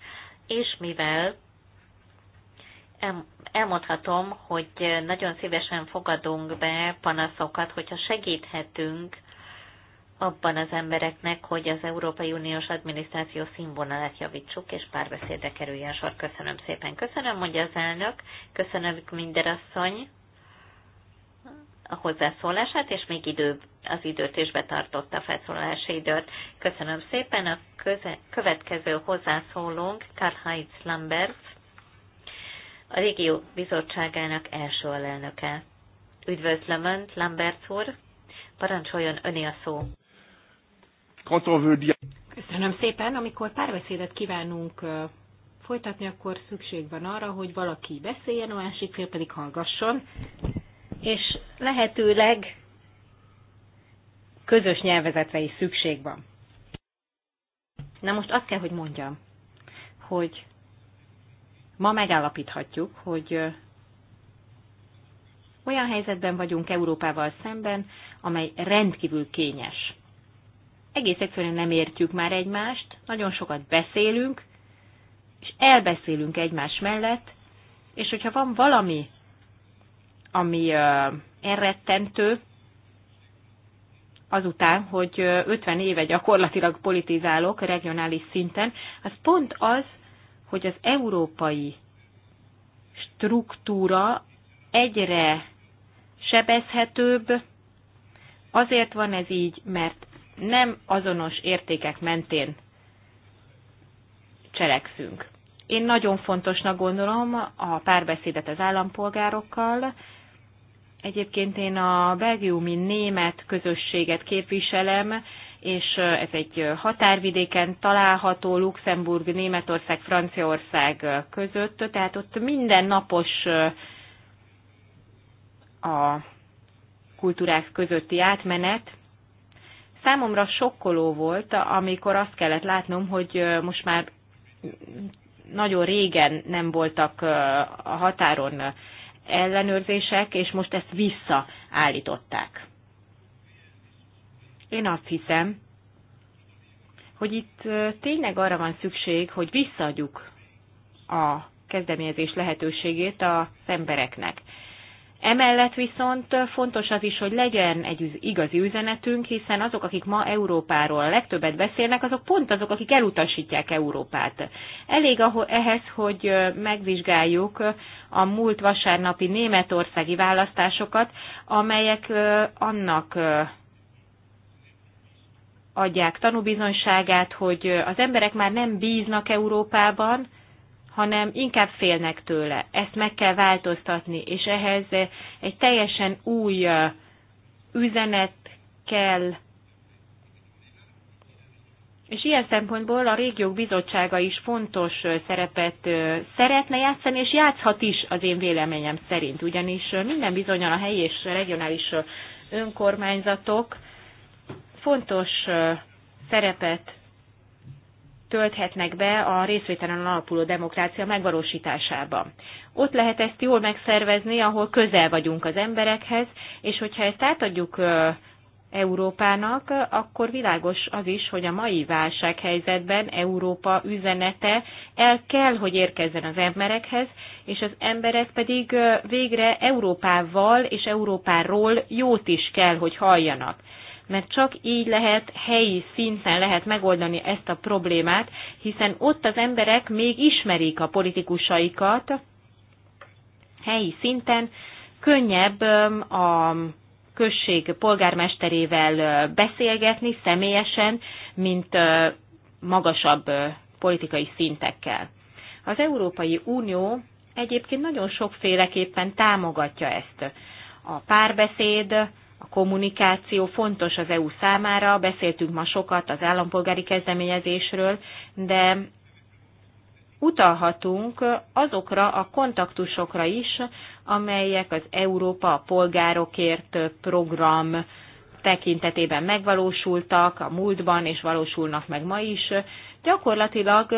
Speaker 3: és mivel elmondhatom, hogy nagyon szívesen fogadunk be panaszokat, hogyha segíthetünk abban az embereknek, hogy az Európai Uniós adminisztráció színvonalát javítsuk, és párbeszédre kerüljön sor. Köszönöm szépen. Köszönöm, mondja az elnök. Köszönöm minden asszony a hozzászólását, és még idő, az időt is betartotta a felszólalási időt. Köszönöm szépen. A köze, következő hozzászólónk Karl-Heinz Lambert, a Régió Bizottságának első alelnöke. Üdvözlöm Önt, Lambert úr!
Speaker 1: Parancsoljon öné a szó quand on veut dire... Köszönöm szépen. Amikor párbeszédet kívánunk folytatni, akkor szükség van arra, hogy valaki beszéljen, a másik fél pedig hallgasson, és lehetőleg közös nyelvezetre is szükség van. Na most azt kell, hogy mondjam, hogy ma megállapíthatjuk, hogy olyan helyzetben vagyunk Európával szemben, amely rendkívül kényes egész egyszerűen nem értjük már egymást, nagyon sokat beszélünk, és elbeszélünk egymás mellett, és hogyha van valami, ami uh, elrettentő, azután, hogy 50 éve gyakorlatilag politizálok regionális szinten, az pont az, hogy az európai struktúra egyre sebezhetőbb, Azért van ez így, mert nem azonos értékek mentén cselekszünk. Én nagyon fontosnak gondolom a párbeszédet az állampolgárokkal. Egyébként én a belgiumi német közösséget képviselem, és ez egy határvidéken található Luxemburg, Németország, Franciaország között, tehát ott minden napos a kultúrák közötti átmenet, Számomra sokkoló volt, amikor azt kellett látnom, hogy most már nagyon régen nem voltak a határon ellenőrzések, és most ezt visszaállították. Én azt hiszem, hogy itt tényleg arra van szükség, hogy visszaadjuk a kezdeményezés lehetőségét az embereknek. Emellett viszont fontos az is, hogy legyen egy igazi üzenetünk, hiszen azok, akik ma Európáról a legtöbbet beszélnek, azok pont azok, akik elutasítják Európát. Elég ehhez, hogy megvizsgáljuk a múlt vasárnapi németországi választásokat, amelyek annak adják tanúbizonyságát, hogy az emberek már nem bíznak Európában, hanem inkább félnek tőle. Ezt meg kell változtatni, és ehhez egy teljesen új üzenet kell. És ilyen szempontból a régiók bizottsága is fontos szerepet szeretne játszani, és játszhat is az én véleményem szerint, ugyanis minden bizonyal a helyi és regionális önkormányzatok fontos szerepet tölthetnek be a részvételen alapuló demokrácia megvalósításába. Ott lehet ezt jól megszervezni, ahol közel vagyunk az emberekhez, és hogyha ezt átadjuk Európának, akkor világos az is, hogy a mai válsághelyzetben Európa üzenete el kell, hogy érkezzen az emberekhez, és az emberek pedig végre Európával és Európáról jót is kell, hogy halljanak mert csak így lehet, helyi szinten lehet megoldani ezt a problémát, hiszen ott az emberek még ismerik a politikusaikat, helyi szinten könnyebb a község polgármesterével beszélgetni személyesen, mint magasabb politikai szintekkel. Az Európai Unió egyébként nagyon sokféleképpen támogatja ezt. A párbeszéd, a kommunikáció fontos az EU számára, beszéltünk ma sokat az állampolgári kezdeményezésről, de utalhatunk azokra a kontaktusokra is, amelyek az Európa a polgárokért program tekintetében megvalósultak a múltban, és valósulnak meg ma is. Gyakorlatilag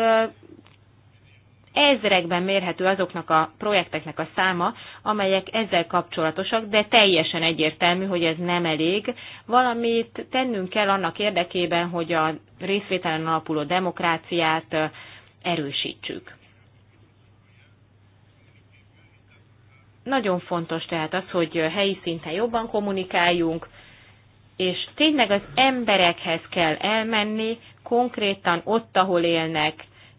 Speaker 1: ezrekben mérhető azoknak a projekteknek a száma, amelyek ezzel kapcsolatosak, de teljesen egyértelmű, hogy ez nem elég. Valamit tennünk kell annak érdekében, hogy a részvételen alapuló demokráciát erősítsük. Nagyon fontos tehát az, hogy helyi szinten jobban kommunikáljunk, és tényleg az emberekhez kell elmenni, konkrétan ott, ahol élnek,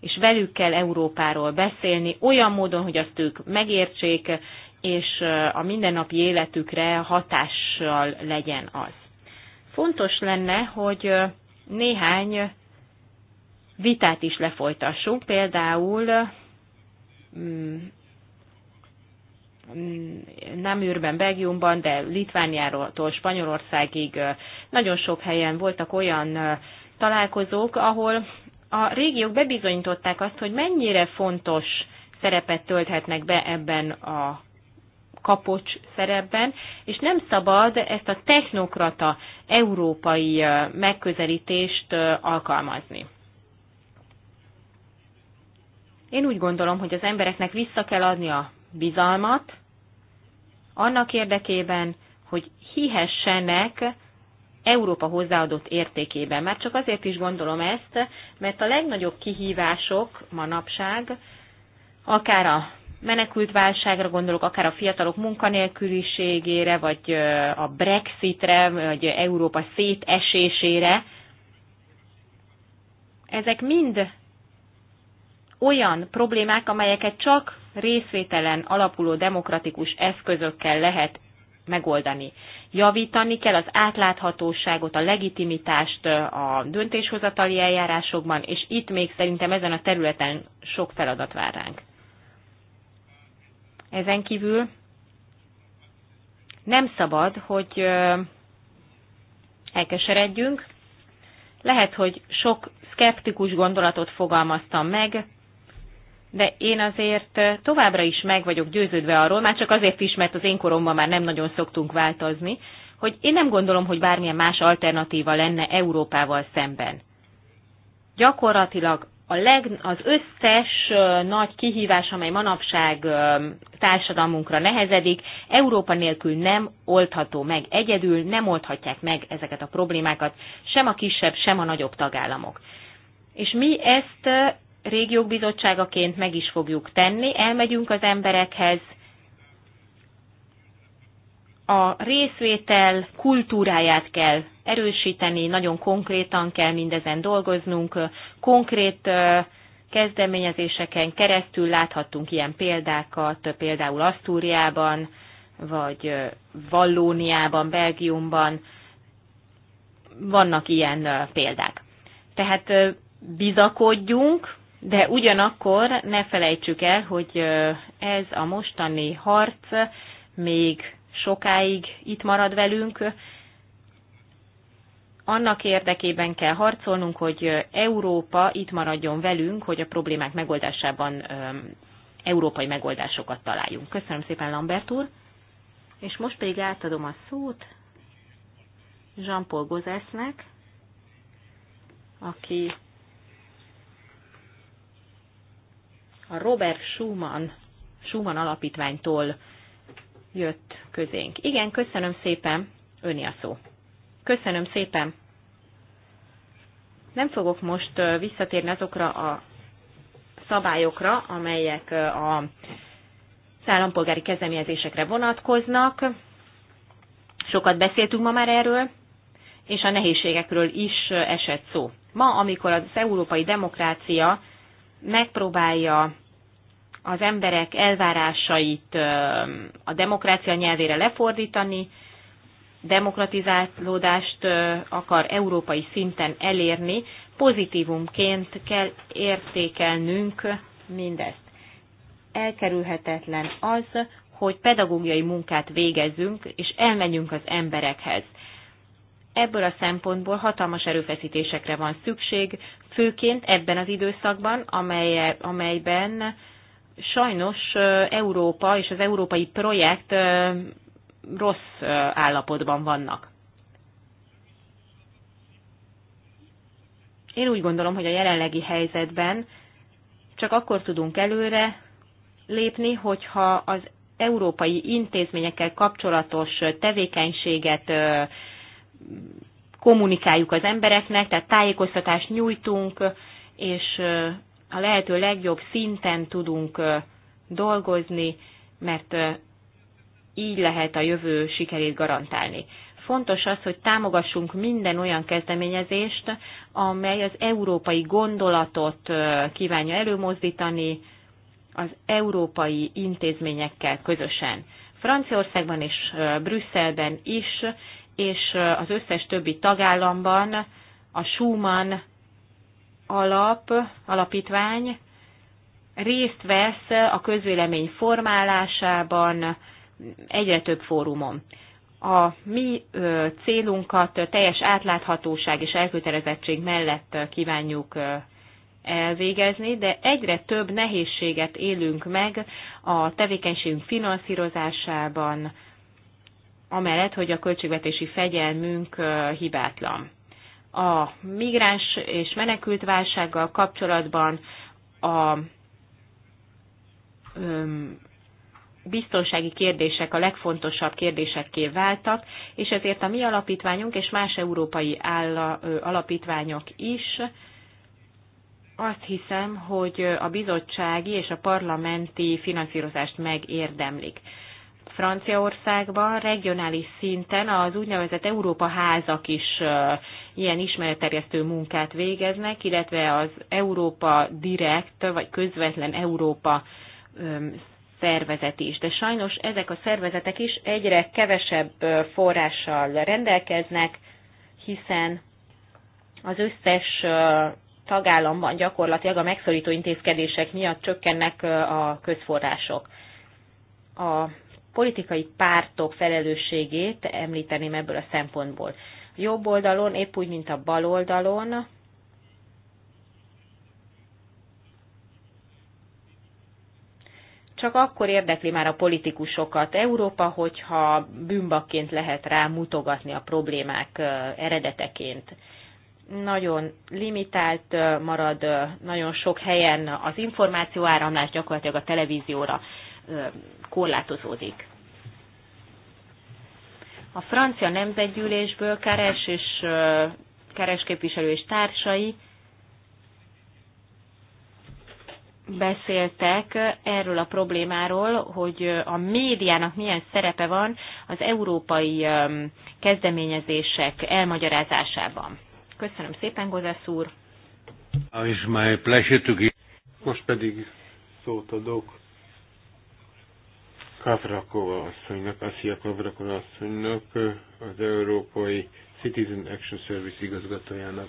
Speaker 1: és velük kell Európáról beszélni, olyan módon, hogy azt ők megértsék, és a mindennapi életükre hatással legyen az. Fontos lenne, hogy néhány vitát is lefolytassunk, például mm, mm, nem űrben, Belgiumban, de Litvániától Spanyolországig nagyon sok helyen voltak olyan találkozók, ahol a régiók bebizonyították azt, hogy mennyire fontos szerepet tölthetnek be ebben a kapocs szerepben, és nem szabad ezt a technokrata európai megközelítést alkalmazni. Én úgy gondolom, hogy az embereknek vissza kell adni a bizalmat, annak érdekében, hogy hihessenek Európa hozzáadott értékében. Már csak azért is gondolom ezt, mert a legnagyobb kihívások manapság, akár a menekült válságra gondolok, akár a fiatalok munkanélküliségére, vagy a Brexitre, vagy Európa szétesésére, ezek mind olyan problémák, amelyeket csak részvételen alapuló demokratikus eszközökkel lehet megoldani. Javítani kell az átláthatóságot, a legitimitást a döntéshozatali eljárásokban, és itt még szerintem ezen a területen sok feladat vár ránk. Ezen kívül nem szabad, hogy elkeseredjünk. Lehet, hogy sok szkeptikus gondolatot fogalmaztam meg, de én azért továbbra is meg vagyok győződve arról, már csak azért is, mert az én koromban már nem nagyon szoktunk változni, hogy én nem gondolom, hogy bármilyen más alternatíva lenne Európával szemben. Gyakorlatilag a leg, az összes nagy kihívás, amely manapság társadalmunkra nehezedik, Európa nélkül nem oldható meg egyedül, nem oldhatják meg ezeket a problémákat sem a kisebb, sem a nagyobb tagállamok. És mi ezt régiók bizottságaként meg is fogjuk tenni, elmegyünk az emberekhez, a részvétel kultúráját kell erősíteni, nagyon konkrétan kell mindezen dolgoznunk, konkrét kezdeményezéseken keresztül láthattunk ilyen példákat, például Asztúriában, vagy Vallóniában, Belgiumban, vannak ilyen példák. Tehát bizakodjunk, de ugyanakkor ne felejtsük el, hogy ez a mostani harc még sokáig itt marad velünk. Annak érdekében kell harcolnunk, hogy Európa itt maradjon velünk, hogy a problémák megoldásában európai megoldásokat találjunk. Köszönöm szépen, Lambert úr! És most pedig átadom a szót Jean-Paul Gozesznek, aki a Robert Schumann, Schumann alapítványtól jött közénk. Igen, köszönöm szépen, öni a szó. Köszönöm szépen. Nem fogok most visszatérni azokra a szabályokra, amelyek a állampolgári kezdeményezésekre vonatkoznak. Sokat beszéltünk ma már erről, és a nehézségekről is esett szó. Ma, amikor az európai demokrácia megpróbálja az emberek elvárásait a demokrácia nyelvére lefordítani, demokratizálódást akar európai szinten elérni, pozitívumként kell értékelnünk mindezt. Elkerülhetetlen az, hogy pedagógiai munkát végezzünk, és elmenjünk az emberekhez. Ebből a szempontból hatalmas erőfeszítésekre van szükség, főként ebben az időszakban, amely, amelyben sajnos Európa és az európai projekt rossz állapotban vannak. Én úgy gondolom, hogy a jelenlegi helyzetben csak akkor tudunk előre lépni, hogyha az európai intézményekkel kapcsolatos tevékenységet kommunikáljuk az embereknek, tehát tájékoztatást nyújtunk, és a lehető legjobb szinten tudunk dolgozni, mert így lehet a jövő sikerét garantálni. Fontos az, hogy támogassunk minden olyan kezdeményezést, amely az európai gondolatot kívánja előmozdítani az európai intézményekkel közösen. Franciaországban és Brüsszelben is és az összes többi tagállamban a Schumann alap, alapítvány részt vesz a közvélemény formálásában egyre több fórumon. A mi célunkat teljes átláthatóság és elkötelezettség mellett kívánjuk elvégezni, de egyre több nehézséget élünk meg a tevékenységünk finanszírozásában, amellett, hogy a költségvetési fegyelmünk hibátlan. A migráns és menekült válsággal kapcsolatban a biztonsági kérdések a legfontosabb kérdésekké váltak, és ezért a mi alapítványunk és más európai alapítványok is azt hiszem, hogy a bizottsági és a parlamenti finanszírozást megérdemlik. Franciaországban regionális szinten az úgynevezett Európa házak is ilyen ismeretterjesztő munkát végeznek, illetve az Európa Direkt vagy közvetlen Európa szervezet is. De sajnos ezek a szervezetek is egyre kevesebb forrással rendelkeznek, hiszen az összes tagállamban gyakorlatilag a megszorító intézkedések miatt csökkennek a közforrások. A politikai pártok felelősségét említeném ebből a szempontból. A jobb oldalon, épp úgy, mint a bal oldalon, csak akkor érdekli már a politikusokat Európa, hogyha bűnbakként lehet rá mutogatni a problémák eredeteként. Nagyon limitált marad nagyon sok helyen az információ áramlás gyakorlatilag a televízióra korlátozódik. A francia nemzetgyűlésből Keres és keresképviselő és társai beszéltek erről a problémáról, hogy a médiának milyen szerepe van az európai kezdeményezések elmagyarázásában. Köszönöm szépen, Gozász úr!
Speaker 2: Most pedig szót adok Kavrakova asszonynak, Asszia Kavrakova asszonynak, az Európai Citizen Action Service igazgatójának.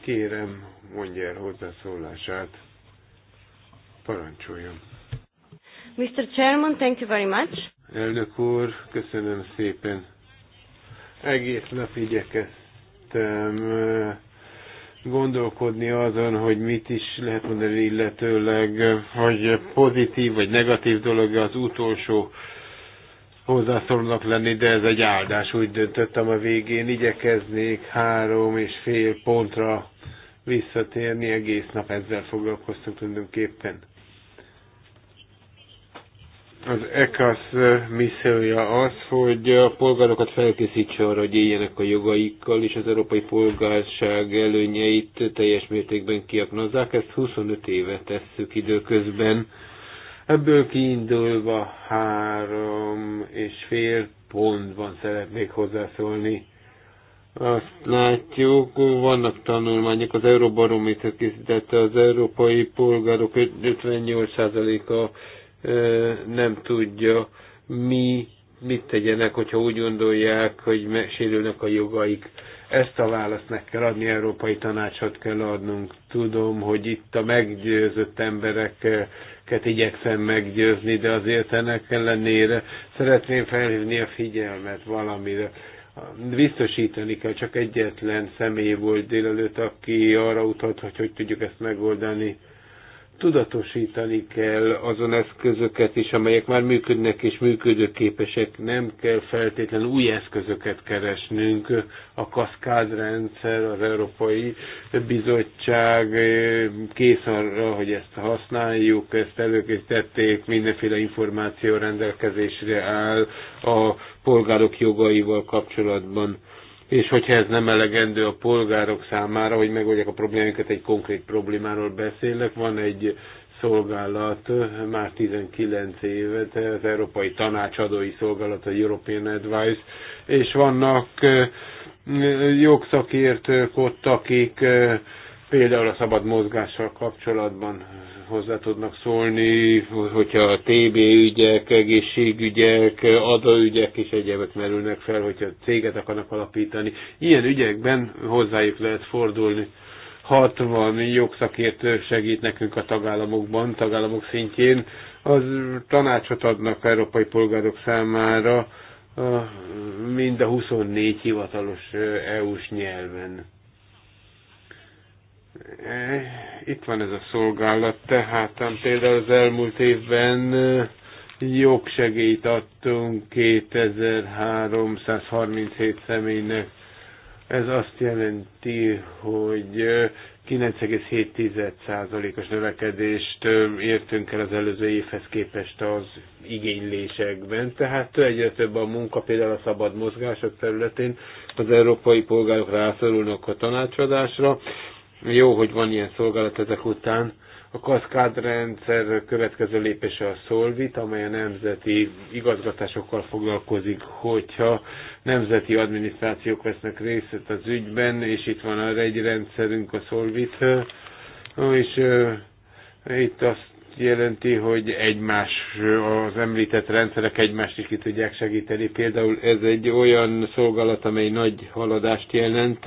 Speaker 2: Kérem, mondja el hozzászólását. Parancsoljon.
Speaker 1: Mr. Chairman, thank you very much.
Speaker 2: Elnök úr, köszönöm szépen. Egész nap igyekeztem gondolkodni azon, hogy mit is lehet mondani illetőleg, hogy pozitív vagy negatív dolog az utolsó hozzászólónak lenni, de ez egy áldás, úgy döntöttem a végén, igyekeznék három és fél pontra visszatérni, egész nap ezzel foglalkoztunk tulajdonképpen. Az ECAS missziója az, hogy a polgárokat felkészítse arra, hogy éljenek a jogaikkal, és az európai polgárság előnyeit teljes mértékben kiaknozzák. Ezt 25 éve tesszük időközben. Ebből kiindulva három és fél pontban szeretnék hozzászólni. Azt látjuk, vannak tanulmányok, az Euróbarométer készítette az európai polgárok 58%-a nem tudja, mi mit tegyenek, hogyha úgy gondolják, hogy sérülnek a jogaik. Ezt a választ meg kell adni, európai tanácsot kell adnunk. Tudom, hogy itt a meggyőzött embereket igyekszem meggyőzni, de azért ennek ellenére szeretném felhívni a figyelmet valamire. Biztosítani kell, csak egyetlen személy volt délelőtt, aki arra utalt, hogy hogy tudjuk ezt megoldani tudatosítani kell azon eszközöket is, amelyek már működnek és működőképesek. Nem kell feltétlenül új eszközöket keresnünk. A kaszkádrendszer, az Európai Bizottság eh, kész arra, hogy ezt használjuk, ezt előkészítették, mindenféle információ rendelkezésre áll a polgárok jogaival kapcsolatban és hogyha ez nem elegendő a polgárok számára, hogy megoldják a problémáinkat, egy konkrét problémáról beszélnek, van egy szolgálat már 19 évet, az Európai Tanácsadói Szolgálat, a European Advice, és vannak jogszakértők ott, akik például a szabad mozgással kapcsolatban hozzá tudnak szólni, hogyha a TB ügyek, egészségügyek, adóügyek is egyebek merülnek fel, hogyha céget akarnak alapítani. Ilyen ügyekben hozzájuk lehet fordulni. 60 jogszakértő segít nekünk a tagállamokban, tagállamok szintjén. Az tanácsot adnak európai polgárok számára mind a 24 hivatalos EU-s nyelven. Eh, itt van ez a szolgálat, tehát például az elmúlt évben eh, jogsegélyt adtunk 2337 személynek. Ez azt jelenti, hogy 9,7%-os eh, növekedést értünk el az előző évhez képest az igénylésekben. Tehát egyre több a munka, például a szabad mozgások területén az európai polgárok rászorulnak a tanácsadásra, jó, hogy van ilyen szolgálat ezek után. A kaszkádrendszer következő lépése a Solvit, amely a nemzeti igazgatásokkal foglalkozik, hogyha nemzeti adminisztrációk vesznek részt az ügyben, és itt van arra egy rendszerünk a Solvit, és itt azt jelenti, hogy egymás, az említett rendszerek egymást is ki tudják segíteni. Például ez egy olyan szolgálat, amely nagy haladást jelent,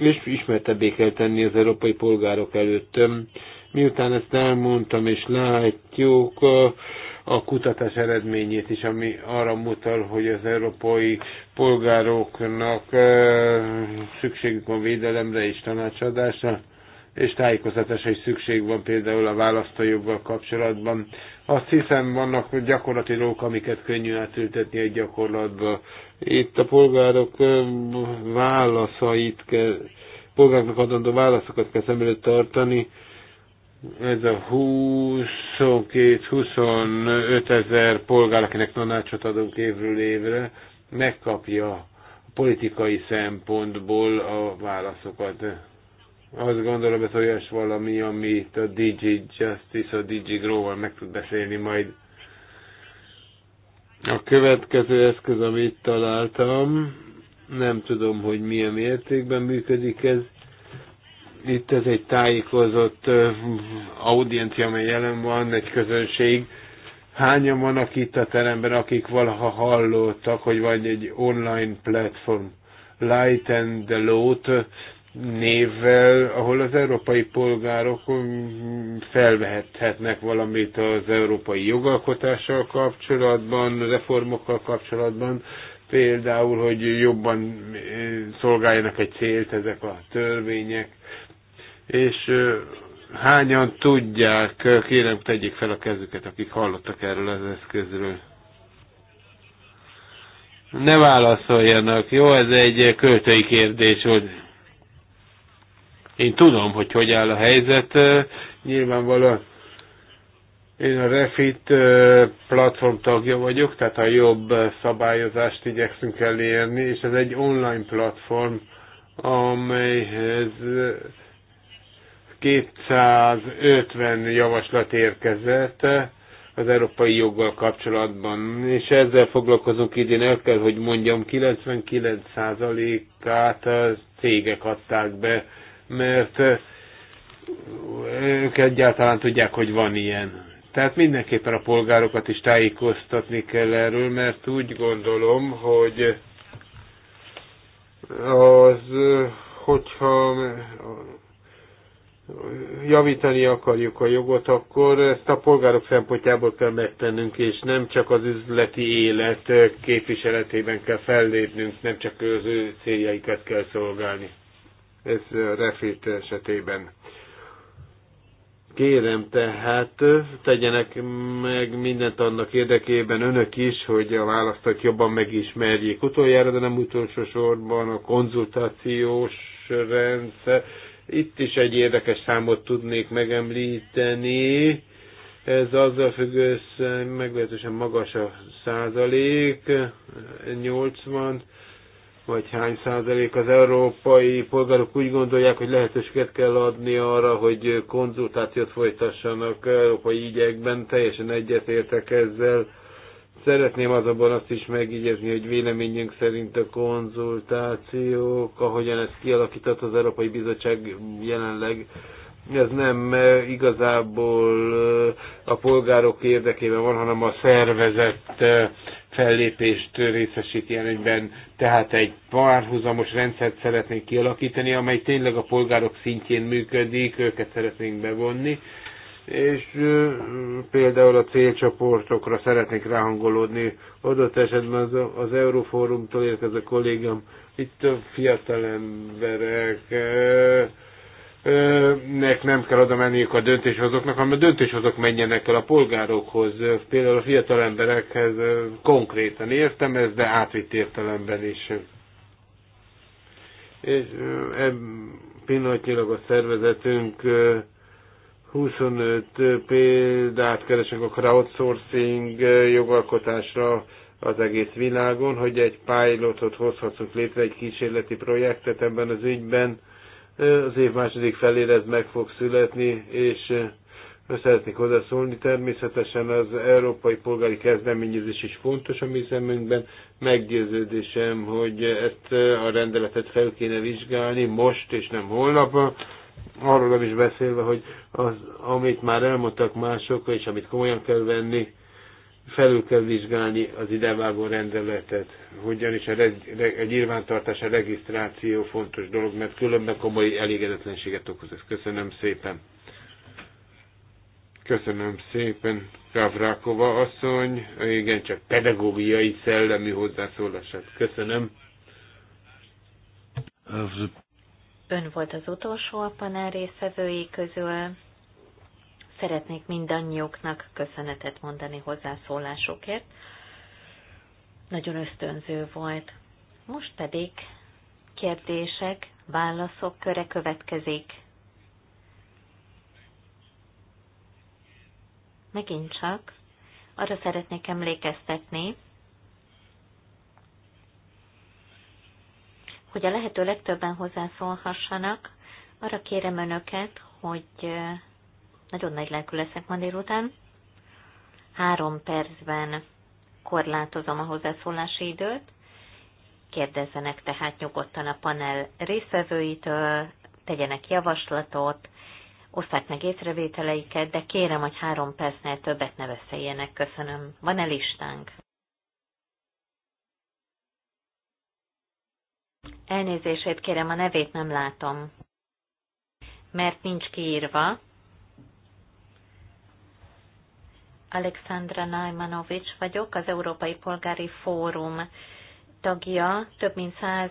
Speaker 2: és ismertebbé kell tenni az európai polgárok előtt. Miután ezt elmondtam, és látjuk a kutatás eredményét is, ami arra mutat, hogy az európai polgároknak szükségük van védelemre és tanácsadásra, és tájékoztatásra is szükség van például a választójoggal kapcsolatban. Azt hiszem, vannak gyakorlati dolgok, amiket könnyű átültetni egy gyakorlatba. Itt a polgárok válaszait kell, polgároknak adandó válaszokat kell szem előtt tartani. Ez a 22-25 ezer polgár, akinek tanácsot adunk évről évre, megkapja politikai szempontból a válaszokat azt gondolom, ez olyas valami, amit a DJ Justice, a DJ Grow-val meg tud beszélni majd. A következő eszköz, amit találtam, nem tudom, hogy milyen mértékben működik ez. Itt ez egy tájékozott audiencia, amely jelen van, egy közönség. Hányan vannak itt a teremben, akik valaha hallottak, hogy van egy online platform, Light and the Load, névvel, ahol az európai polgárok felvehethetnek valamit az európai jogalkotással kapcsolatban, reformokkal kapcsolatban, például, hogy jobban eh, szolgáljanak egy célt ezek a törvények, és eh, hányan tudják, eh, kérem tegyék fel a kezüket, akik hallottak erről az eszközről. Ne válaszoljanak, jó, ez egy költői kérdés, hogy én tudom, hogy hogy áll a helyzet. Nyilvánvalóan én a Refit platform tagja vagyok, tehát a jobb szabályozást igyekszünk elérni, és ez egy online platform, amelyhez 250 javaslat érkezett az európai joggal kapcsolatban, és ezzel foglalkozunk idén, el kell, hogy mondjam, 99%-át a cégek adták be mert eh, ők egyáltalán tudják, hogy van ilyen. Tehát mindenképpen a polgárokat is tájékoztatni kell erről, mert úgy gondolom, hogy az, eh, hogyha eh, javítani akarjuk a jogot, akkor ezt a polgárok szempontjából kell megtennünk, és nem csak az üzleti élet képviseletében kell fellépnünk, nem csak az ő céljaikat kell szolgálni ez refit esetében. Kérem tehát, tegyenek meg mindent annak érdekében önök is, hogy a választat jobban megismerjék. Utoljára, de nem utolsó sorban a konzultációs rendszer. Itt is egy érdekes számot tudnék megemlíteni. Ez azzal függ össze, meglehetősen magas a százalék, 80 vagy hány százalék az európai polgárok úgy gondolják, hogy lehetőséget kell adni arra, hogy konzultációt folytassanak európai ügyekben, teljesen egyetértek ezzel. Szeretném azonban azt is megígézni, hogy véleményünk szerint a konzultációk, ahogyan ez kialakított az Európai Bizottság jelenleg, ez nem igazából a polgárok érdekében van, hanem a szervezett fellépést részesít előnyben, tehát egy párhuzamos rendszert szeretnénk kialakítani, amely tényleg a polgárok szintjén működik, őket szeretnénk bevonni, és például a célcsoportokra szeretnék ráhangolódni. Adott esetben az, az Euroforumtól érkező kollégám, itt a fiatal emberek, nek nem kell oda menniük a döntéshozóknak, hanem a döntéshozók menjenek el a polgárokhoz, például a fiatal emberekhez konkrétan értem ez, de átvitt értelemben is. És pillanatnyilag a szervezetünk 25 példát keresünk a crowdsourcing jogalkotásra az egész világon, hogy egy pilotot hozhatunk létre, egy kísérleti projektet ebben az ügyben, az év második felére ez meg fog születni, és szeretnék hozzászólni. Természetesen az európai polgári kezdeményezés is fontos a mi szemünkben. Meggyőződésem, hogy ezt a rendeletet fel kéne vizsgálni most és nem holnap. Arról nem is beszélve, hogy az, amit már elmondtak mások, és amit komolyan kell venni, felül kell vizsgálni az idevágó rendeletet, hogyan is a, reg, a nyilvántartás, a regisztráció fontos dolog, mert különben komoly elégedetlenséget okoz. Ezt köszönöm szépen. Köszönöm szépen, Kavrákova asszony. Igen, csak pedagógiai szellemi hozzászólását. Köszönöm.
Speaker 3: Ön volt az utolsó a panel részvevői közül. Szeretnék mindannyiuknak köszönetet mondani hozzászólásokért. Nagyon ösztönző volt. Most pedig kérdések, válaszok köre következik. Megint csak arra szeretnék emlékeztetni, hogy a lehető legtöbben hozzászólhassanak, arra kérem önöket, hogy nagyon nagy lelkül leszek ma délután. Három percben korlátozom a hozzászólási időt. Kérdezzenek tehát nyugodtan a panel részvevőitől, tegyenek javaslatot, oszták meg észrevételeiket, de kérem, hogy három percnél többet ne veszeljenek. Köszönöm. Van-e listánk? Elnézését kérem, a nevét nem látom. Mert nincs kiírva. Alexandra Naimanovics vagyok, az Európai Polgári Fórum tagja, több mint száz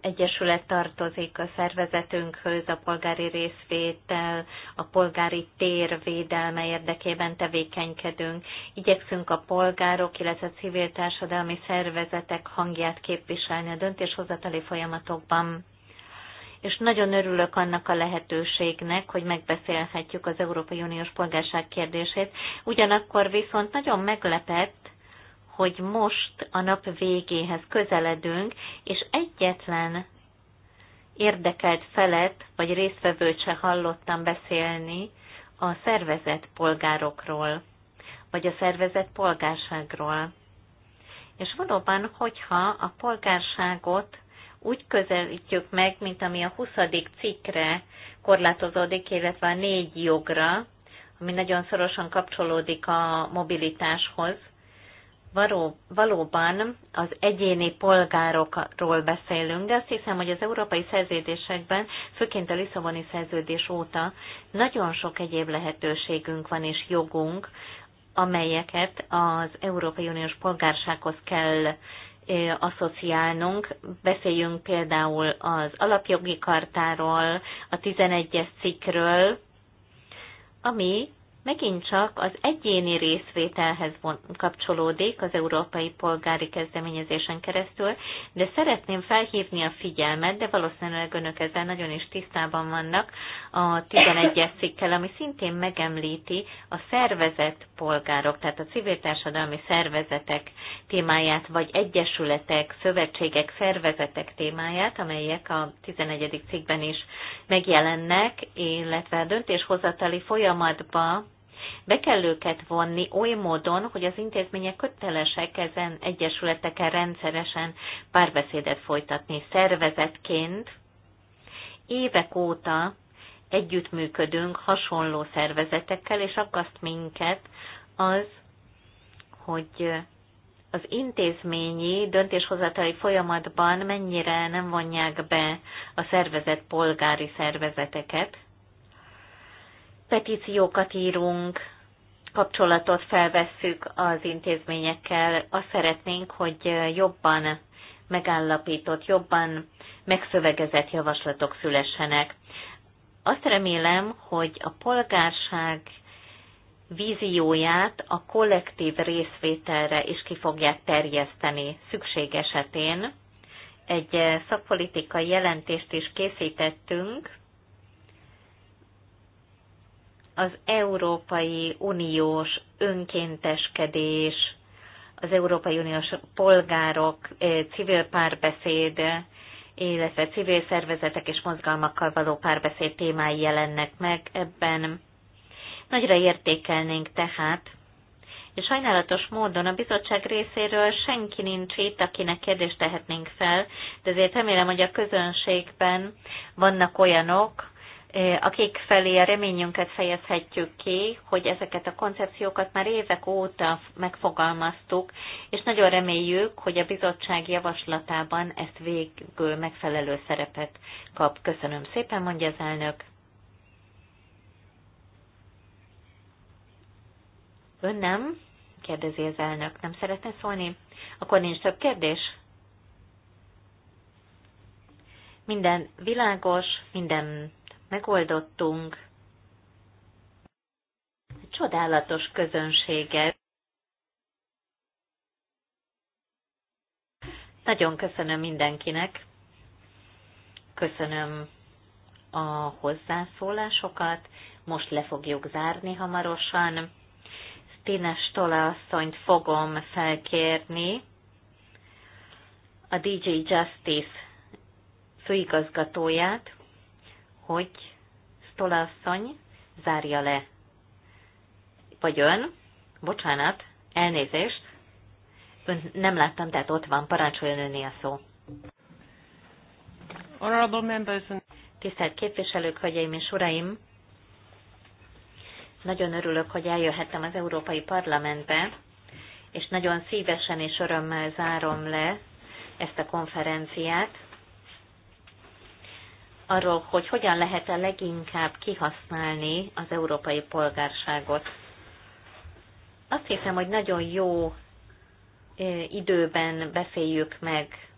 Speaker 3: egyesület tartozik a szervezetünkhöz, a polgári részvétel, a polgári tér védelme érdekében tevékenykedünk. Igyekszünk a polgárok, illetve a civil társadalmi szervezetek hangját képviselni a döntéshozatali folyamatokban és nagyon örülök annak a lehetőségnek, hogy megbeszélhetjük az Európai Uniós polgárság kérdését. Ugyanakkor viszont nagyon meglepett, hogy most a nap végéhez közeledünk, és egyetlen érdekelt felet vagy résztvevőt se hallottam beszélni a szervezet polgárokról, vagy a szervezet polgárságról. És valóban, hogyha a polgárságot úgy közelítjük meg, mint ami a 20. cikkre korlátozódik, illetve a négy jogra, ami nagyon szorosan kapcsolódik a mobilitáshoz. Való, valóban az egyéni polgárokról beszélünk, de azt hiszem, hogy az európai szerződésekben, főként a Lisszaboni szerződés óta nagyon sok egyéb lehetőségünk van és jogunk, amelyeket az Európai Uniós polgársághoz kell asszociálnunk. Beszéljünk például az alapjogi kartáról, a 11-es cikkről, ami megint csak az egyéni részvételhez kapcsolódik az Európai Polgári Kezdeményezésen keresztül, de szeretném felhívni a figyelmet, de valószínűleg önök ezzel nagyon is tisztában vannak a 11-es cikkel, ami szintén megemlíti a szervezett polgárok, tehát a civil társadalmi szervezetek témáját, vagy egyesületek, szövetségek, szervezetek témáját, amelyek a 11. cikkben is megjelennek, illetve a döntéshozatali folyamatban be kell őket vonni oly módon, hogy az intézmények kötelesek ezen egyesületeken rendszeresen párbeszédet folytatni szervezetként. Évek óta együttműködünk hasonló szervezetekkel, és akaszt minket az, hogy az intézményi döntéshozatali folyamatban mennyire nem vonják be a szervezet polgári szervezeteket, petíciókat írunk, kapcsolatot felvesszük az intézményekkel. Azt szeretnénk, hogy jobban megállapított, jobban megszövegezett javaslatok szülessenek. Azt remélem, hogy a polgárság vízióját a kollektív részvételre is ki fogják terjeszteni szükség esetén. Egy szakpolitikai jelentést is készítettünk, az Európai Uniós önkénteskedés, az Európai Uniós polgárok, eh, civil párbeszéd, illetve civil szervezetek és mozgalmakkal való párbeszéd témái jelennek meg ebben. Nagyra értékelnénk tehát, és sajnálatos módon a bizottság részéről senki nincs itt, akinek kérdést tehetnénk fel, de azért remélem, hogy a közönségben vannak olyanok, akik felé a reményünket fejezhetjük ki, hogy ezeket a koncepciókat már évek óta megfogalmaztuk, és nagyon reméljük, hogy a bizottság javaslatában ezt végül megfelelő szerepet kap. Köszönöm szépen, mondja az elnök. Ön nem? kérdezi az elnök. Nem szeretne szólni? Akkor nincs több kérdés? Minden világos, minden megoldottunk. Csodálatos közönséget. Nagyon köszönöm mindenkinek. Köszönöm a hozzászólásokat. Most le fogjuk zárni hamarosan. Stine Stola asszonyt fogom felkérni a DJ Justice főigazgatóját, hogy Stola asszony zárja le. Vagy ön, bocsánat, elnézést, ön nem láttam, tehát ott van, parancsoljon önné a szó. Tisztelt képviselők, hölgyeim és uraim! Nagyon örülök, hogy eljöhettem az Európai Parlamentbe, és nagyon szívesen és örömmel zárom le ezt a konferenciát arról, hogy hogyan lehet a leginkább kihasználni az európai polgárságot. Azt hiszem, hogy nagyon jó időben beszéljük meg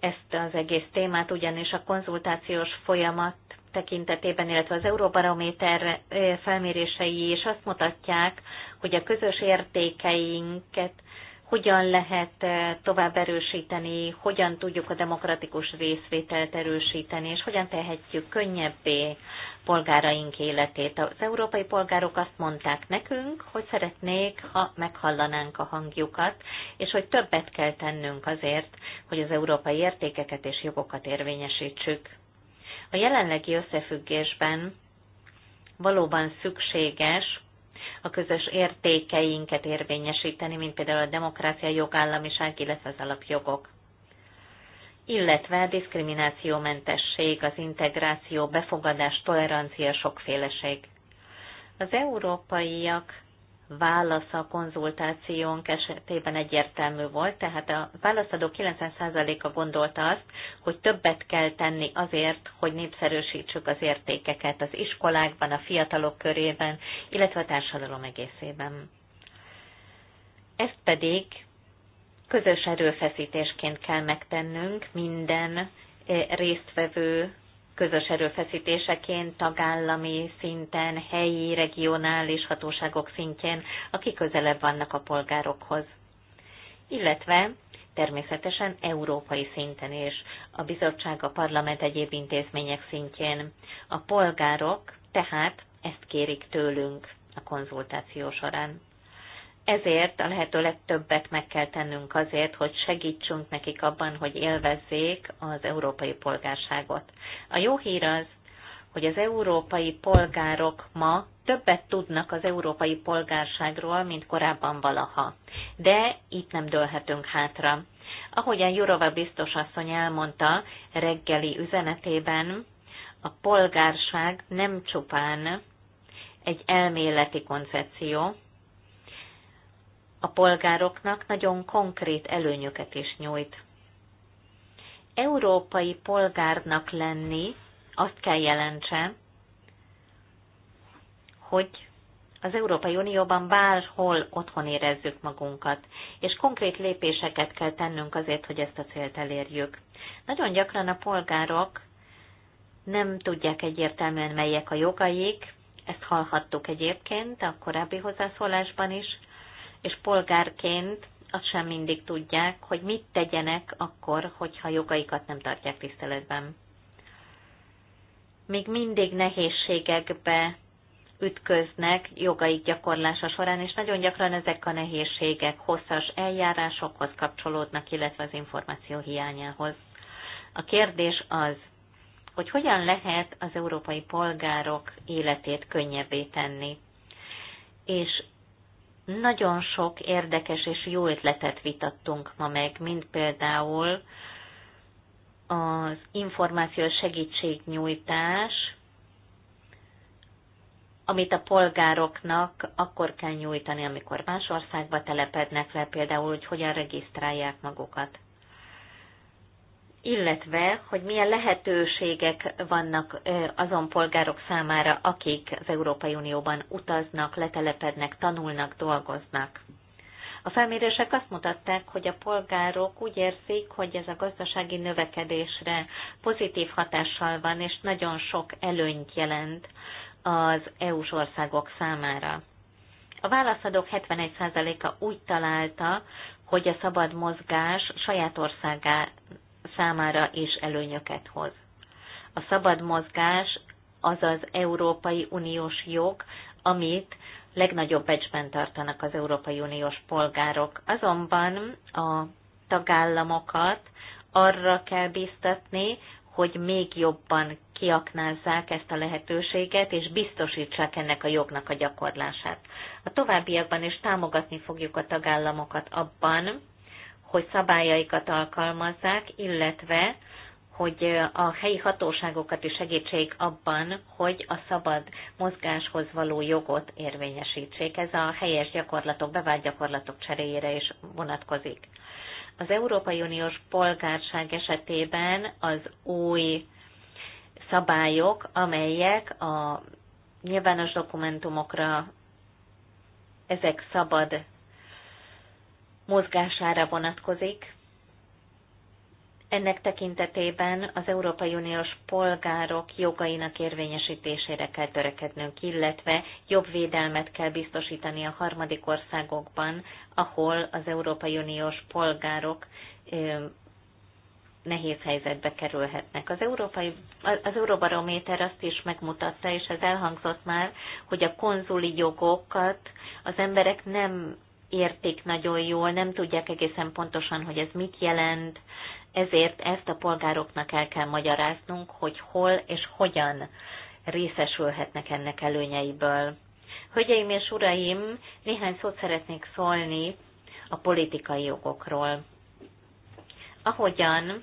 Speaker 3: ezt az egész témát, ugyanis a konzultációs folyamat tekintetében, illetve az Euróbarométer felmérései is azt mutatják, hogy a közös értékeinket hogyan lehet eh, tovább erősíteni, hogyan tudjuk a demokratikus részvételt erősíteni, és hogyan tehetjük könnyebbé polgáraink életét. Az európai polgárok azt mondták nekünk, hogy szeretnék, ha meghallanánk a hangjukat, és hogy többet kell tennünk azért, hogy az európai értékeket és jogokat érvényesítsük. A jelenlegi összefüggésben valóban szükséges a közös értékeinket érvényesíteni, mint például a demokrácia, jogállamiság, illetve az alapjogok illetve diszkriminációmentesség, az integráció, befogadás, tolerancia, sokféleség. Az európaiak válasza a konzultációnk esetében egyértelmű volt, tehát a válaszadó 90%-a gondolta azt, hogy többet kell tenni azért, hogy népszerűsítsük az értékeket az iskolákban, a fiatalok körében, illetve a társadalom egészében. Ezt pedig közös erőfeszítésként kell megtennünk minden eh, résztvevő közös erőfeszítéseként tagállami szinten, helyi, regionális hatóságok szintjén, akik közelebb vannak a polgárokhoz. Illetve természetesen európai szinten és a bizottság, a parlament egyéb intézmények szintjén. A polgárok tehát ezt kérik tőlünk a konzultáció során. Ezért a lehető legtöbbet meg kell tennünk azért, hogy segítsünk nekik abban, hogy élvezzék az európai polgárságot. A jó hír az, hogy az európai polgárok ma többet tudnak az európai polgárságról, mint korábban valaha. De itt nem dőlhetünk hátra. Ahogyan Jurova biztos asszony elmondta reggeli üzenetében, a polgárság nem csupán egy elméleti koncepció, a polgároknak nagyon konkrét előnyöket is nyújt. Európai polgárnak lenni azt kell jelentse, hogy az Európai Unióban bárhol otthon érezzük magunkat, és konkrét lépéseket kell tennünk azért, hogy ezt a célt elérjük. Nagyon gyakran a polgárok nem tudják egyértelműen, melyek a jogaik, ezt hallhattuk egyébként a korábbi hozzászólásban is, és polgárként azt sem mindig tudják, hogy mit tegyenek akkor, hogyha jogaikat nem tartják tiszteletben. Még mindig nehézségekbe ütköznek jogaik gyakorlása során, és nagyon gyakran ezek a nehézségek hosszas eljárásokhoz kapcsolódnak, illetve az információ hiányához. A kérdés az, hogy hogyan lehet az európai polgárok életét könnyebbé tenni. És nagyon sok érdekes és jó ötletet vitattunk ma meg, mint például az információs segítségnyújtás, amit a polgároknak akkor kell nyújtani, amikor más országba telepednek le, például, hogy hogyan regisztrálják magukat illetve hogy milyen lehetőségek vannak azon polgárok számára, akik az Európai Unióban utaznak, letelepednek, tanulnak, dolgoznak. A felmérések azt mutatták, hogy a polgárok úgy érzik, hogy ez a gazdasági növekedésre pozitív hatással van, és nagyon sok előnyt jelent az EU-s országok számára. A válaszadók 71%-a úgy találta, hogy a szabad mozgás saját országán számára is előnyöket hoz. A szabad mozgás az az Európai Uniós jog, amit legnagyobb becsben tartanak az Európai Uniós polgárok. Azonban a tagállamokat arra kell biztatni, hogy még jobban kiaknázzák ezt a lehetőséget, és biztosítsák ennek a jognak a gyakorlását. A továbbiakban is támogatni fogjuk a tagállamokat abban, hogy szabályaikat alkalmazzák, illetve hogy a helyi hatóságokat is segítsék abban, hogy a szabad mozgáshoz való jogot érvényesítsék. Ez a helyes gyakorlatok, bevált gyakorlatok cseréjére is vonatkozik. Az Európai Uniós polgárság esetében az új szabályok, amelyek a nyilvános dokumentumokra ezek szabad mozgására vonatkozik. Ennek tekintetében az Európai Uniós polgárok jogainak érvényesítésére kell törekednünk, illetve jobb védelmet kell biztosítani a harmadik országokban, ahol az Európai Uniós polgárok nehéz helyzetbe kerülhetnek. Az, európai, az Euróbarométer azt is megmutatta, és ez elhangzott már, hogy a konzuli jogokat az emberek nem értik nagyon jól, nem tudják egészen pontosan, hogy ez mit jelent, ezért ezt a polgároknak el kell magyaráznunk, hogy hol és hogyan részesülhetnek ennek előnyeiből. Hölgyeim és uraim, néhány szót szeretnék szólni a politikai jogokról. Ahogyan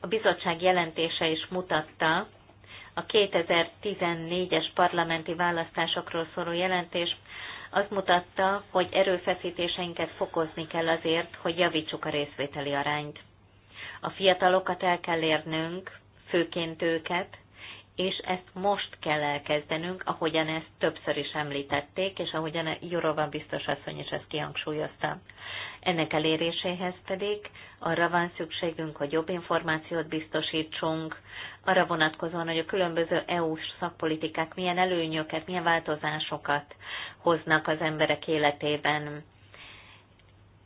Speaker 3: a bizottság jelentése is mutatta, a 2014-es parlamenti választásokról szóló jelentés azt mutatta, hogy erőfeszítéseinket fokozni kell azért, hogy javítsuk a részvételi arányt. A fiatalokat el kell érnünk, főként őket, és ezt most kell elkezdenünk, ahogyan ezt többször is említették, és ahogyan a Jurova biztos asszony is ezt kihangsúlyozta. Ennek eléréséhez pedig arra van szükségünk, hogy jobb információt biztosítsunk, arra vonatkozóan, hogy a különböző EU-s szakpolitikák milyen előnyöket, milyen változásokat hoznak az emberek életében,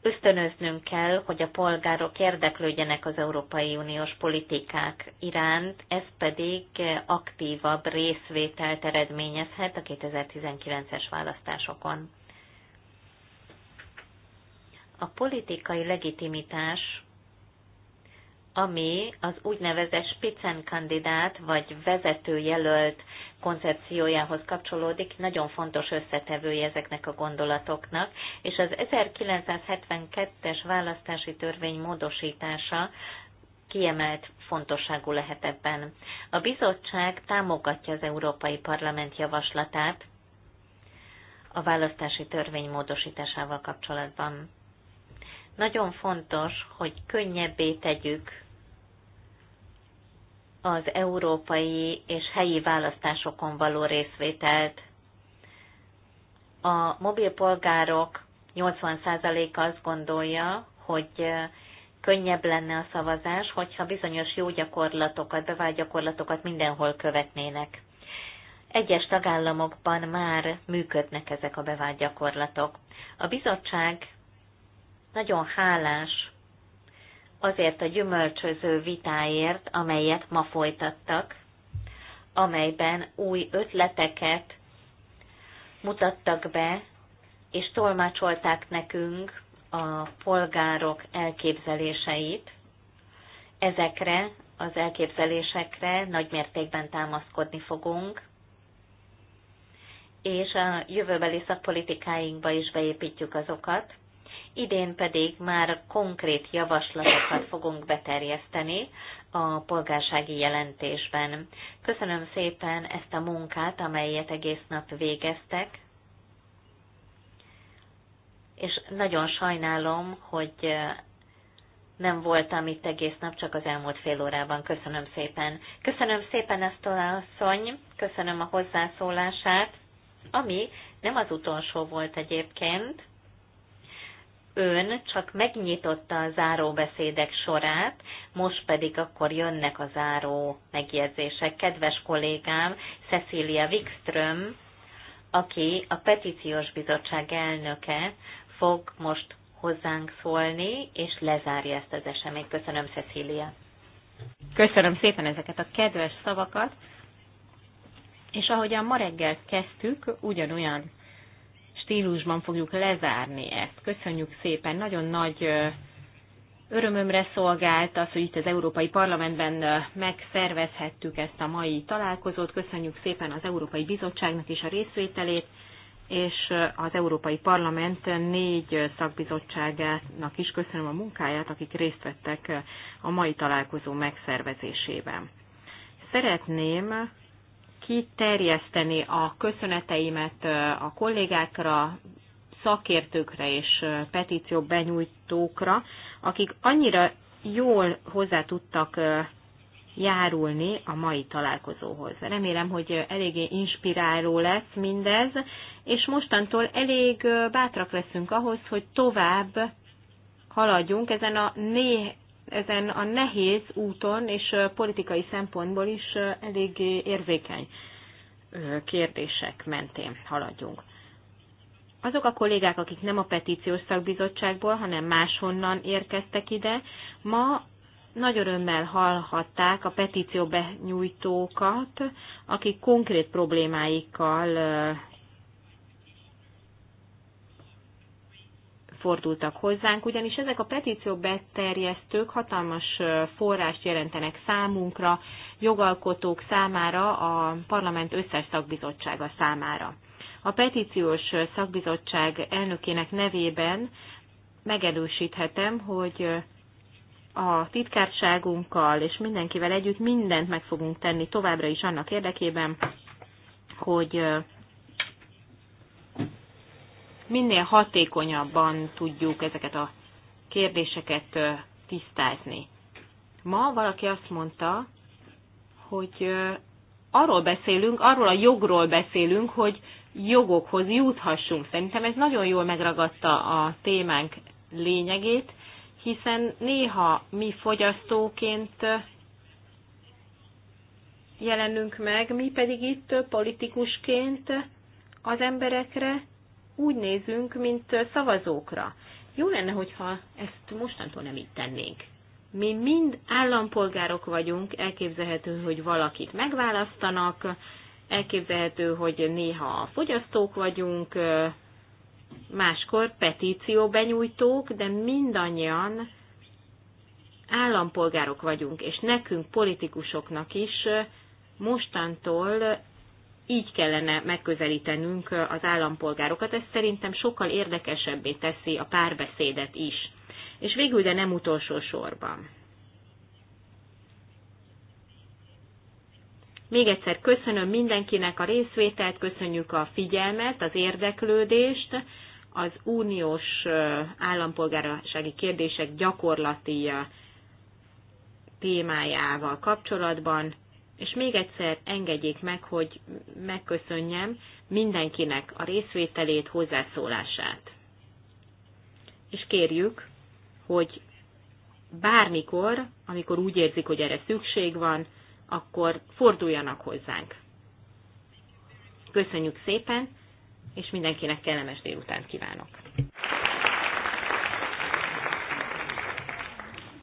Speaker 3: ösztönöznünk kell, hogy a polgárok érdeklődjenek az Európai Uniós politikák iránt, ez pedig aktívabb részvételt eredményezhet a 2019-es választásokon. A politikai legitimitás ami az úgynevezett spitzenkandidát vagy vezetőjelölt koncepciójához kapcsolódik, nagyon fontos összetevője ezeknek a gondolatoknak, és az 1972-es választási törvény módosítása kiemelt fontosságú lehet ebben. A bizottság támogatja az Európai Parlament javaslatát a választási törvény módosításával kapcsolatban. Nagyon fontos, hogy könnyebbé tegyük az európai és helyi választásokon való részvételt. A mobil polgárok 80%-a azt gondolja, hogy eh, könnyebb lenne a szavazás, hogyha bizonyos jó gyakorlatokat, bevált gyakorlatokat mindenhol követnének. Egyes tagállamokban már működnek ezek a bevált gyakorlatok. A bizottság nagyon hálás azért a gyümölcsöző vitáért, amelyet ma folytattak, amelyben új ötleteket mutattak be, és tolmácsolták nekünk a polgárok elképzeléseit. Ezekre az elképzelésekre nagy mértékben támaszkodni fogunk, és a jövőbeli szakpolitikáinkba is beépítjük azokat idén pedig már konkrét javaslatokat fogunk beterjeszteni a polgársági jelentésben. Köszönöm szépen ezt a munkát, amelyet egész nap végeztek, és nagyon sajnálom, hogy nem voltam itt egész nap, csak az elmúlt fél órában. Köszönöm szépen. Köszönöm szépen ezt a asszony, köszönöm a hozzászólását, ami nem az utolsó volt egyébként, ön csak megnyitotta a záróbeszédek sorát, most pedig akkor jönnek a záró megjegyzések. Kedves kollégám, Cecilia Wikström, aki a petíciós bizottság elnöke, fog most hozzánk szólni, és lezárja ezt az eseményt. Köszönöm, Cecília. Köszönöm
Speaker 1: szépen ezeket a kedves szavakat, és ahogyan ma reggel kezdtük, ugyanolyan stílusban fogjuk lezárni ezt. Köszönjük szépen, nagyon nagy örömömre szolgált az, hogy itt az Európai Parlamentben megszervezhettük ezt a mai találkozót. Köszönjük szépen az Európai Bizottságnak is a részvételét, és az Európai Parlament négy szakbizottságának is köszönöm a munkáját, akik részt vettek a mai találkozó megszervezésében. Szeretném kiterjeszteni a köszöneteimet a kollégákra, szakértőkre és petíció benyújtókra, akik annyira jól hozzá tudtak járulni a mai találkozóhoz. Remélem, hogy eléggé inspiráló lesz mindez, és mostantól elég bátrak leszünk ahhoz, hogy tovább haladjunk ezen a né ezen a nehéz úton és politikai szempontból is elég érzékeny kérdések mentén haladjunk. Azok a kollégák, akik nem a petíciós szakbizottságból, hanem máshonnan érkeztek ide, ma nagy örömmel hallhatták a petíció benyújtókat, akik konkrét problémáikkal fordultak hozzánk, ugyanis ezek a petíció beterjesztők hatalmas forrást jelentenek számunkra, jogalkotók számára, a parlament összes szakbizottsága számára. A petíciós szakbizottság elnökének nevében megerősíthetem, hogy a titkárságunkkal és mindenkivel együtt mindent meg fogunk tenni továbbra is annak érdekében, hogy minél hatékonyabban tudjuk ezeket a kérdéseket tisztázni. Ma valaki azt mondta, hogy arról beszélünk, arról a jogról beszélünk, hogy jogokhoz juthassunk. Szerintem ez nagyon jól megragadta a témánk lényegét, hiszen néha mi fogyasztóként jelenünk meg, mi pedig itt politikusként az emberekre úgy nézünk, mint szavazókra. Jó lenne, hogyha ezt mostantól nem így tennénk. Mi mind állampolgárok vagyunk, elképzelhető, hogy valakit megválasztanak, elképzelhető, hogy néha fogyasztók vagyunk, máskor petíció benyújtók, de mindannyian állampolgárok vagyunk, és nekünk politikusoknak is mostantól így kellene megközelítenünk az állampolgárokat. Ez szerintem sokkal érdekesebbé teszi a párbeszédet is. És végül, de nem utolsó sorban. Még egyszer köszönöm mindenkinek a részvételt, köszönjük a figyelmet, az érdeklődést, az uniós állampolgársági kérdések gyakorlati témájával kapcsolatban. És még egyszer engedjék meg, hogy megköszönjem mindenkinek a részvételét, hozzászólását. És kérjük, hogy bármikor, amikor úgy érzik, hogy erre szükség van, akkor forduljanak hozzánk. Köszönjük szépen, és mindenkinek kellemes délután kívánok!